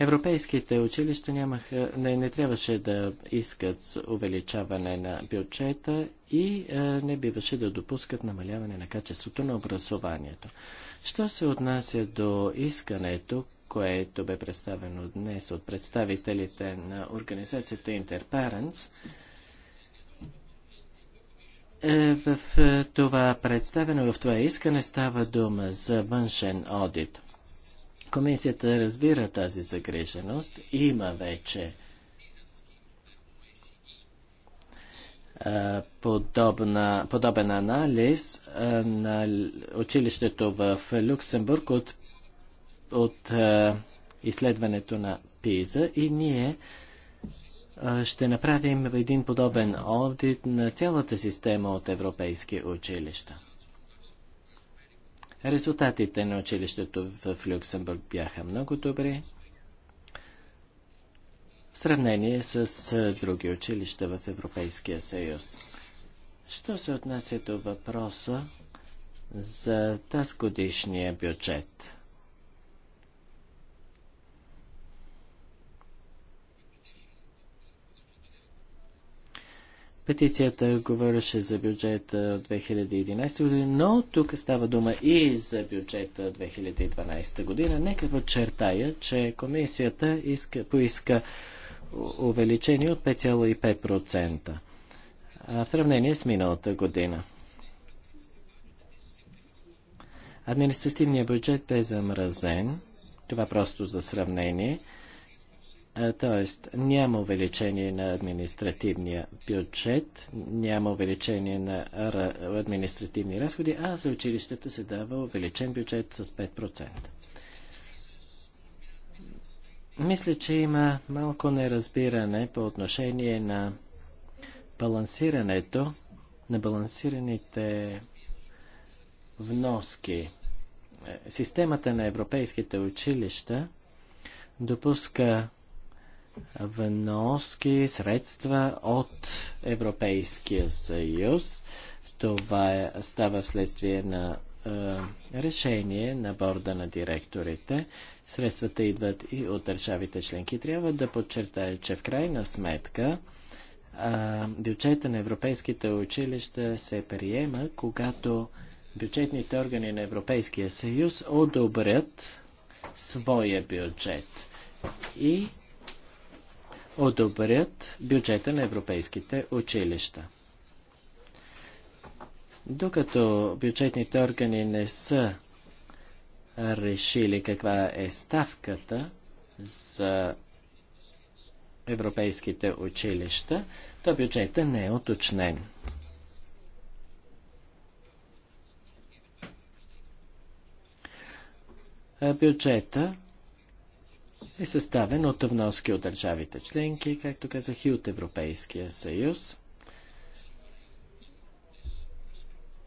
Европейските училища нямаха, не, не трябваше да искат увеличаване на бюджета и е, не биваше да допускат намаляване на качеството на образованието. Що се отнася до искането, което бе представено днес от представителите на организацията Interparents, е, в е, това представено, в това искане става дума за външен одит. Комисията разбира тази загриженост. Има вече е, подобна, подобен анализ на училището в Люксембург от от е, изследването на ПИЗА и ние е, ще направим един подобен одит на цялата система от европейски училища. Резултатите на училището в Люксембург бяха много добри в сравнение с е, други училища в Европейския съюз. Що се отнася до въпроса за тази годишния бюджет? Петицията говореше за бюджета 2011 година, но тук става дума и за бюджета 2012 година. Нека подчертая, че комисията иска, поиска увеличение от 5,5% в сравнение с миналата година. Административният бюджет бе замразен. Това просто за сравнение – т.е. няма увеличение на административния бюджет, няма увеличение на административни разходи, а за училищата се дава увеличен бюджет с 5%. Мисля, че има малко неразбиране по отношение на балансирането, на балансираните вноски. Е, системата на европейските училища допуска вноски, средства от Европейския съюз. Това е, става вследствие на е, решение на борда на директорите. Средствата идват и от държавите членки. Трябва да подчертая, че в крайна сметка е, бюджета на европейските училища се приема, когато бюджетните органи на Европейския съюз одобрят своя бюджет. И одобрят бюджета на европейските училища. Докато бюджетните органи не са решили каква е ставката за европейските училища, то бюджета не е уточнен. Бюджета е съставен от вноски от държавите членки, както казах и от Европейския съюз.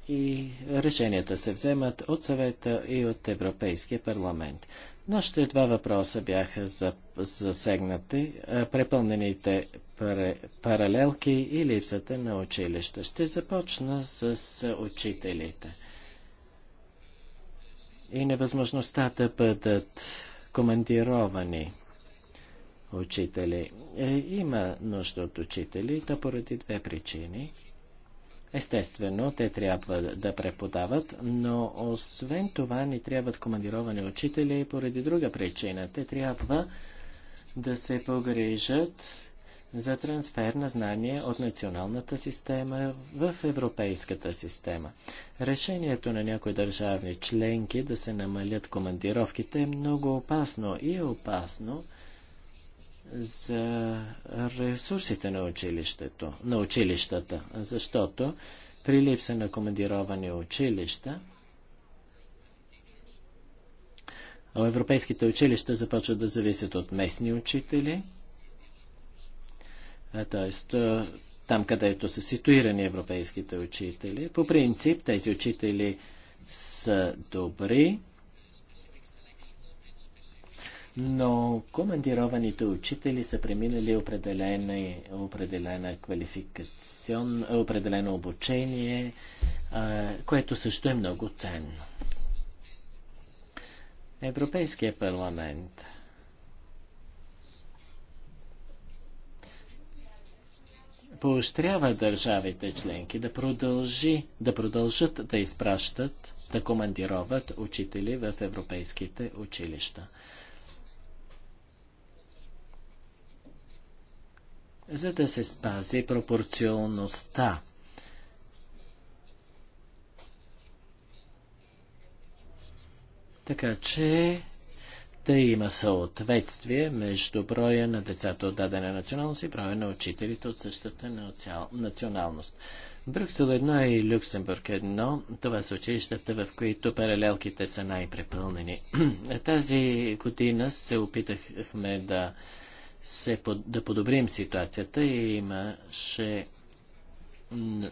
И решенията се вземат от съвета и от Европейския парламент. Нашите два въпроса бяха засегнати, препълнените паралелки и липсата на училища. Ще започна с учителите и невъзможността да бъдат командировани учители. Е, има нужда от учители, да поради две причини. Естествено, те трябва да преподават, но освен това ни трябват командировани учители и поради друга причина. Те трябва да се погрежат за трансфер на знания от националната система в европейската система. Решението на някои държавни членки да се намалят командировките е много опасно и е опасно за ресурсите на, училището, на училищата, защото при липса на командировани училища европейските училища започват да зависят от местни учители – т.е. там, където са ситуирани европейските учители. По принцип тези учители са добри, но командированите учители са преминали определена, определена квалификацион, определено обучение, което също е много ценно. Европейския парламент – поощрява държавите членки да, продължи, да продължат да изпращат, да командироват учители в европейските училища. За да се спази пропорционността Така че да има съответствие между броя на децата от дадена националност и броя на учителите от същата националност. Брюксел 1 и Люксембург 1, това са училищата, в които паралелките са най-препълнени. Тази година се опитахме да, се, да подобрим ситуацията и имаше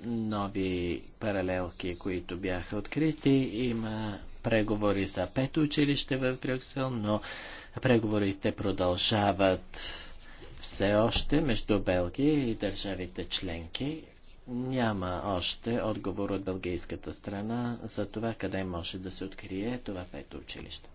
нови паралелки, които бяха открити. Има преговори за пето училище в Брюксел, но преговорите продължават все още между Белгия и държавите членки. Няма още отговор от бългийската страна за това къде може да се открие това пето училище.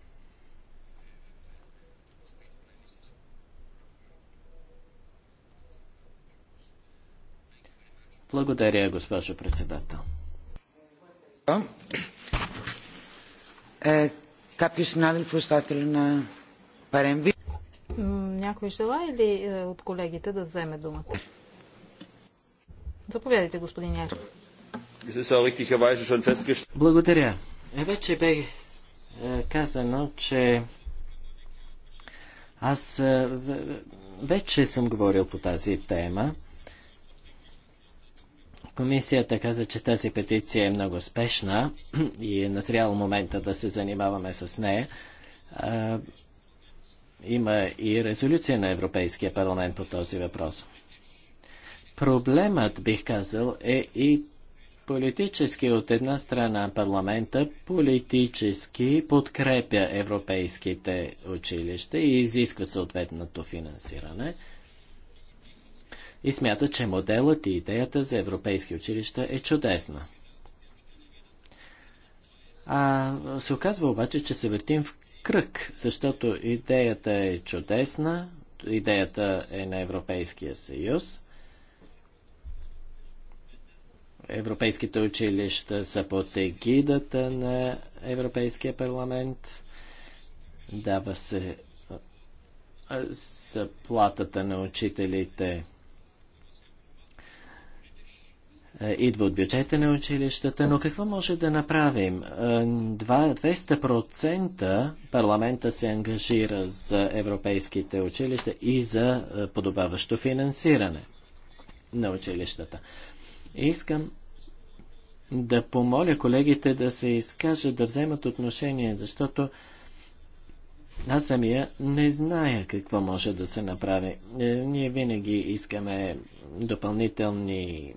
Благодаря, госпожо председател. Е, κάποιος συνάδελφος θα ήθελε να παρέμβει. Някой желая ли е, от колегите да вземе думата? Заповядайте, господин Яр. Благодаря. Е, вече бе казано, че аз вече съм говорил по тази тема. Комисията каза, че тази петиция е много спешна и е назрял момента да се занимаваме с нея. има и резолюция на Европейския парламент по този въпрос. Проблемът, бих казал, е и политически от една страна парламента политически подкрепя европейските училища и изисква съответното финансиране – и смята, че моделът и идеята за европейски училища е чудесна. А се оказва обаче, че се въртим в кръг, защото идеята е чудесна, идеята е на Европейския съюз. Европейските училища са под егидата на Европейския парламент. Дава се заплатата на учителите е, идва от бюджета на училищата, но какво може да направим? 200% е, парламента се ангажира за европейските училища и за е, подобаващо финансиране на училищата. Искам да помоля колегите да се изкажат, да вземат отношение, защото аз самия не зная какво може да се направи. Ние винаги искаме допълнителни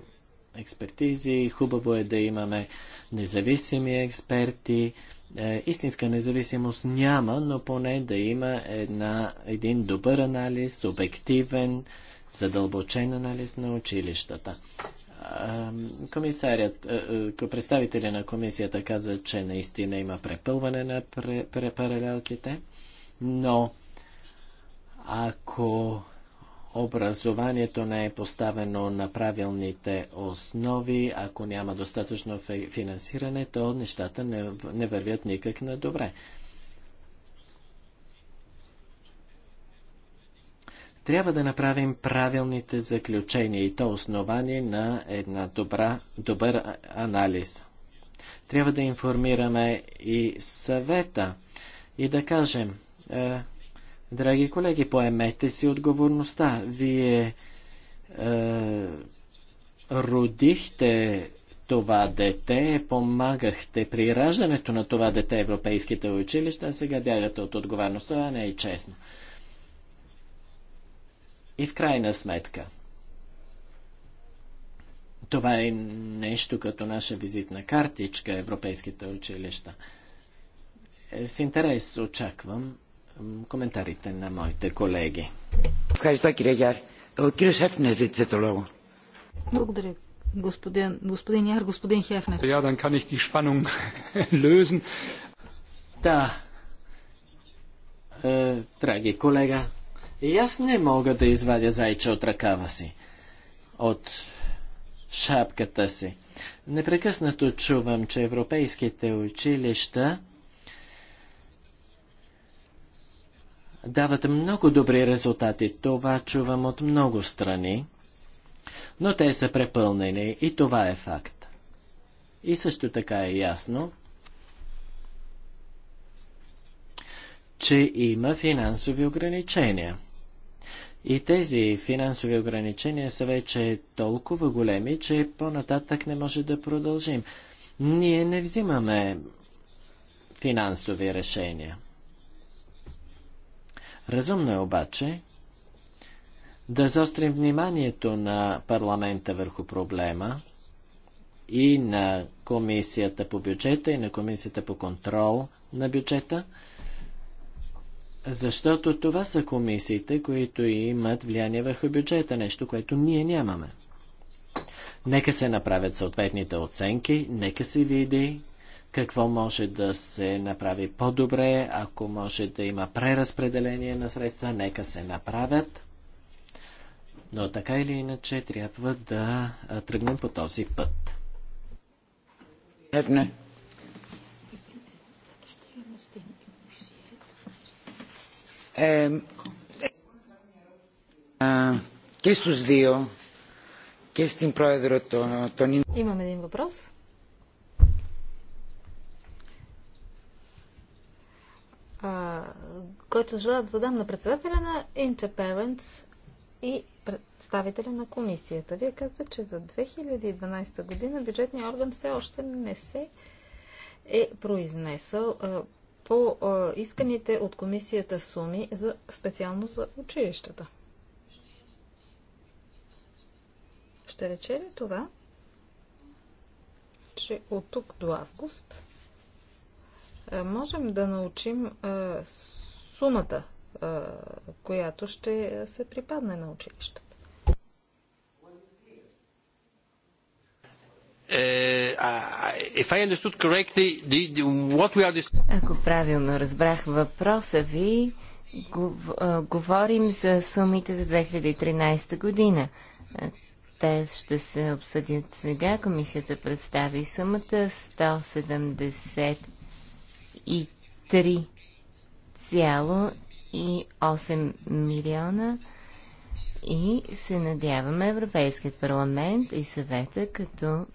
експертизи. Хубаво е да имаме независими експерти. Е, истинска независимост няма, но поне да има една, един добър анализ, обективен, задълбочен анализ на училищата. Комисарят, е, е, представителя на комисията каза, че наистина има препълване на паралелките, но ако образованието не е поставено на правилните основи, ако няма достатъчно финансиране, то нещата не, не вървят никак на добре. Трябва да направим правилните заключения и то основани на една добра, добър анализ. Трябва да информираме и съвета и да кажем, е, Драги колеги, поемете си отговорността. Вие е, родихте това дете, помагахте при раждането на това дете европейските училища, а сега бягате от отговорност. Това не е честно. И в крайна сметка, това е нещо като наша визитна картичка, европейските училища. Е, с интерес очаквам коментарите на моите колеги. Благодаря, господин, господин Яр, господин Хефнер. Ja, dann kann ich die Spannung lösen. Да, е, драги колега, и аз не мога да извадя зайче от ръкава си, от шапката си. Непрекъснато чувам, че европейските училища дават много добри резултати. Това чувам от много страни, но те са препълнени и това е факт. И също така е ясно, че има финансови ограничения. И тези финансови ограничения са вече толкова големи, че по-нататък не може да продължим. Ние не взимаме финансови решения. Разумно е обаче да заострим вниманието на парламента върху проблема и на комисията по бюджета и на комисията по контрол на бюджета, защото това са комисиите, които имат влияние върху бюджета, нещо, което ние нямаме. Нека се направят съответните оценки, нека се види какво може да се направи по-добре, ако може да има преразпределение на средства, нека се направят. Но така или иначе трябва да тръгнем по този път. Ебне. Е, Имам един въпрос. а, който желая да задам на председателя на Interparents и представителя на комисията. Вие казвате, че за 2012 година бюджетният орган все още не се е произнесъл а, по а, исканите от комисията суми за, специално за училищата. Ще рече ли това, че от тук до август е, можем да научим е, сумата, е, която ще се припадне на училищата. Ако правилно разбрах въпроса ви, говорим за сумите за 2013 година. Те ще се обсъдят сега. Комисията представи сумата 170 3,8 милиона и се надяваме Европейският парламент и съвета като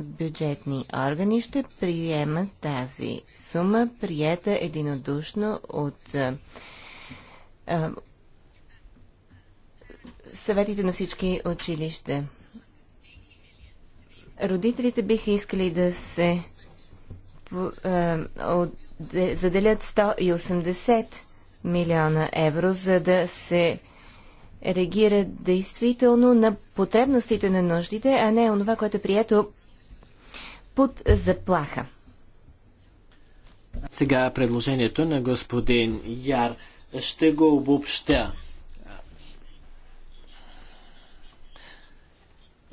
бюджетни органи ще приемат тази сума, прията единодушно от а, а, съветите на всички училища. Родителите биха искали да се е, е, заделят 180 милиона евро, за да се реагира действително на потребностите на нуждите, а не онова, което е прието под заплаха. Сега предложението на господин Яр ще го обобщя.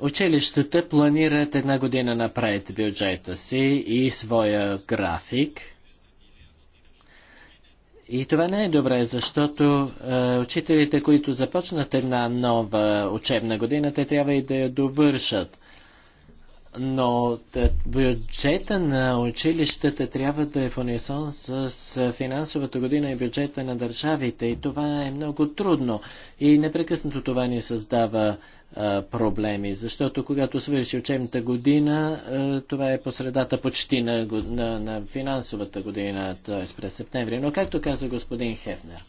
Училищата планират една година напред бюджета си и своя график. И това не е добре, защото е, учителите, които започнат една нова учебна година, те трябва и да я довършат. Но е, бюджета на училищата трябва да е в унисон с финансовата година и бюджета на държавите. И това е много трудно. И непрекъснато това ни създава проблеми, защото когато свърши учебната година, това е посредата почти на, на, на финансовата година, т.е. през септември. Но както каза господин Хефнер,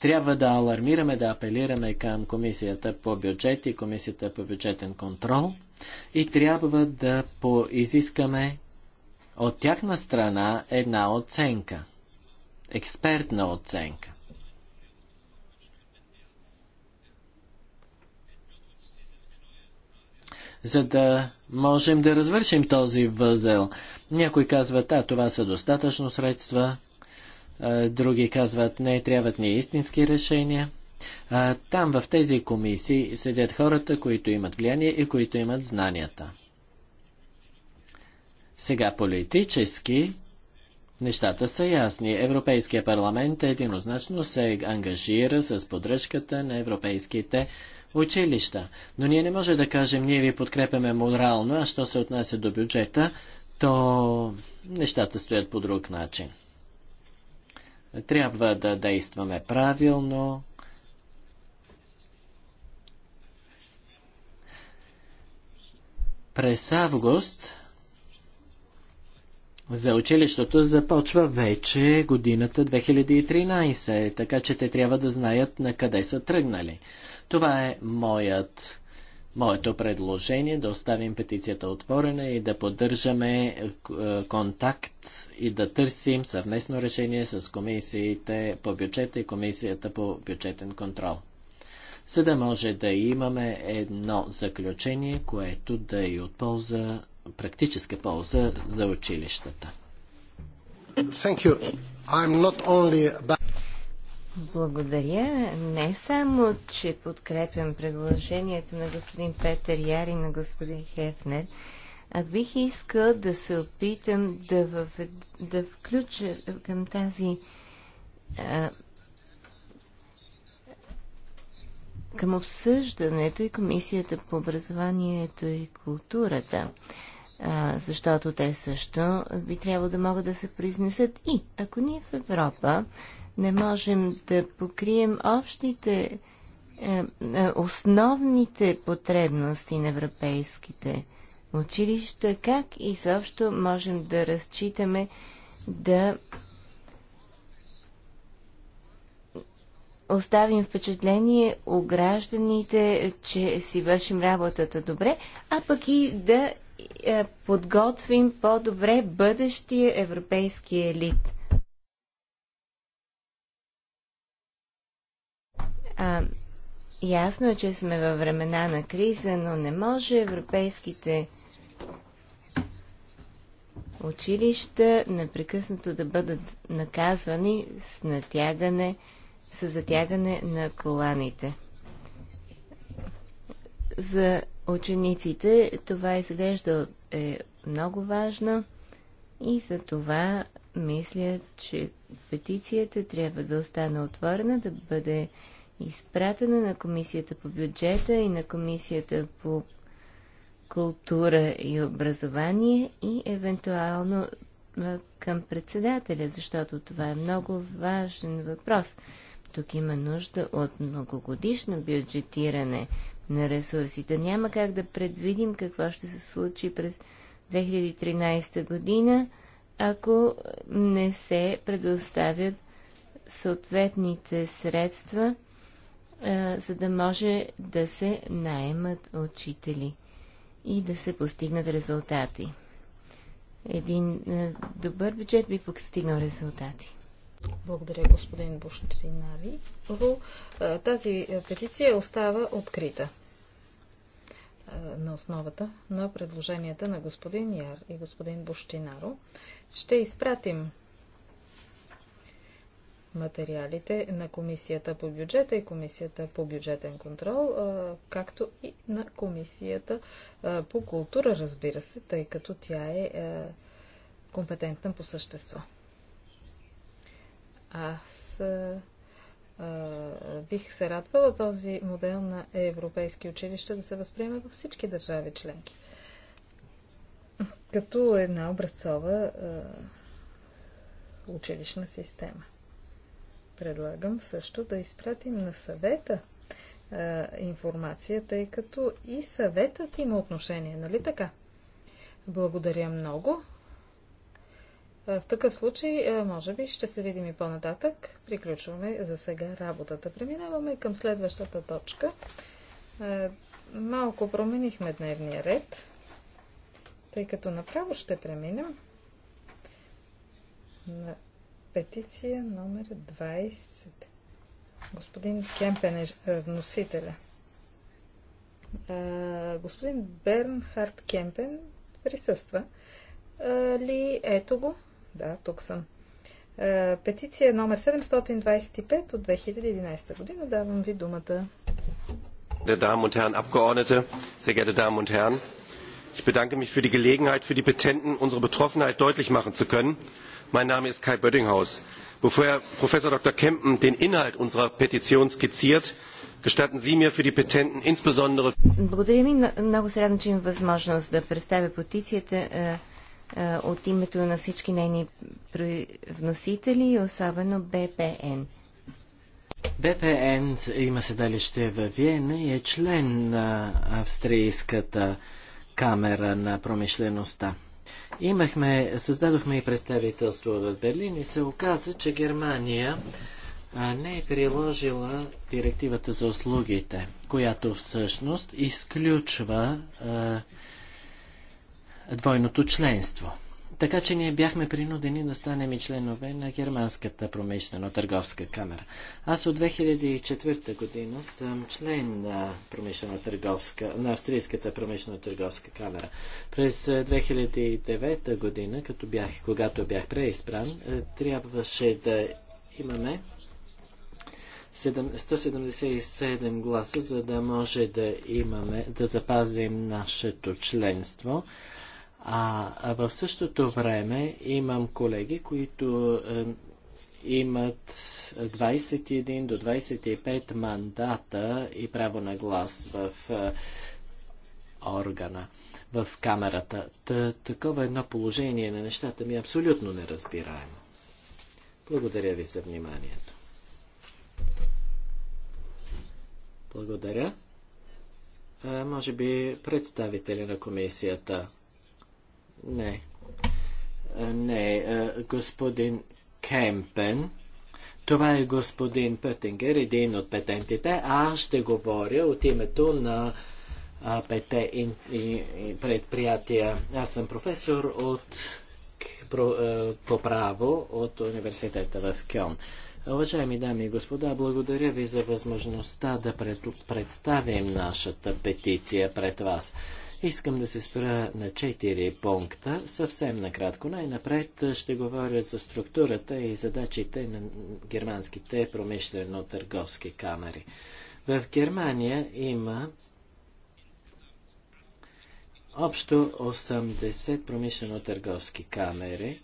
трябва да алармираме, да апелираме към Комисията по бюджет и Комисията по бюджетен контрол и трябва да поизискаме от тяхна страна една оценка, експертна оценка. за да можем да развършим този възел. Някой казват, а това са достатъчно средства, други казват, не, трябват ни истински решения. Там в тези комисии седят хората, които имат влияние и които имат знанията. Сега политически нещата са ясни. Европейския парламент е единозначно се ангажира с поддръжката на европейските училища. Но ние не можем да кажем, ние ви подкрепяме морално, а що се отнася до бюджета, то нещата стоят по друг начин. Трябва да действаме правилно. През август за училището започва вече годината 2013, така че те трябва да знаят на къде са тръгнали. Това е моят, моето предложение да оставим петицията отворена и да поддържаме е, контакт и да търсим съвместно решение с комисиите по бюджета и комисията по бюджетен контрол за да може да имаме едно заключение, което да е от полза, практическа полза за училищата. About... Благодаря. Не само, че подкрепям предложението на господин Петър Яр и на господин Хефнер, а бих искал да се опитам да, във, да включа към тази а, към обсъждането и Комисията по образованието и културата, а, защото те също би трябвало да могат да се произнесат и ако ние в Европа не можем да покрием общите е, е, основните потребности на европейските училища, как изобщо можем да разчитаме да оставим впечатление у гражданите, че си вършим работата добре, а пък и да е, подготвим по-добре бъдещия европейски елит. А, ясно е, че сме във времена на криза, но не може европейските училища непрекъснато да бъдат наказвани с натягане, с затягане на коланите. За учениците това изглежда е много важно и за това мисля, че петицията трябва да остане отворена, да бъде изпратена на Комисията по бюджета и на Комисията по култура и образование и евентуално към председателя, защото това е много важен въпрос. Тук има нужда от многогодишно бюджетиране на ресурсите. Няма как да предвидим какво ще се случи през 2013 година, ако не се предоставят съответните средства за да може да се наемат учители и да се постигнат резултати. Един добър бюджет би постигнал резултати. Благодаря, господин Бощинари. Тази петиция остава открита на основата на предложенията на господин Яр и господин Бощинаро. Ще изпратим материалите на Комисията по бюджета и Комисията по бюджетен контрол, както и на Комисията по култура, разбира се, тъй като тя е, е компетентна по същество. Аз бих се радвала този модел на европейски училища да се възприеме във всички държави членки. Като една образцова училищна система. Предлагам също да изпратим на съвета а, информация, тъй като и съветът има отношение, нали така? Благодаря много. В такъв случай, може би, ще се видим и по-нататък. Приключваме за сега работата. Преминаваме към следващата точка. Малко променихме дневния ред, тъй като направо ще преминем петиция номер 20. Господин Кемпен е вносителя. Е, господин Бернхард Кемпен присъства. Е, ли, ето го. Да, тук съм. Е, петиция номер 725 от 2011 година. Давам ви думата. Дами и господа, Ich bedanke mich für die Gelegenheit, für die Petenten unsere Betroffenheit deutlich machen zu können mein name ist kai böttinghaus. bevor herr prof. dr. kempen den inhalt unserer petition skizziert gestatten sie mir für die petenten insbesondere Благодаря ви. Много се радвам, че имам възможност да представя петицията е, е, от името на всички нейни вносители, особено БПН. БПН има седалище в Виена и е член на австрийската камера на промишлеността. Имахме, създадохме и представителство в Берлин и се оказа, че Германия не е приложила директивата за услугите, която всъщност изключва а, двойното членство. Така че ние бяхме принудени да станем и членове на Германската промишлено-търговска камера. Аз от 2004 година съм член на, търговска на Австрийската промишлено-търговска камера. През 2009 е, година, като бях, когато бях преизбран, е, трябваше да имаме 177 гласа, за да може да имаме, да запазим нашето членство. А в същото време имам колеги, които е, имат 21 до 25 мандата и право на глас в е, органа, в камерата. Та, такова едно положение на нещата ми е абсолютно неразбираемо. Благодаря ви за вниманието. Благодаря. Е, може би представителя на комисията. Не. Не, господин Кемпен. Това е господин Пътингер, един от петентите. Аз ще говоря от името на пете предприятия. Аз съм професор от, про, по право от университета в Кьон. Уважаеми дами и господа, благодаря ви за възможността да пред, представим нашата петиция пред вас. Искам да се спра на четири пункта. Съвсем накратко. Най-напред ще говоря за структурата и задачите на германските промишлено-търговски камери. В Германия има общо 80 промишлено-търговски камери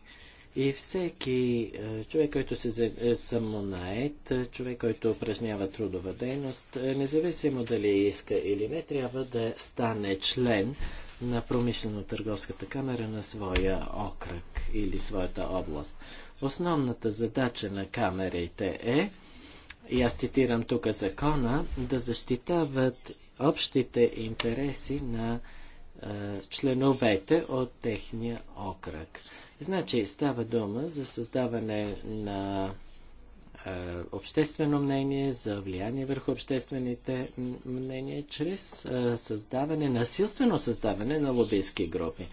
и всеки е, човек, който се е самонает, е, човек, който упражнява трудова дейност, е, независимо дали иска или не, трябва да стане член на промишлено-търговската камера на своя окръг или своята област. Основната задача на камерите е, и аз цитирам тук закона, да защитават общите интереси на членовете от техния окръг. Значи става дума за създаване на обществено мнение, за влияние върху обществените мнения, чрез създаване, насилствено създаване на лобийски групи.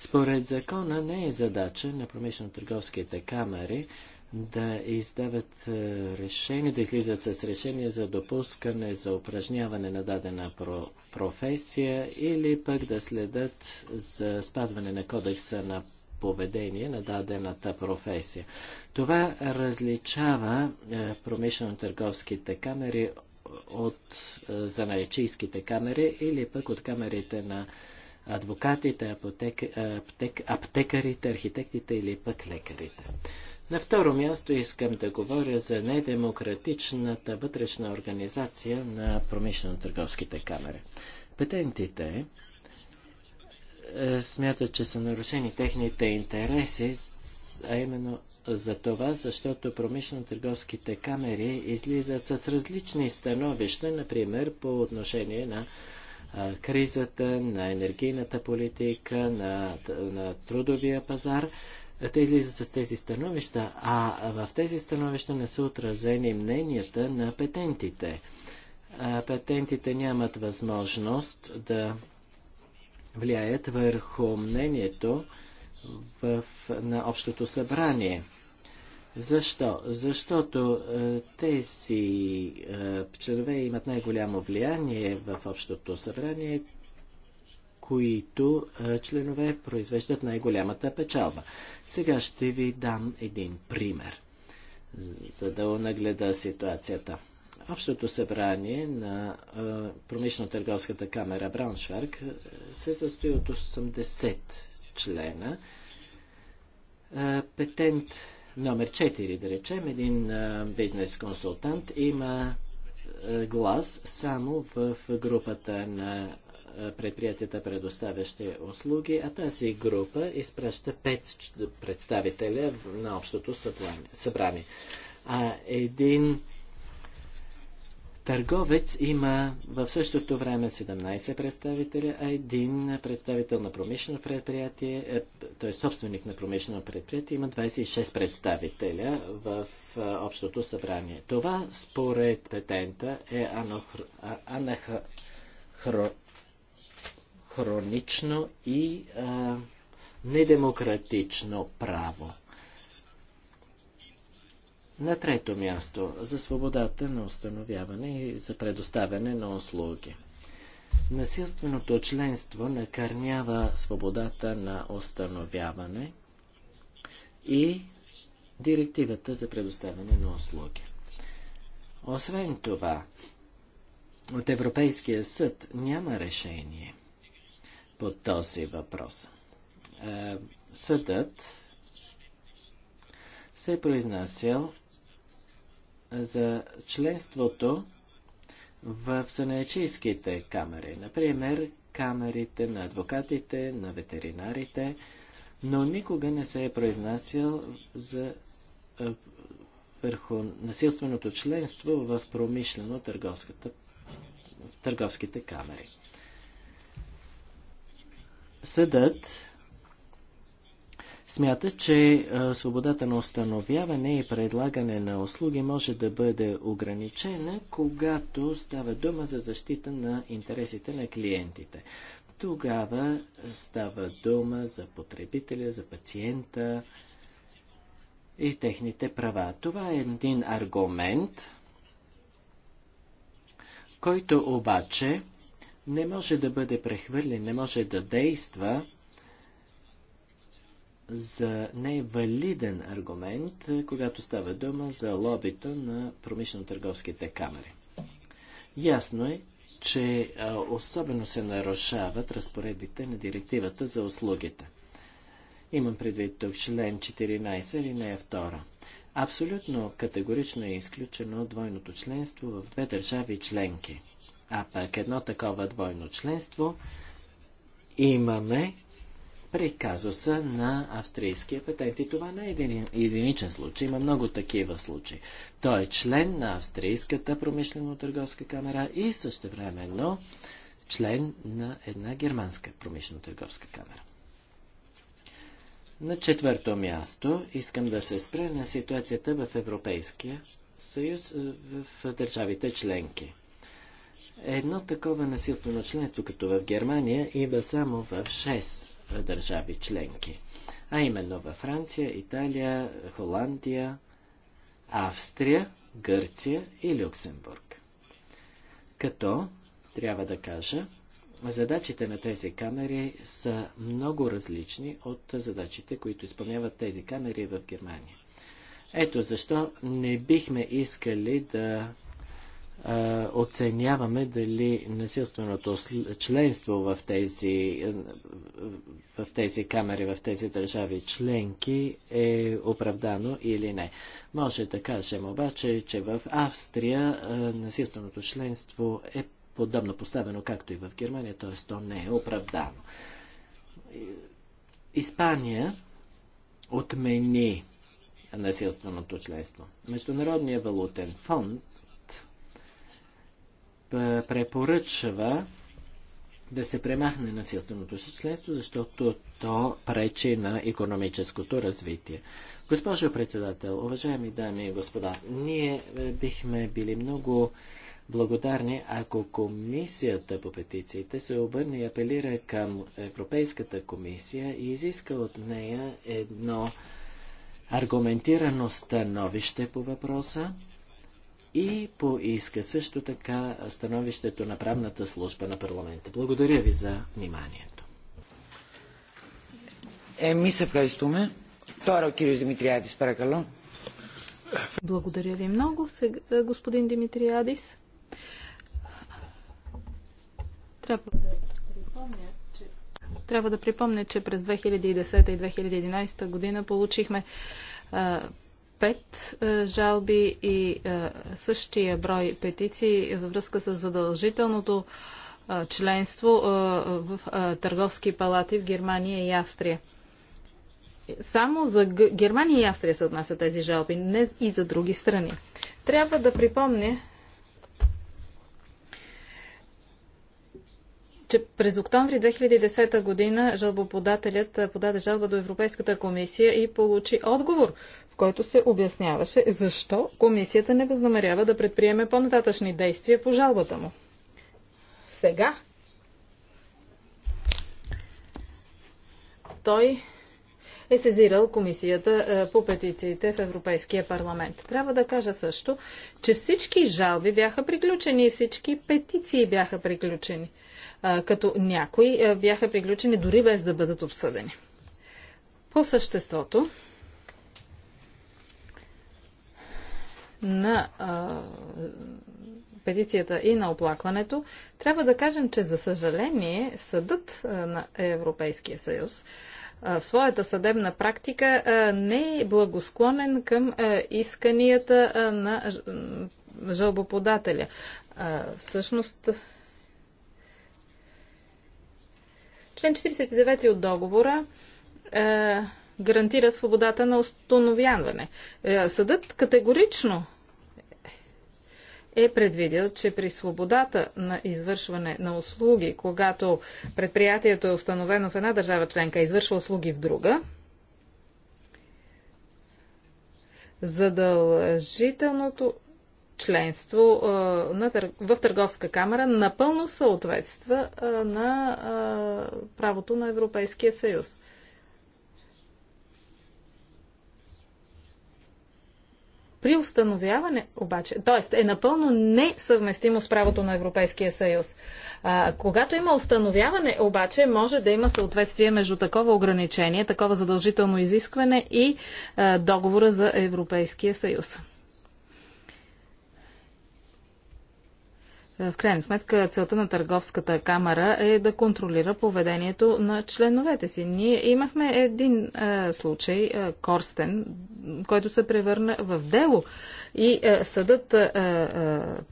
Според закона не е задача на промишлено-търговските камери да издават е, решения, да излизат с решения за допускане за упражняване на дадена про професия или пък да следят за спазване на кодекса на поведение на дадената професия. Това различава е, промишлено-търговските камери от е, занаечийските камери или пък от камерите на адвокатите, аптек, е, аптек, аптекарите, архитектите или пък лекарите. На второ място искам да говоря за недемократичната вътрешна организация на промишлено-търговските камери. Патентите е, смятат, че са нарушени техните интереси, а именно за това, защото промишлено-търговските камери излизат с различни становища, например по отношение на кризата, на енергийната политика, на, на трудовия пазар. Те излизат с тези становища, а в тези становища не са отразени мненията на петентите. Петентите нямат възможност да влияят върху мнението в, на общото събрание. Защо? Защото тези членове имат най-голямо влияние в общото събрание, които членове произвеждат най-голямата печалба. Сега ще ви дам един пример, за да нагледа ситуацията. Общото събрание на промишно търговската камера Брауншварг се състои от 80 члена. Петент номер 4, да речем, един бизнес консултант има глас само в групата на предприятията, предоставящи услуги, а тази група изпраща пет представителя на общото събрание. А един търговец има в същото време 17 представителя, а един представител на промишлено предприятие, т.е. Е собственик на промишлено предприятие, има 26 представителя в общото събрание. Това според петента е анахро хронично и а, недемократично право. На трето място за свободата на установяване и за предоставяне на услуги. Насилственото членство накърнява свободата на установяване и директивата за предоставяне на услуги. Освен това, от Европейския съд няма решение по този въпрос. Е, съдът се е произнасял за членството в санечийските камери. Например, камерите на адвокатите, на ветеринарите, но никога не се е произнасял за е, върху насилственото членство в промишлено-търговските камери. Съдът смята, че свободата на установяване и предлагане на услуги може да бъде ограничена, когато става дума за защита на интересите на клиентите. Тогава става дума за потребителя, за пациента и техните права. Това е един аргумент, който обаче не може да бъде прехвърлен, не може да действа за невалиден аргумент, е, когато става дума за лобито на промишлено-търговските камери. Ясно е, че е, особено се нарушават разпоредбите на директивата за услугите. Имам предвид тук член 14 или не е втора. Абсолютно категорично е изключено двойното членство в две държави членки. А пък едно такова двойно членство имаме при казуса на австрийския патент. И това не е един, единичен случай. Има много такива случаи. Той е член на Австрийската промишлено-търговска камера и същевременно член на една германска промишлено-търговска камера. На четвърто място искам да се спре на ситуацията в Европейския съюз в държавите членки. Едно такова насилствено членство, като в Германия, има само в 6 държави членки. А именно във Франция, Италия, Холандия, Австрия, Гърция и Люксембург. Като, трябва да кажа, задачите на тези камери са много различни от задачите, които изпълняват тези камери в Германия. Ето защо не бихме искали да оценяваме дали насилственото членство в тези, в тези камери, в тези държави членки е оправдано или не. Може да кажем обаче, че в Австрия насилственото членство е подобно поставено, както и в Германия, т.е. то не е оправдано. Испания отмени насилственото членство. Международният валутен фонд препоръчва да се премахне насилственото членство, защото то пречи на економическото развитие. Госпожо председател, уважаеми дами и господа, ние е, бихме били много благодарни, ако комисията по петициите се обърне и апелира към Европейската комисия и изиска от нея едно аргументирано становище по въпроса, и поиска също така становището на правната служба на парламента. Благодаря ви за вниманието. Еми се ευχαριστούμε. Τώρα ο Димитриадис, Δημητριάδης, Благодаря ви много, е, господин Димитриадис. Трябва да припомня, че... Трябва да припомня, че през 2010 и 2011 година получихме а, е, пет е, жалби и е, същия брой петиции във връзка с задължителното е, членство в търговски палати в Германия и Австрия. Само за Германия и Австрия се отнася тези жалби, не и за други страни. Трябва да припомня, че през октомври 2010 година жалбоподателят подаде жалба до Европейската комисия и получи отговор, в който се обясняваше защо комисията не възнамерява да предприеме по-нататъчни действия по жалбата му. Сега той е сезирал комисията е, по петициите в Европейския парламент. Трябва да кажа също, че всички жалби бяха приключени и всички петиции бяха приключени, е, като някои е, бяха приключени дори без да бъдат обсъдени. По съществото, на петицията и на оплакването, трябва да кажем, че за съжаление съдът на Европейския съюз в своята съдебна практика не е благосклонен към исканията на жалбоподателя. Всъщност, член 49 от договора гарантира свободата на установяване. Е, съдът категорично е предвидил, че при свободата на извършване на услуги, когато предприятието е установено в една държава членка и извършва услуги в друга, задължителното членство в Търговска камера напълно съответства на правото на Европейския съюз. при установяване обаче, т.е. е напълно несъвместимо с правото на Европейския съюз. А, когато има установяване обаче, може да има съответствие между такова ограничение, такова задължително изискване и а, договора за Европейския съюз. Е, в крайна сметка, целта на Търговската камера е да контролира поведението на членовете си. Ние имахме един е, случай, е, Корстен, който се превърна в дело. И е, съдът е, е,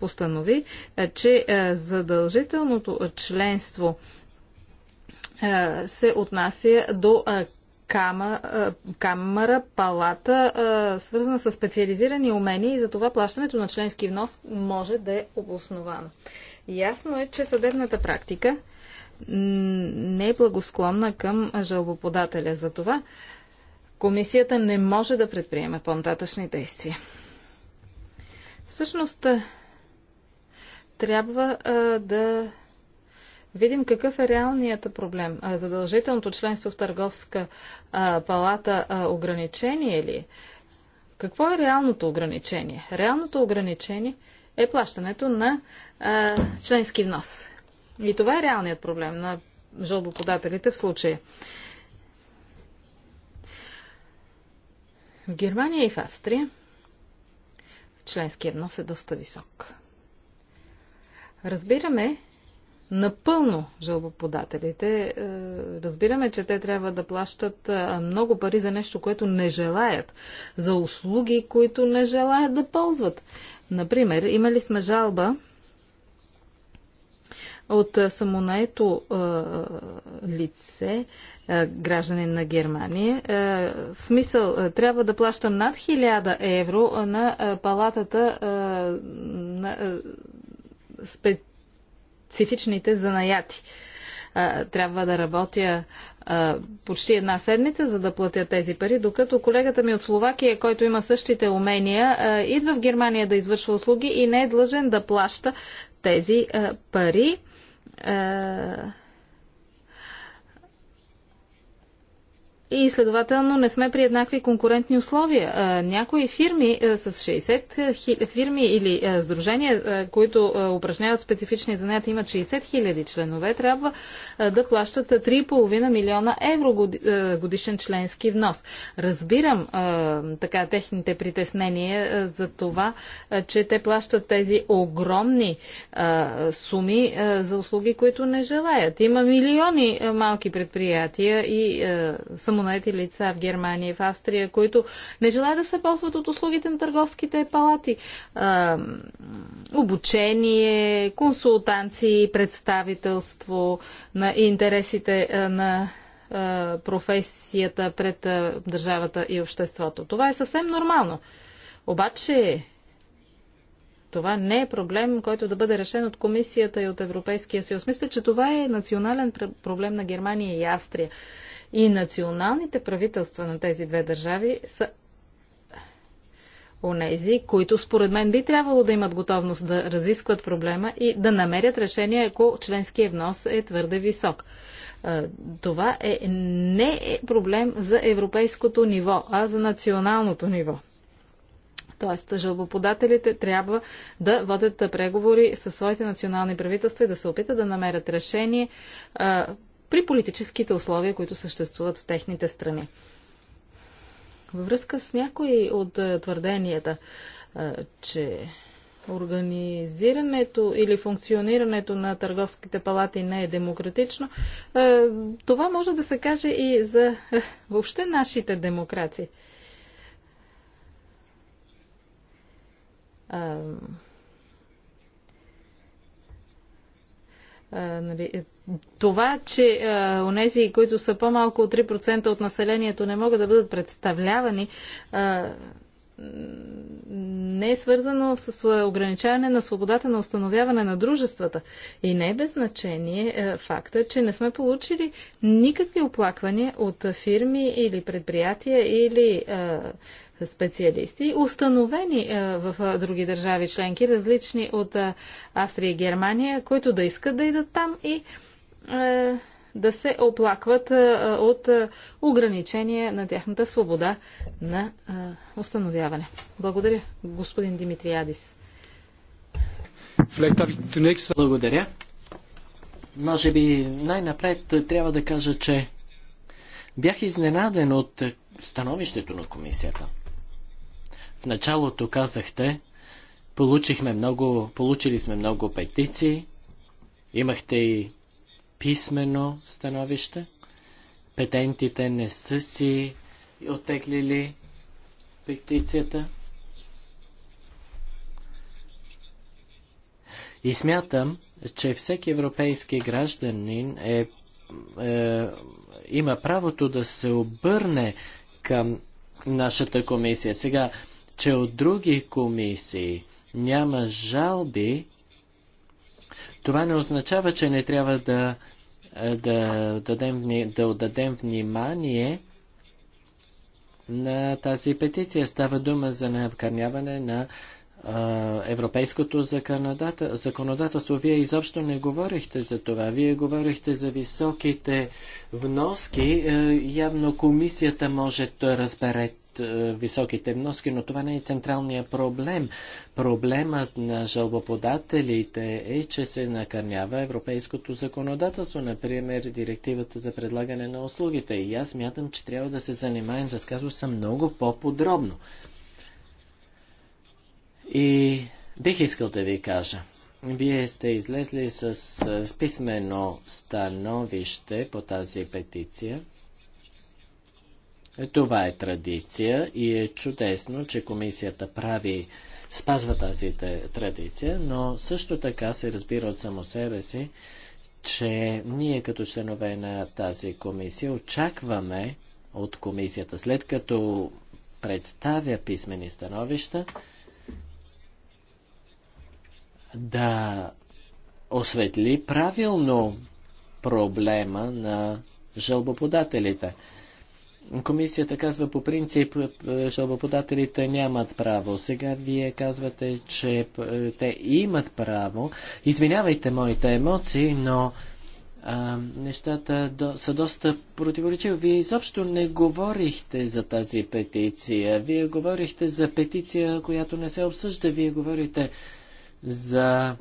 постанови, е, че е, задължителното членство е, се отнася до е, камара, палата, свързана с специализирани умения и за това плащането на членски внос може да е обосновано. Ясно е, че съдебната практика не е благосклонна към жалбоподателя. За това комисията не може да предприеме по-нататъчни действия. Всъщност, трябва а, да видим какъв е реалният проблем. Задължителното членство в търговска палата ограничение е ли Какво е реалното ограничение? Реалното ограничение е плащането на а, членски внос. И това е реалният проблем на жалбоподателите в случая. В Германия и в Австрия членският внос е доста висок. Разбираме, напълно жалбоподателите. Е, разбираме, че те трябва да плащат е, много пари за нещо, което не желаят, за услуги, които не желаят да ползват. Например, имали сме жалба от е, самонаето лице, гражданин на Германия. В смисъл, трябва да плащам над 1000 евро на палатата на спе специфичните занаяти. Трябва да работя почти една седмица, за да платя тези пари, докато колегата ми от Словакия, който има същите умения, идва в Германия да извършва услуги и не е длъжен да плаща тези пари. и следователно не сме при еднакви конкурентни условия. Някои фирми с 60 фирми или сдружения, които упражняват специфични занятия, имат 60 хиляди членове, трябва да плащат 3,5 милиона евро годишен членски внос. Разбирам така техните притеснения за това, че те плащат тези огромни суми за услуги, които не желаят. Има милиони малки предприятия и само самонаети лица в Германия и в Австрия, които не желаят да се ползват от услугите на търговските палати. А, обучение, консултанции, представителство на интересите на професията пред държавата и обществото. Това е съвсем нормално. Обаче това не е проблем, който да бъде решен от комисията и от Европейския съюз. Мисля, че това е национален проблем на Германия и Австрия. И националните правителства на тези две държави са онези, които според мен би трябвало да имат готовност да разискват проблема и да намерят решение, ако членския внос е твърде висок. Това е не е проблем за европейското ниво, а за националното ниво. Тоест, жалбоподателите трябва да водят преговори със своите национални правителства и да се опитат да намерят решение при политическите условия, които съществуват в техните страни. Във връзка с някои от е, твърденията, е, че организирането или функционирането на търговските палати не е демократично, е, това може да се каже и за въобще нашите демокрации. А, а, нали, това, че а, онези, които са по-малко от 3% от населението, не могат да бъдат представлявани, а, не е свързано с ограничаване на свободата на установяване на дружествата. И не е без значение факта, че не сме получили никакви оплаквания от фирми или предприятия или специалисти, установени в други държави членки, различни от Австрия и Германия, които да искат да идат там и е, да се оплакват е, от е, ограничение на тяхната свобода на установяване. Благодаря, господин Димитриадис. Благодаря. Може би най-напред трябва да кажа, че бях изненаден от становището на комисията. В началото казахте, получихме много, получили сме много петиции, имахте и писмено становище. Петентите не са си отеглили петицията. И смятам, че всеки европейски гражданин е, е, има правото да се обърне към нашата комисия. Сега, че от други комисии няма жалби, това не означава, че не трябва да, е, да, дадем, да отдадем внимание на тази петиция. Става дума за накърняване на е, европейското законодателство. Вие изобщо не говорихте за това. Вие говорихте за високите вноски. Е, явно комисията може да разбере от е, високите вноски, но това не е централният проблем. Проблемът на жалбоподателите е, че се накърнява европейското законодателство, например директивата за предлагане на услугите. И аз мятам, че трябва да се занимаем с казуса много по-подробно. И бих искал да ви кажа, вие сте излезли с, е, с писмено становище по тази петиция. Е, това е традиция и е чудесно, че комисията прави, спазва тази традиция, но също така се разбира от само себе си, че ние като членове на тази комисия очакваме от комисията, след като представя писмени становища, да осветли правилно проблема на жълбоподателите. Комисията казва по принцип, е, жалбоподателите нямат право. Сега вие казвате, че е, те имат право. Извинявайте моите емоции, но а, нещата до, са доста противоречиви. Вие изобщо не говорихте за тази петиция. Вие говорихте за петиция, която не се обсъжда. Вие говорите за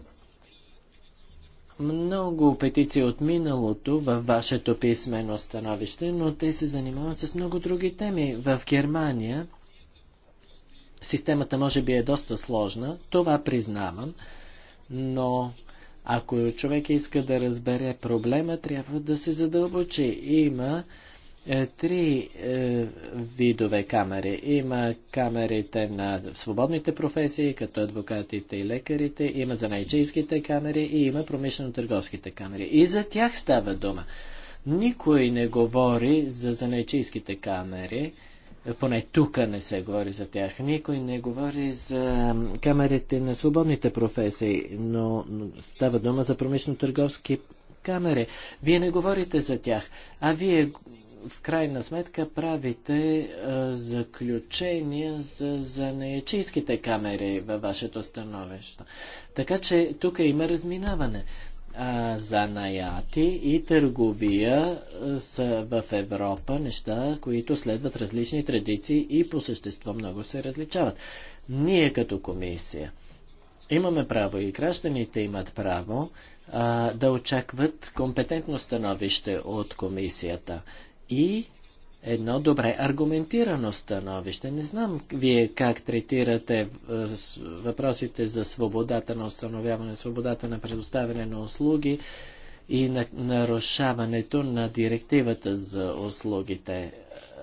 много петиции от миналото във вашето писмено становище, но те се занимават с много други теми. В Германия системата може би е доста сложна, това признавам, но ако човек иска да разбере проблема, трябва да се задълбочи. Има е, три е, видове камери. Има камерите на свободните професии, като адвокатите и лекарите, има за найчейските камери и има промишлено-търговските камери. И за тях става дума. Никой не говори за занайчийските камери, е, поне тук не се говори за тях. Никой не говори за камерите на свободните професии, но, но става дума за промишлено-търговски камери. Вие не говорите за тях, а вие в крайна сметка правите а, заключения за, за неячийските камери във вашето становище. Така че тук има разминаване. А, наяти и търговия са в Европа неща, които следват различни традиции и по същество много се различават. Ние като комисия имаме право и гражданите имат право а, да очакват компетентно становище от комисията и едно добре аргументирано становище. Не знам вие как третирате е, въпросите за свободата на установяване, свободата на предоставяне на услуги и на нарушаването на директивата за услугите.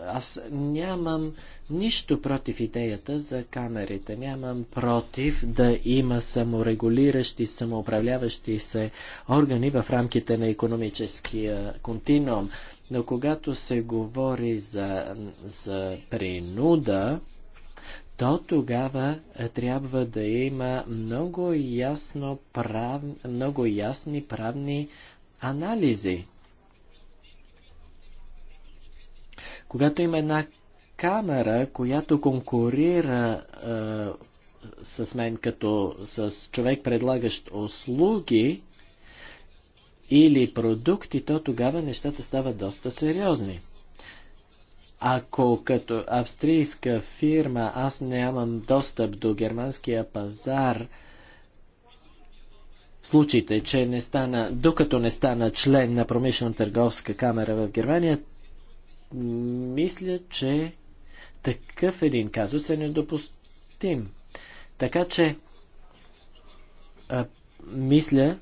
Аз нямам нищо против идеята за камерите. Нямам против да има саморегулиращи, самоуправляващи се органи в рамките на економическия континуум. Но когато се говори за, за принуда, то тогава е, трябва да има много, ясно прав... много ясни правни анализи. Когато има една камера, която конкурира е, с мен като с човек предлагащ услуги, или продукти, то тогава нещата стават доста сериозни. Ако като австрийска фирма аз нямам достъп до германския пазар, в случаите, че не стана, докато не стана член на промишлено-търговска камера в Германия, мисля, че такъв един казус е недопустим. Така че, а, мисля,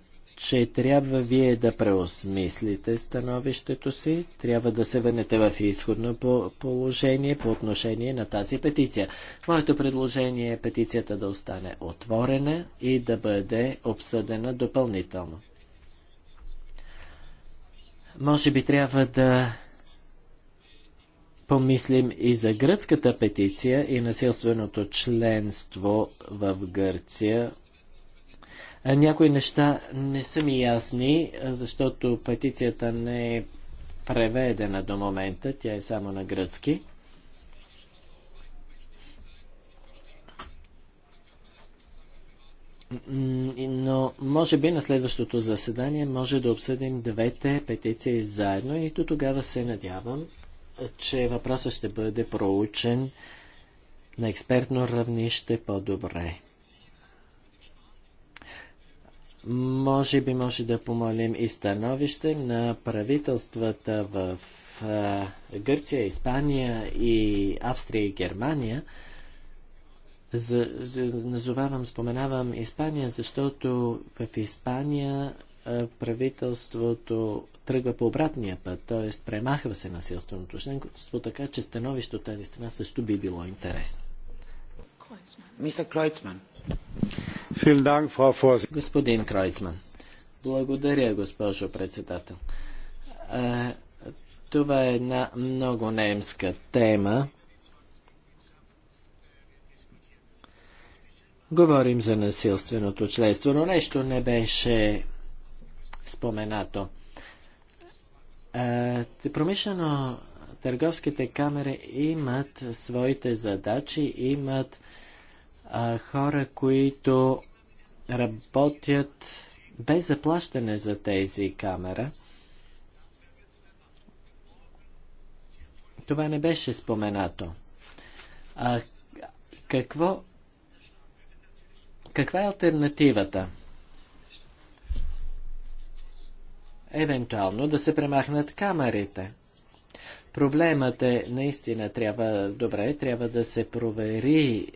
че трябва вие да преосмислите становището си, трябва да се върнете в изходно положение по отношение на тази петиция. Моето предложение е петицията да остане отворена и да бъде обсъдена допълнително. Може би трябва да помислим и за гръцката петиция и насилственото членство в Гърция някои неща не са ми ясни, защото петицията не е преведена до момента, тя е само на гръцки. Но може би на следващото заседание може да обсъдим двете петиции заедно и до тогава се надявам, че въпросът ще бъде проучен на експертно равнище по-добре. Може би може да помолим и становище на правителствата в Гърция, Испания и Австрия и Германия. За, за, назовавам, споменавам Испания, защото в Испания правителството тръгва по обратния път, т.е. премахва се насилственото членство, така че становището от тази страна също би било интересно. Мистер Кройцман. Господин Кройцман. Благодаря, госпожо председател. Това е една много немска тема. Говорим за насилственото членство, но нещо не беше споменато. Промишлено търговските камери имат своите задачи, имат а, хора, които работят без заплащане за тези камера. Това не беше споменато. А какво каква е альтернативата? Евентуално да се премахнат камерите. Проблемът е, наистина трябва, добре, трябва да се провери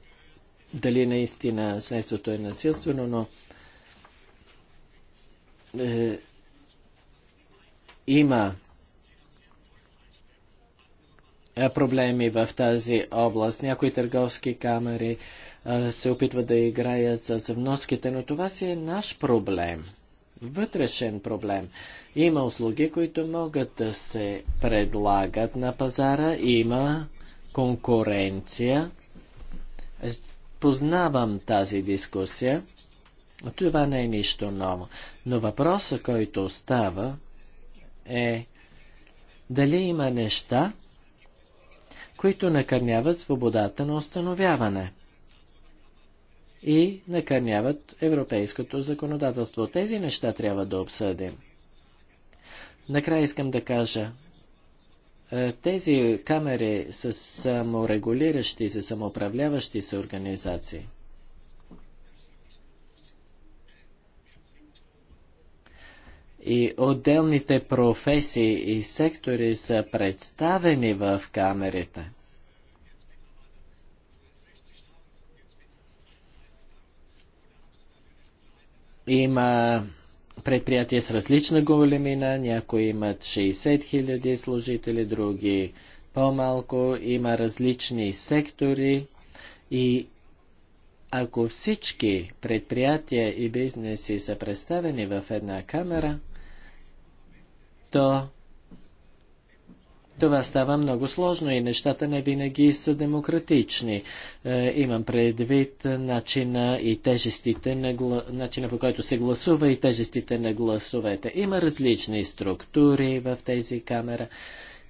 дали наистина снесото е насилствено, но е, има е, проблеми в тази област. Някои търговски камери е, се опитват да играят с вноските, но това си е наш проблем. Вътрешен проблем. Има услуги, които могат да се предлагат на пазара, има конкуренция. Познавам тази дискусия. Това не е нищо ново. Но въпросът, който остава, е дали има неща, които накърняват свободата на установяване и накърняват европейското законодателство. Тези неща трябва да обсъдим. Накрая искам да кажа, е, тези камери са саморегулиращи се, самоуправляващи се организации. И отделните професии и сектори са представени в камерите. Има предприятия с различна големина, някои имат 60 000 служители, други по-малко, има различни сектори и ако всички предприятия и бизнеси са представени в една камера, то това става много сложно и нещата не винаги са демократични. Е, имам предвид начина и тежестите на гла... начина по който се гласува и тежестите на гласовете. Има различни структури в тези камера.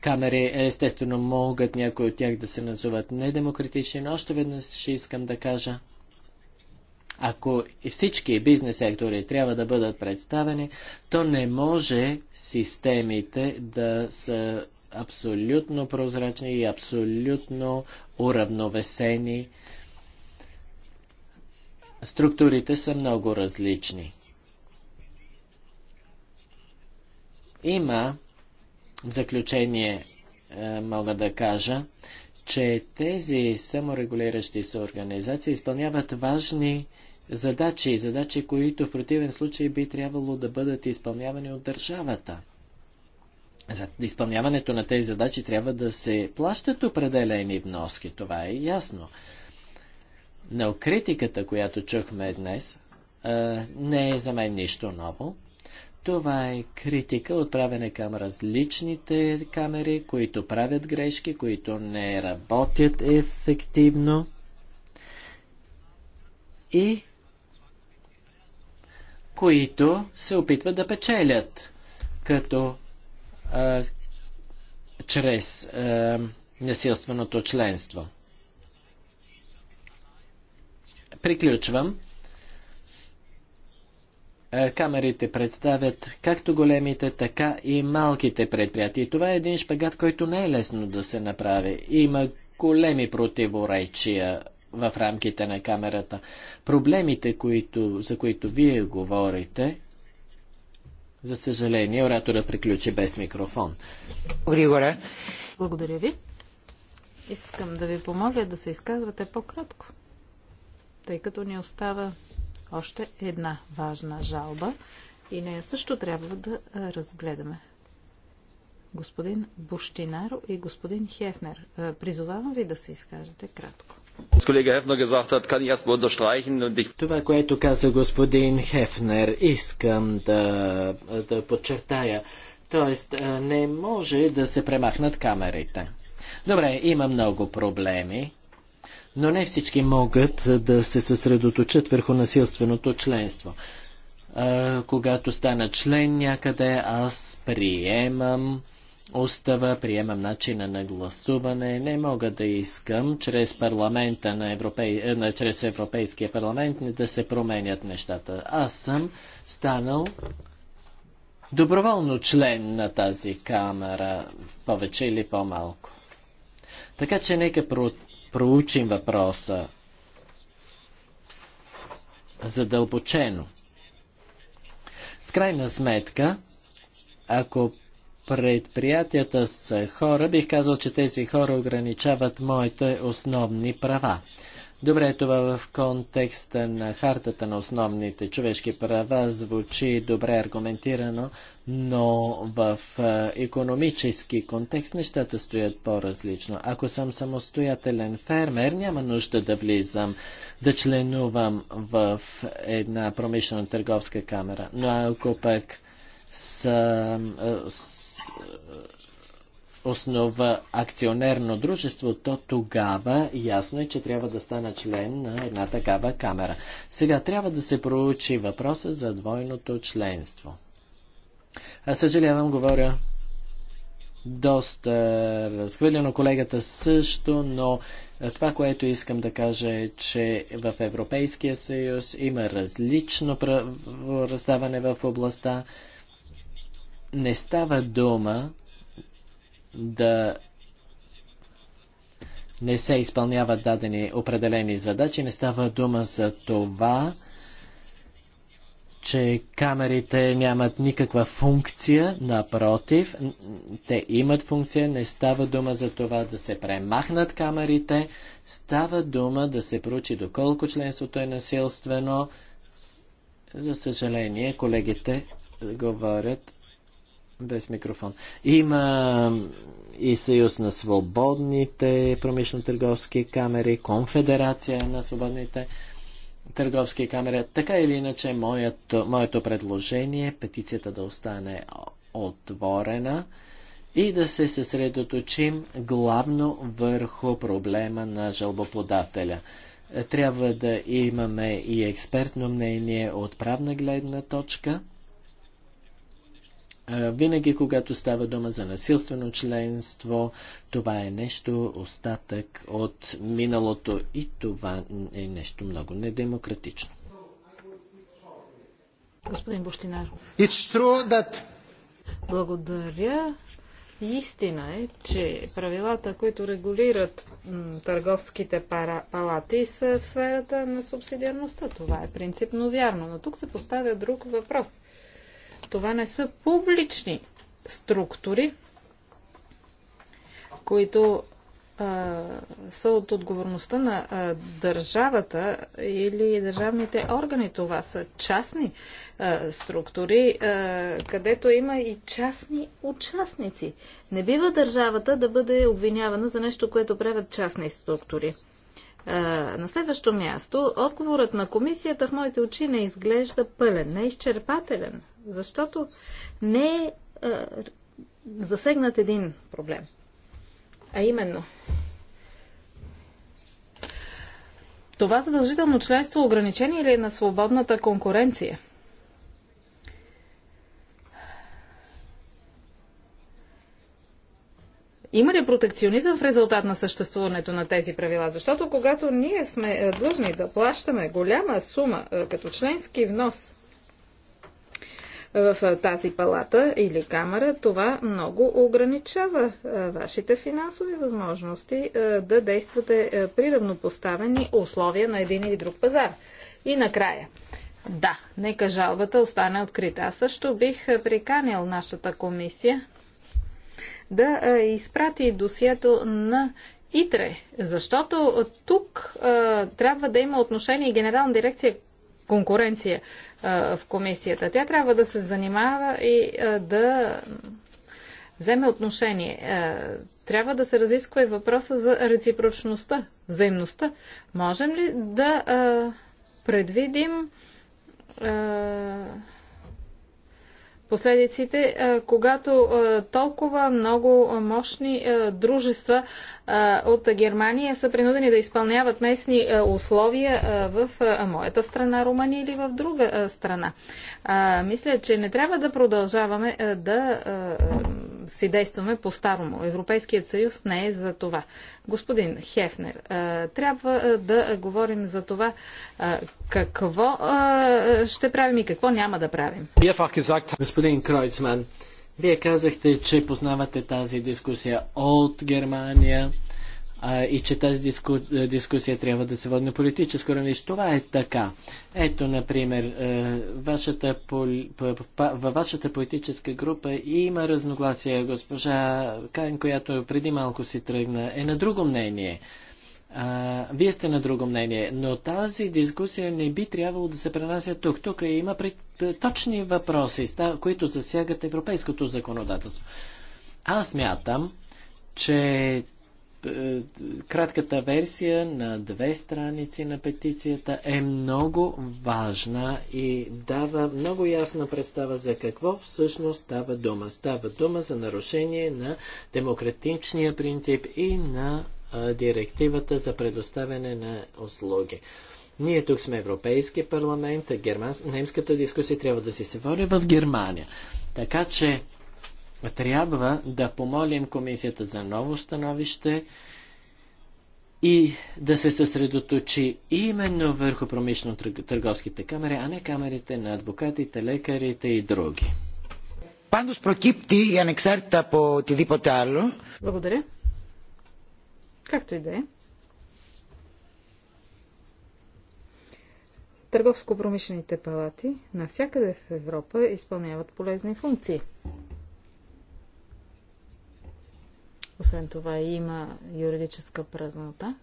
Камери, естествено, могат някои от тях да се назоват недемократични, но още веднъж искам да кажа, ако всички бизнес сектори трябва да бъдат представени, то не може системите да са абсолютно прозрачни и абсолютно уравновесени. Структурите са много различни. Има, в заключение е, мога да кажа, че тези саморегулиращи се организации изпълняват важни задачи, задачи, които в противен случай би трябвало да бъдат изпълнявани от държавата – за изпълняването на тези задачи трябва да се плащат определени вноски. Това е ясно. Но критиката, която чухме днес, не е за мен нищо ново. Това е критика, отправена към различните камери, които правят грешки, които не работят ефективно. И които се опитват да печелят, като а, чрез а, насилственото членство. Приключвам. Камерите представят както големите, така и малките предприятия. това е един шпагат, който не е лесно да се направи. Има големи противоречия в рамките на камерата. Проблемите, които, за които вие говорите, за съжаление, оратора приключи без микрофон. Григоре. Благодаря ви. Искам да ви помоля да се изказвате по-кратко, тъй като ни остава още една важна жалба и нея също трябва да разгледаме. Господин Буштинаро и господин Хефнер, призовавам ви да се изкажете кратко. Това, което каза господин Хефнер, искам да, да подчертая. Тоест, не може да се премахнат камерите. Добре, има много проблеми, но не всички могат да се съсредоточат върху насилственото членство. когато стана член някъде, аз приемам устава, приемам начина на гласуване. Не мога да искам чрез парламента на Европей... Е, на, чрез Европейския парламент да се променят нещата. Аз съм станал доброволно член на тази камера, повече или по-малко. Така че нека про... проучим въпроса задълбочено. В крайна сметка, ако предприятията с хора, бих казал, че тези хора ограничават моите основни права. Добре, това в контекста на хартата на основните човешки права звучи добре аргументирано, но в економически контекст нещата стоят по-различно. Ако съм самостоятелен фермер, няма нужда да влизам, да членувам в една промишлено-търговска камера. Но ако пък съм е, е, е, основа акционерно дружество, то тогава ясно е, че трябва да стана член на една такава камера. Сега трябва да се проучи въпроса за двойното членство. А съжалявам, говоря доста разхвърлено колегата също, но това, което искам да кажа е, че в Европейския съюз има различно раздаване в областта не става дума да не се изпълняват дадени определени задачи, не става дума за това, че камерите нямат никаква функция, напротив, те имат функция, не става дума за това да се премахнат камерите, става дума да се проучи доколко членството е насилствено. За съжаление, колегите говорят без микрофон. Има и Съюз на свободните промишлено-търговски камери, Конфедерация на свободните търговски камери. Така или иначе, моето, моето предложение е петицията да остане отворена и да се съсредоточим главно върху проблема на жалбоподателя. Трябва да имаме и експертно мнение от правна гледна точка – винаги, когато става дума за насилствено членство, това е нещо остатък от миналото и това е нещо много недемократично. Господин Бощинар. That... Благодаря. Истина е, че правилата, които регулират търговските пара, палати, са в сферата на субсидиарността. Това е принципно вярно. Но тук се поставя друг въпрос – това не са публични структури, които а, са от отговорността на а, държавата или държавните органи. Това са частни а, структури, а, където има и частни участници. Не бива държавата да бъде обвинявана за нещо, което правят частни структури. А, на следващо място, отговорът на комисията в моите очи не изглежда пълен, не изчерпателен. Защото не е засегнат един проблем. А именно, това задължително членство ограничение ли е на свободната конкуренция? Има ли протекционизъм в резултат на съществуването на тези правила? Защото когато ние сме длъжни да плащаме голяма сума като членски внос в тази палата или камера, това много ограничава вашите финансови възможности да действате при равнопоставени условия на един или друг пазар. И накрая. Да, нека жалбата остане открита. Аз също бих приканил нашата комисия да изпрати досието на ИТРЕ, защото тук а, трябва да има отношение и Генерална дирекция конкуренция в комисията. Тя трябва да се занимава и да вземе отношение. трябва да се разисква и въпроса за реципрочността, взаимността. Можем ли да предвидим последиците, когато толкова много мощни дружества от Германия са принудени да изпълняват местни условия в моята страна, Румъния или в друга страна. Мисля, че не трябва да продължаваме да си действаме по-старому. Европейският съюз не е за това. Господин Хефнер, трябва да говорим за това какво ще правим и какво няма да правим. Господин Кройцман, вие казахте, че познавате тази дискусия от Германия а, и че тази диску, дискусия трябва да се води на политическо равнище. Това е така. Ето, например, вашата, във вашата политическа група има разногласия. Госпожа Кайн, която преди малко си тръгна, е на друго мнение. А, вие сте на друго мнение, но тази дискусия не би трябвало да се пренася тук. Тук има пред, точни въпроси, които засягат европейското законодателство. Аз мятам, че кратката версия на две страници на петицията е много важна и дава много ясна представа за какво всъщност става дума. Става дума за нарушение на демократичния принцип и на директивата за предоставяне на услуги. Ние тук сме Европейски парламент, а герман... немската дискусия трябва да се се води в Германия. Така че трябва да помолим комисията за ново становище и да се съсредоточи именно върху промишлено-търговските камери, а не камерите на адвокатите, лекарите и други. Πάντως прокипти и анексарта по οτιδήποτε άλλο. Благодаря. Както и да е. Търговско-промишлените палати навсякъде в Европа изпълняват полезни функции. Освен това има юридическа празнота.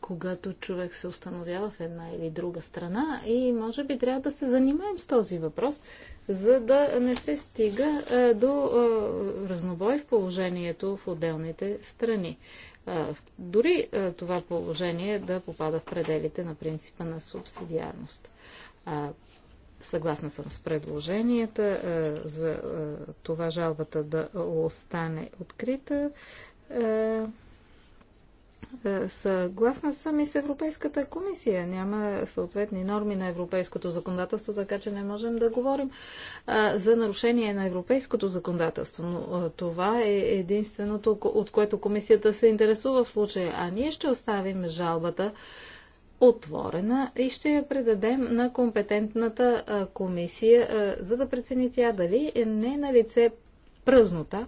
Когато човек се установява в една или друга страна и може би трябва да се занимаем с този въпрос, за да не се стига до е, разнобой в положението в отделните страни. дори това положение да попада в пределите на принципа на субсидиарност. Съгласна съм с предложенията е, за е, това жалбата да остане открита. Е, съгласна съм и с Европейската комисия. Няма съответни норми на европейското законодателство, така че не можем да говорим за нарушение на европейското законодателство. Но това е единственото, от което комисията се интересува в случая. А ние ще оставим жалбата отворена и ще я предадем на компетентната комисия, за да прецени тя дали е не е на лице пръзнота,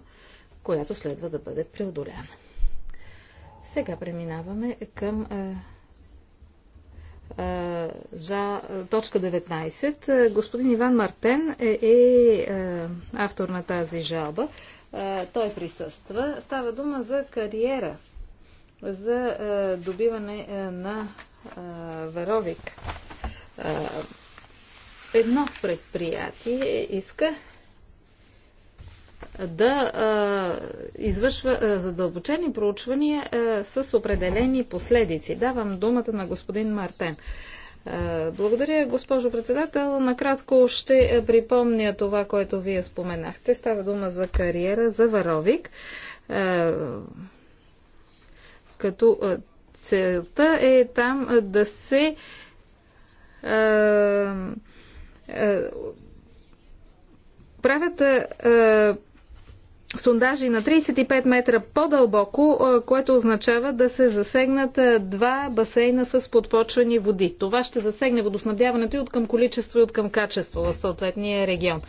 която следва да бъде преодоляна. Сега преминаваме към жа, точка 19. Господин Иван Мартен е, е автор на тази жалба. Той присъства. Става дума за кариера, за добиване на Веровик, едно предприятие иска да а, извършва а, задълбочени проучвания а, с определени последици. Давам думата на господин Мартен. А, благодаря, госпожо председател. Накратко ще припомня това, което вие споменахте. Става дума за кариера, за Варовик. А, като Целта е там да се а, а, правят а, сондажи на 35 метра по-дълбоко, което означава да се засегнат два басейна с подпочвани води. Това ще засегне водоснабдяването и от към количество и от към качество в съответния регион.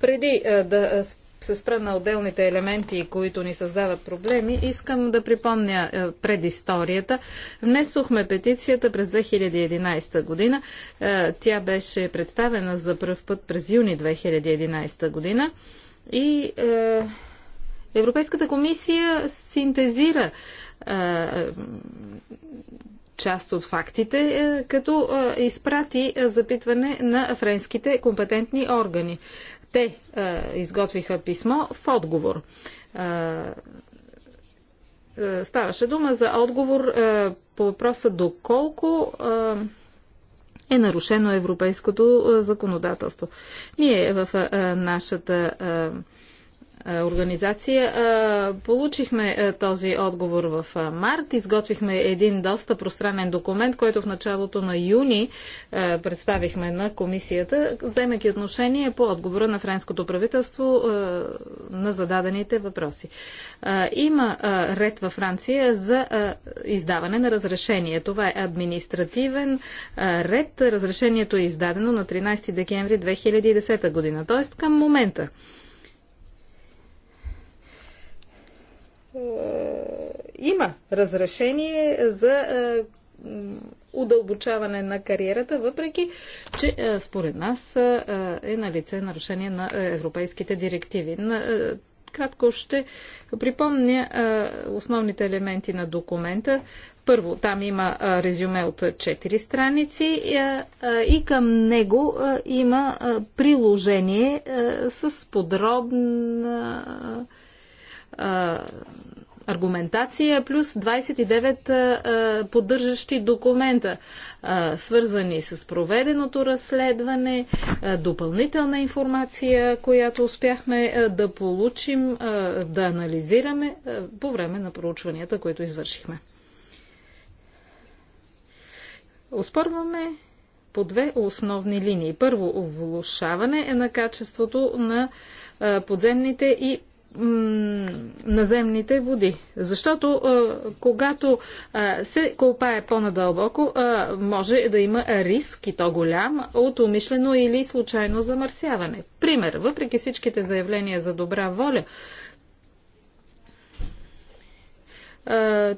Преди да се спра на отделните елементи, които ни създават проблеми, искам да припомня е, предисторията. Внесохме петицията през 2011 година. Е, тя беше представена за първ път през юни 2011 година. И е, Европейската комисия синтезира е, част от фактите, е, като е, изпрати запитване на френските компетентни органи. Те а, е, изготвиха писмо в отговор. А, е, е, ставаше дума за отговор а, по въпроса доколко а, е нарушено европейското законодателство. Ние в нашата организация. Получихме този отговор в март. Изготвихме един доста пространен документ, който в началото на юни представихме на комисията, вземайки отношение по отговора на френското правителство на зададените въпроси. Има ред във Франция за издаване на разрешение. Това е административен ред. Разрешението е издадено на 13 декември 2010 година, т.е. към момента. Е, има разрешение за е, удълбочаване на кариерата, въпреки че е, според нас е на лице нарушение на европейските директиви. Кратко ще припомня основните елементи на документа. Първо, там има резюме от 4 страници и към него има приложение с подробна аргументация плюс 29 поддържащи документа, свързани с проведеното разследване, допълнителна информация, която успяхме да получим, да анализираме по време на проучванията, които извършихме. Оспорваме по две основни линии. Първо, влушаване е на качеството на подземните и наземните води. Защото когато се колпае по-надълбоко, може да има риск и то голям от умишлено или случайно замърсяване. Пример, въпреки всичките заявления за добра воля,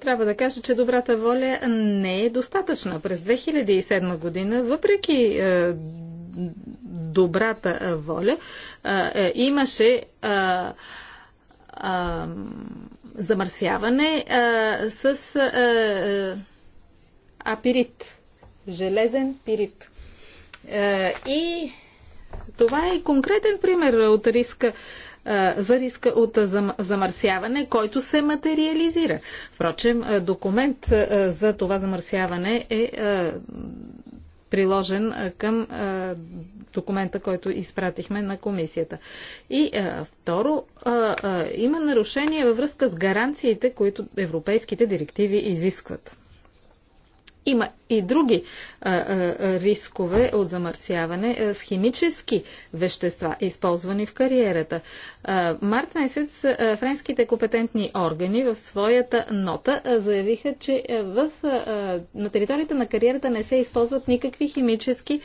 трябва да кажа, че добрата воля не е достатъчна. През 2007 година, въпреки добрата воля, е, имаше а, замърсяване а, с а, апирит, железен пирит. А, и това е конкретен пример от риска за риска от замърсяване, който се материализира. Впрочем, документ за това замърсяване е приложен към документа, който изпратихме на комисията. И второ, има нарушение във връзка с гаранциите, които европейските директиви изискват. Има и други а, а, рискове от замърсяване а, с химически вещества, използвани в кариерата. А, март месец а, френските компетентни органи в своята нота а, заявиха, че в, а, на територията на кариерата не се използват никакви химически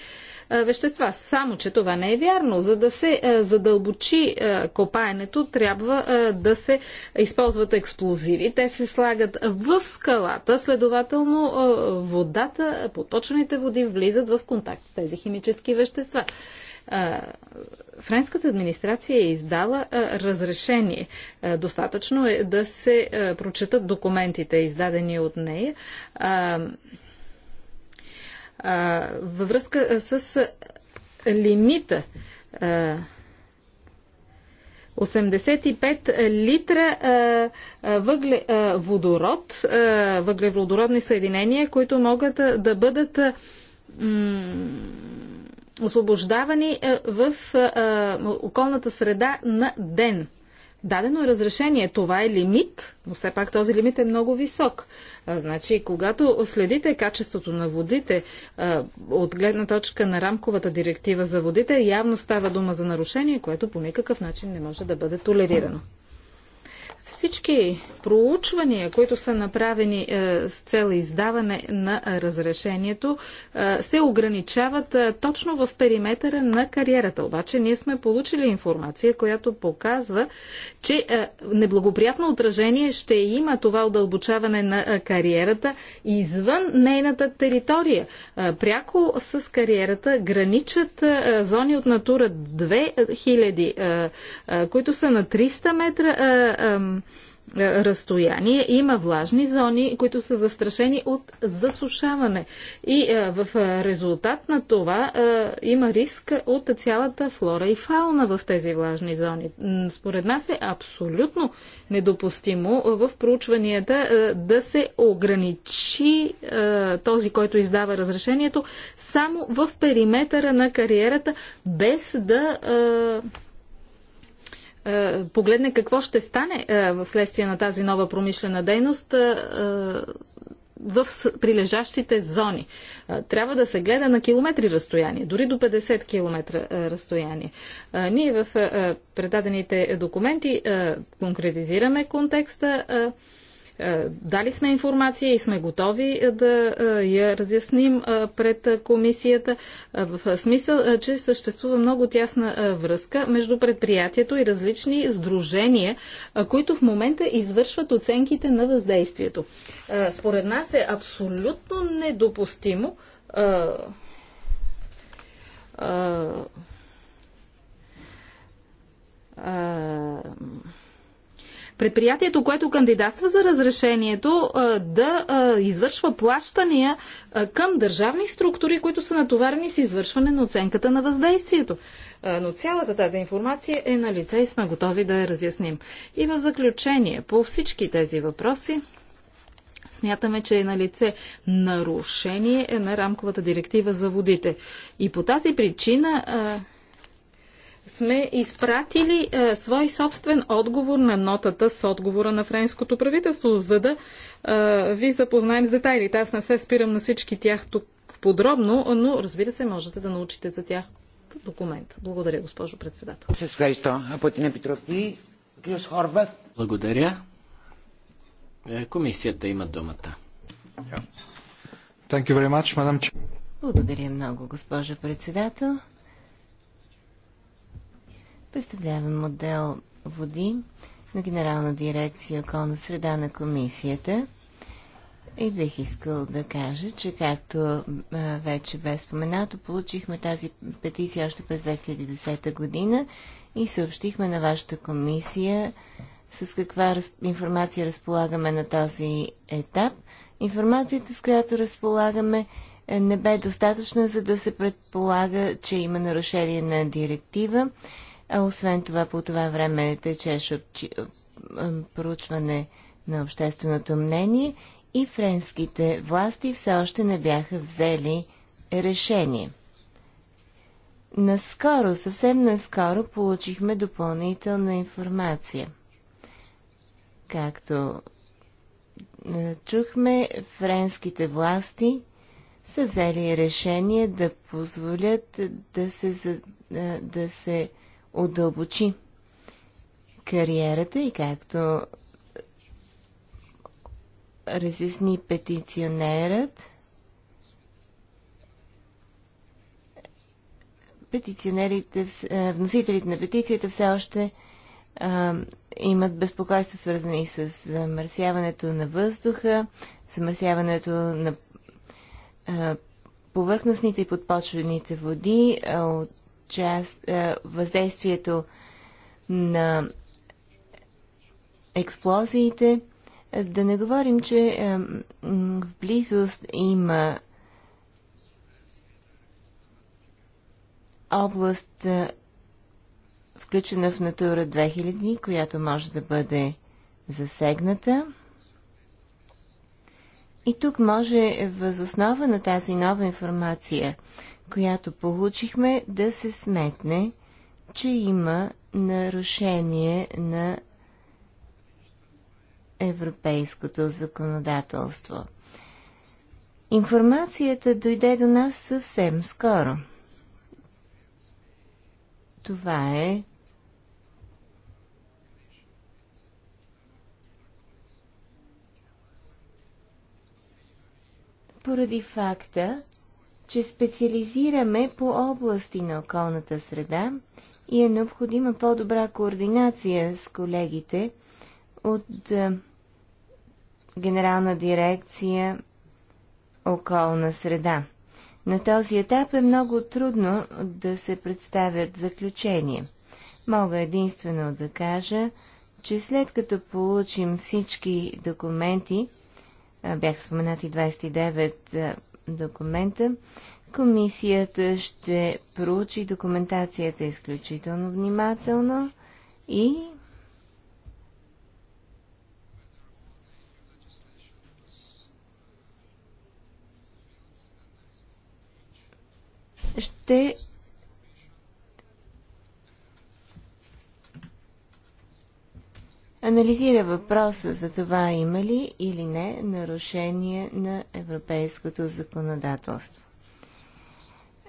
вещества. Само, че това не е вярно. За да се задълбочи копаенето, трябва да се използват експлозиви. Те се слагат в скалата, следователно вода водата, поточените води влизат в контакт с тези химически вещества. Френската администрация е издала разрешение. Достатъчно е да се прочетат документите, издадени от нея във връзка с лимита 85 е, литра е, е, въгле, водород, въглеводородни съединения, които могат да бъдат освобождавани в околната среда на ден. Дадено е разрешение, това е лимит, но все пак този лимит е много висок. А, значи, когато следите качеството на водите а, от гледна точка на рамковата директива за водите, явно става дума за нарушение, което по никакъв начин не може да бъде толерирано. Всички проучвания, които са направени е, с цел издаване на разрешението, е, се ограничават е, точно в периметъра на кариерата. Обаче ние сме получили информация, която показва, че неблагоприятно отражение ще има това удълбочаване на кариерата извън нейната територия. Пряко с кариерата граничат зони от Натура 2000, които са на 300 метра е, разстояние. Има влажни зони, които са застрашени от засушаване. И е, в е, резултат на това има риск от цялата флора и фауна в тези влажни зони. Според нас е абсолютно недопустимо в проучванията да се ограничи този, който издава разрешението, само в периметъра на кариерата, без да е, погледне какво ще стане е, вследствие на тази нова промишлена дейност е, в прилежащите зони. Трябва да се гледа на километри разстояние, дори до 50 км разстояние. Ние в предадените документи конкретизираме контекста е, дали сме информация и сме готови е, да е, я разясним пред комисията в смисъл, че съществува много тясна връзка между предприятието и различни сдружения, които в момента извършват оценките на въздействието. Според нас е абсолютно недопустимо а, предприятието, което кандидатства за разрешението, да извършва плащания към държавни структури, които са натоварени с извършване на оценката на въздействието. Но цялата тази информация е на лице и сме готови да я разясним. И в заключение, по всички тези въпроси, смятаме, че е на лице нарушение на рамковата директива за водите. И по тази причина сме изпратили е, свой собствен отговор на нотата с отговора на френското правителство, за да е, ви запознаем с детайлите. Аз не се спирам на всички тях тук подробно, но разбира се, можете да научите за тях документ. Благодаря, госпожо председател. Благодаря. Е, комисията има думата. Благодаря много, госпожо председател. Представлявам модел води на Генерална дирекция околна среда на комисията. И бих искал да кажа, че както вече бе споменато, получихме тази петиция още през 2010 година и съобщихме на вашата комисия с каква информация разполагаме на този етап. Информацията, с която разполагаме, е, не бе достатъчна, за да се предполага, че има нарушение на директива а освен това, по това време течеше проучване на общественото мнение и френските власти все още не бяха взели решение. Наскоро, съвсем наскоро получихме допълнителна информация. Както чухме, френските власти са взели решение да позволят да се, да се отдълбочи кариерата и както разясни петиционерът, петиционерите, е, вносителите на петицията все още а, имат безпокойства, свързани с замърсяването на въздуха, замърсяването на а, повърхностните и подпочвените води а, от част, е, въздействието на експлозиите. Да не говорим, че е, в близост има област, е, включена в Натура 2000, която може да бъде засегната. И тук може възоснова на тази нова информация която получихме, да се сметне, че има нарушение на европейското законодателство. Информацията дойде до нас съвсем скоро. Това е поради факта, че специализираме по области на околната среда и е необходима по-добра координация с колегите от е, Генерална дирекция околна среда. На този етап е много трудно да се представят заключения. Мога единствено да кажа, че след като получим всички документи, бях споменати 29 документа. Комисията ще проучи документацията изключително внимателно и ще анализира въпроса за това има ли или не нарушение на европейското законодателство.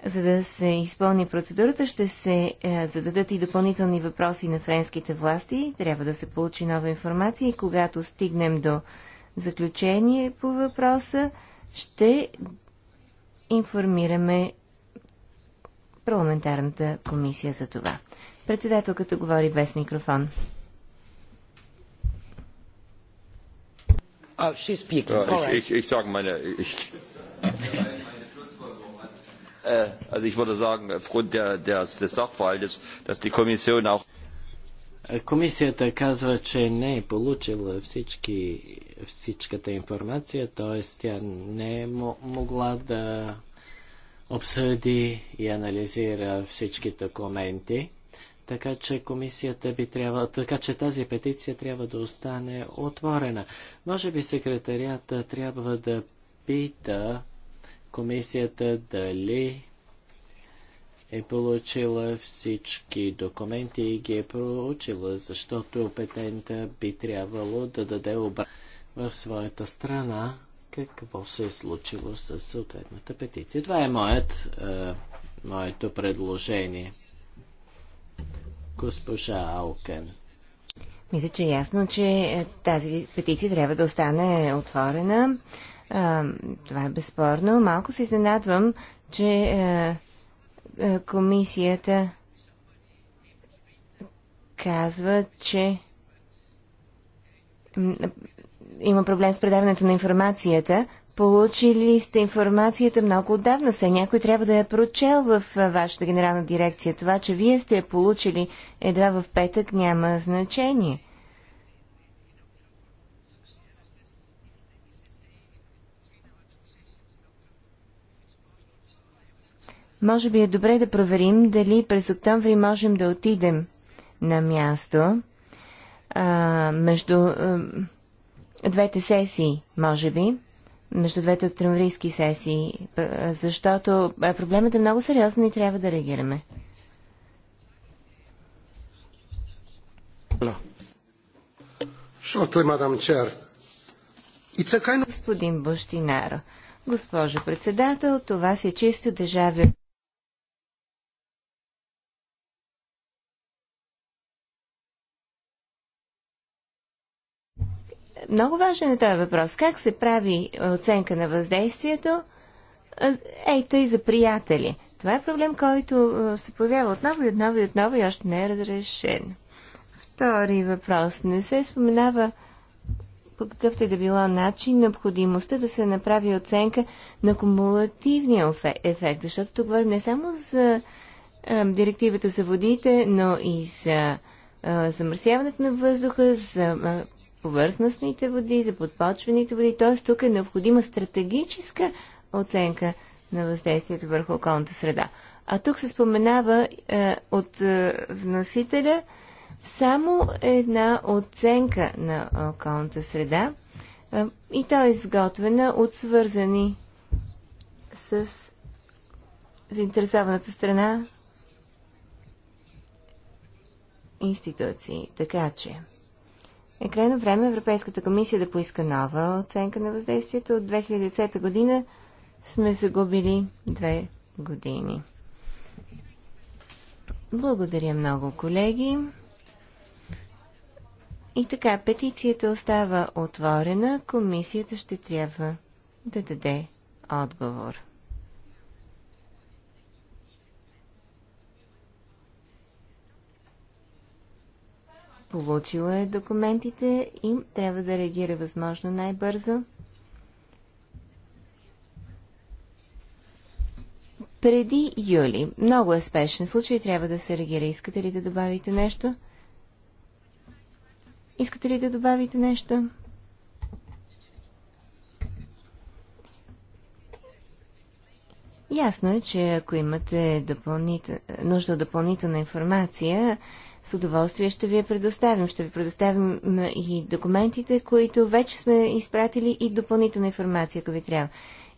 За да се изпълни процедурата, ще се е, зададат и допълнителни въпроси на френските власти. Трябва да се получи нова информация и когато стигнем до заключение по въпроса, ще информираме парламентарната комисия за това. Председателката говори без микрофон. Oh, she's speaking. Ja, ich, ich, ich sage meine. Ich, also ich würde sagen, aufgrund der, der, des Sachverhaltes, dass die Kommission auch. Комисията казва, че не е получила всички, всичката информация, т.е. тя не е могла да обсъди и анализира всички документи. Така че комисията би трябва, така че тази петиция трябва да остане отворена. Може би секретарията трябва да пита комисията дали е получила всички документи и ги е проучила, защото петента би трябвало да даде обра в своята страна какво се е случило с съответната петиция. Това е моят, е, моето предложение. Госпожа Аукен. Мисля, че е ясно, че е, тази петиция трябва да остане отворена. Това е безспорно. Малко се изненадвам, че е, е, комисията казва, че има проблем с предаването на информацията, Получили сте информацията много отдавна. Все някой трябва да я прочел в вашата генерална дирекция. Това, че вие сте я получили едва в петък, няма значение. Може би е добре да проверим дали през октомври можем да отидем на място а, между а, двете сесии, може би между двете октомврийски сесии, защото проблемът е много сериозен и трябва да реагираме. Господин Бощинаро, госпожо председател, това си е чисто дежавю. Много важен е този въпрос. Как се прави оценка на въздействието? Ей, тъй за приятели. Това е проблем, който се появява отново и отново и отново и още не е разрешен. Втори въпрос. Не се споменава по какъвто и е да било начин необходимостта да се направи оценка на кумулативния ефект, защото тук говорим не само за директивата за водите, но и за замърсяването на въздуха, за повърхностните води, за подпочвените води. Т.е. тук е необходима стратегическа оценка на въздействието върху околната среда. А тук се споменава е, от е, вносителя само една оценка на околната среда е, и то е изготвена от свързани с заинтересованата страна институции. Така че е крайно време Европейската комисия да поиска нова оценка на въздействието. От 2010 година сме загубили две години. Благодаря много, колеги. И така, петицията остава отворена. Комисията ще трябва да даде отговор. Получила е документите и трябва да реагира възможно най-бързо. Преди юли. Много е спешен случай, трябва да се реагира. Искате ли да добавите нещо? Искате ли да добавите нещо? Ясно е, че ако имате допълнител... нужда от допълнителна информация, с удоволствие ще ви я предоставим. Ще ви предоставим и документите, които вече сме изпратили и допълнителна информация, ако ви трябва.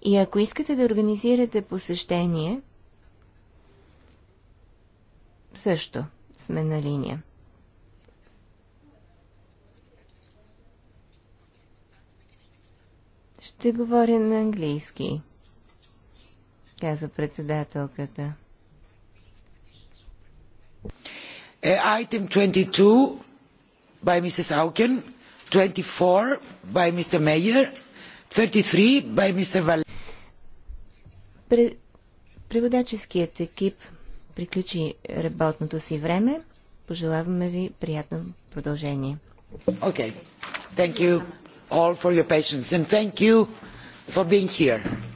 И ако искате да организирате посещение, също сме на линия. Ще говоря на английски, каза председателката item twenty two by mrs auken twenty four by mr meyer thirty three by mr Вале. Преводаческият екип приключи работното си време. Пожелаваме ви приятно продължение. Okay. Thank you all for your patience and thank you for being here.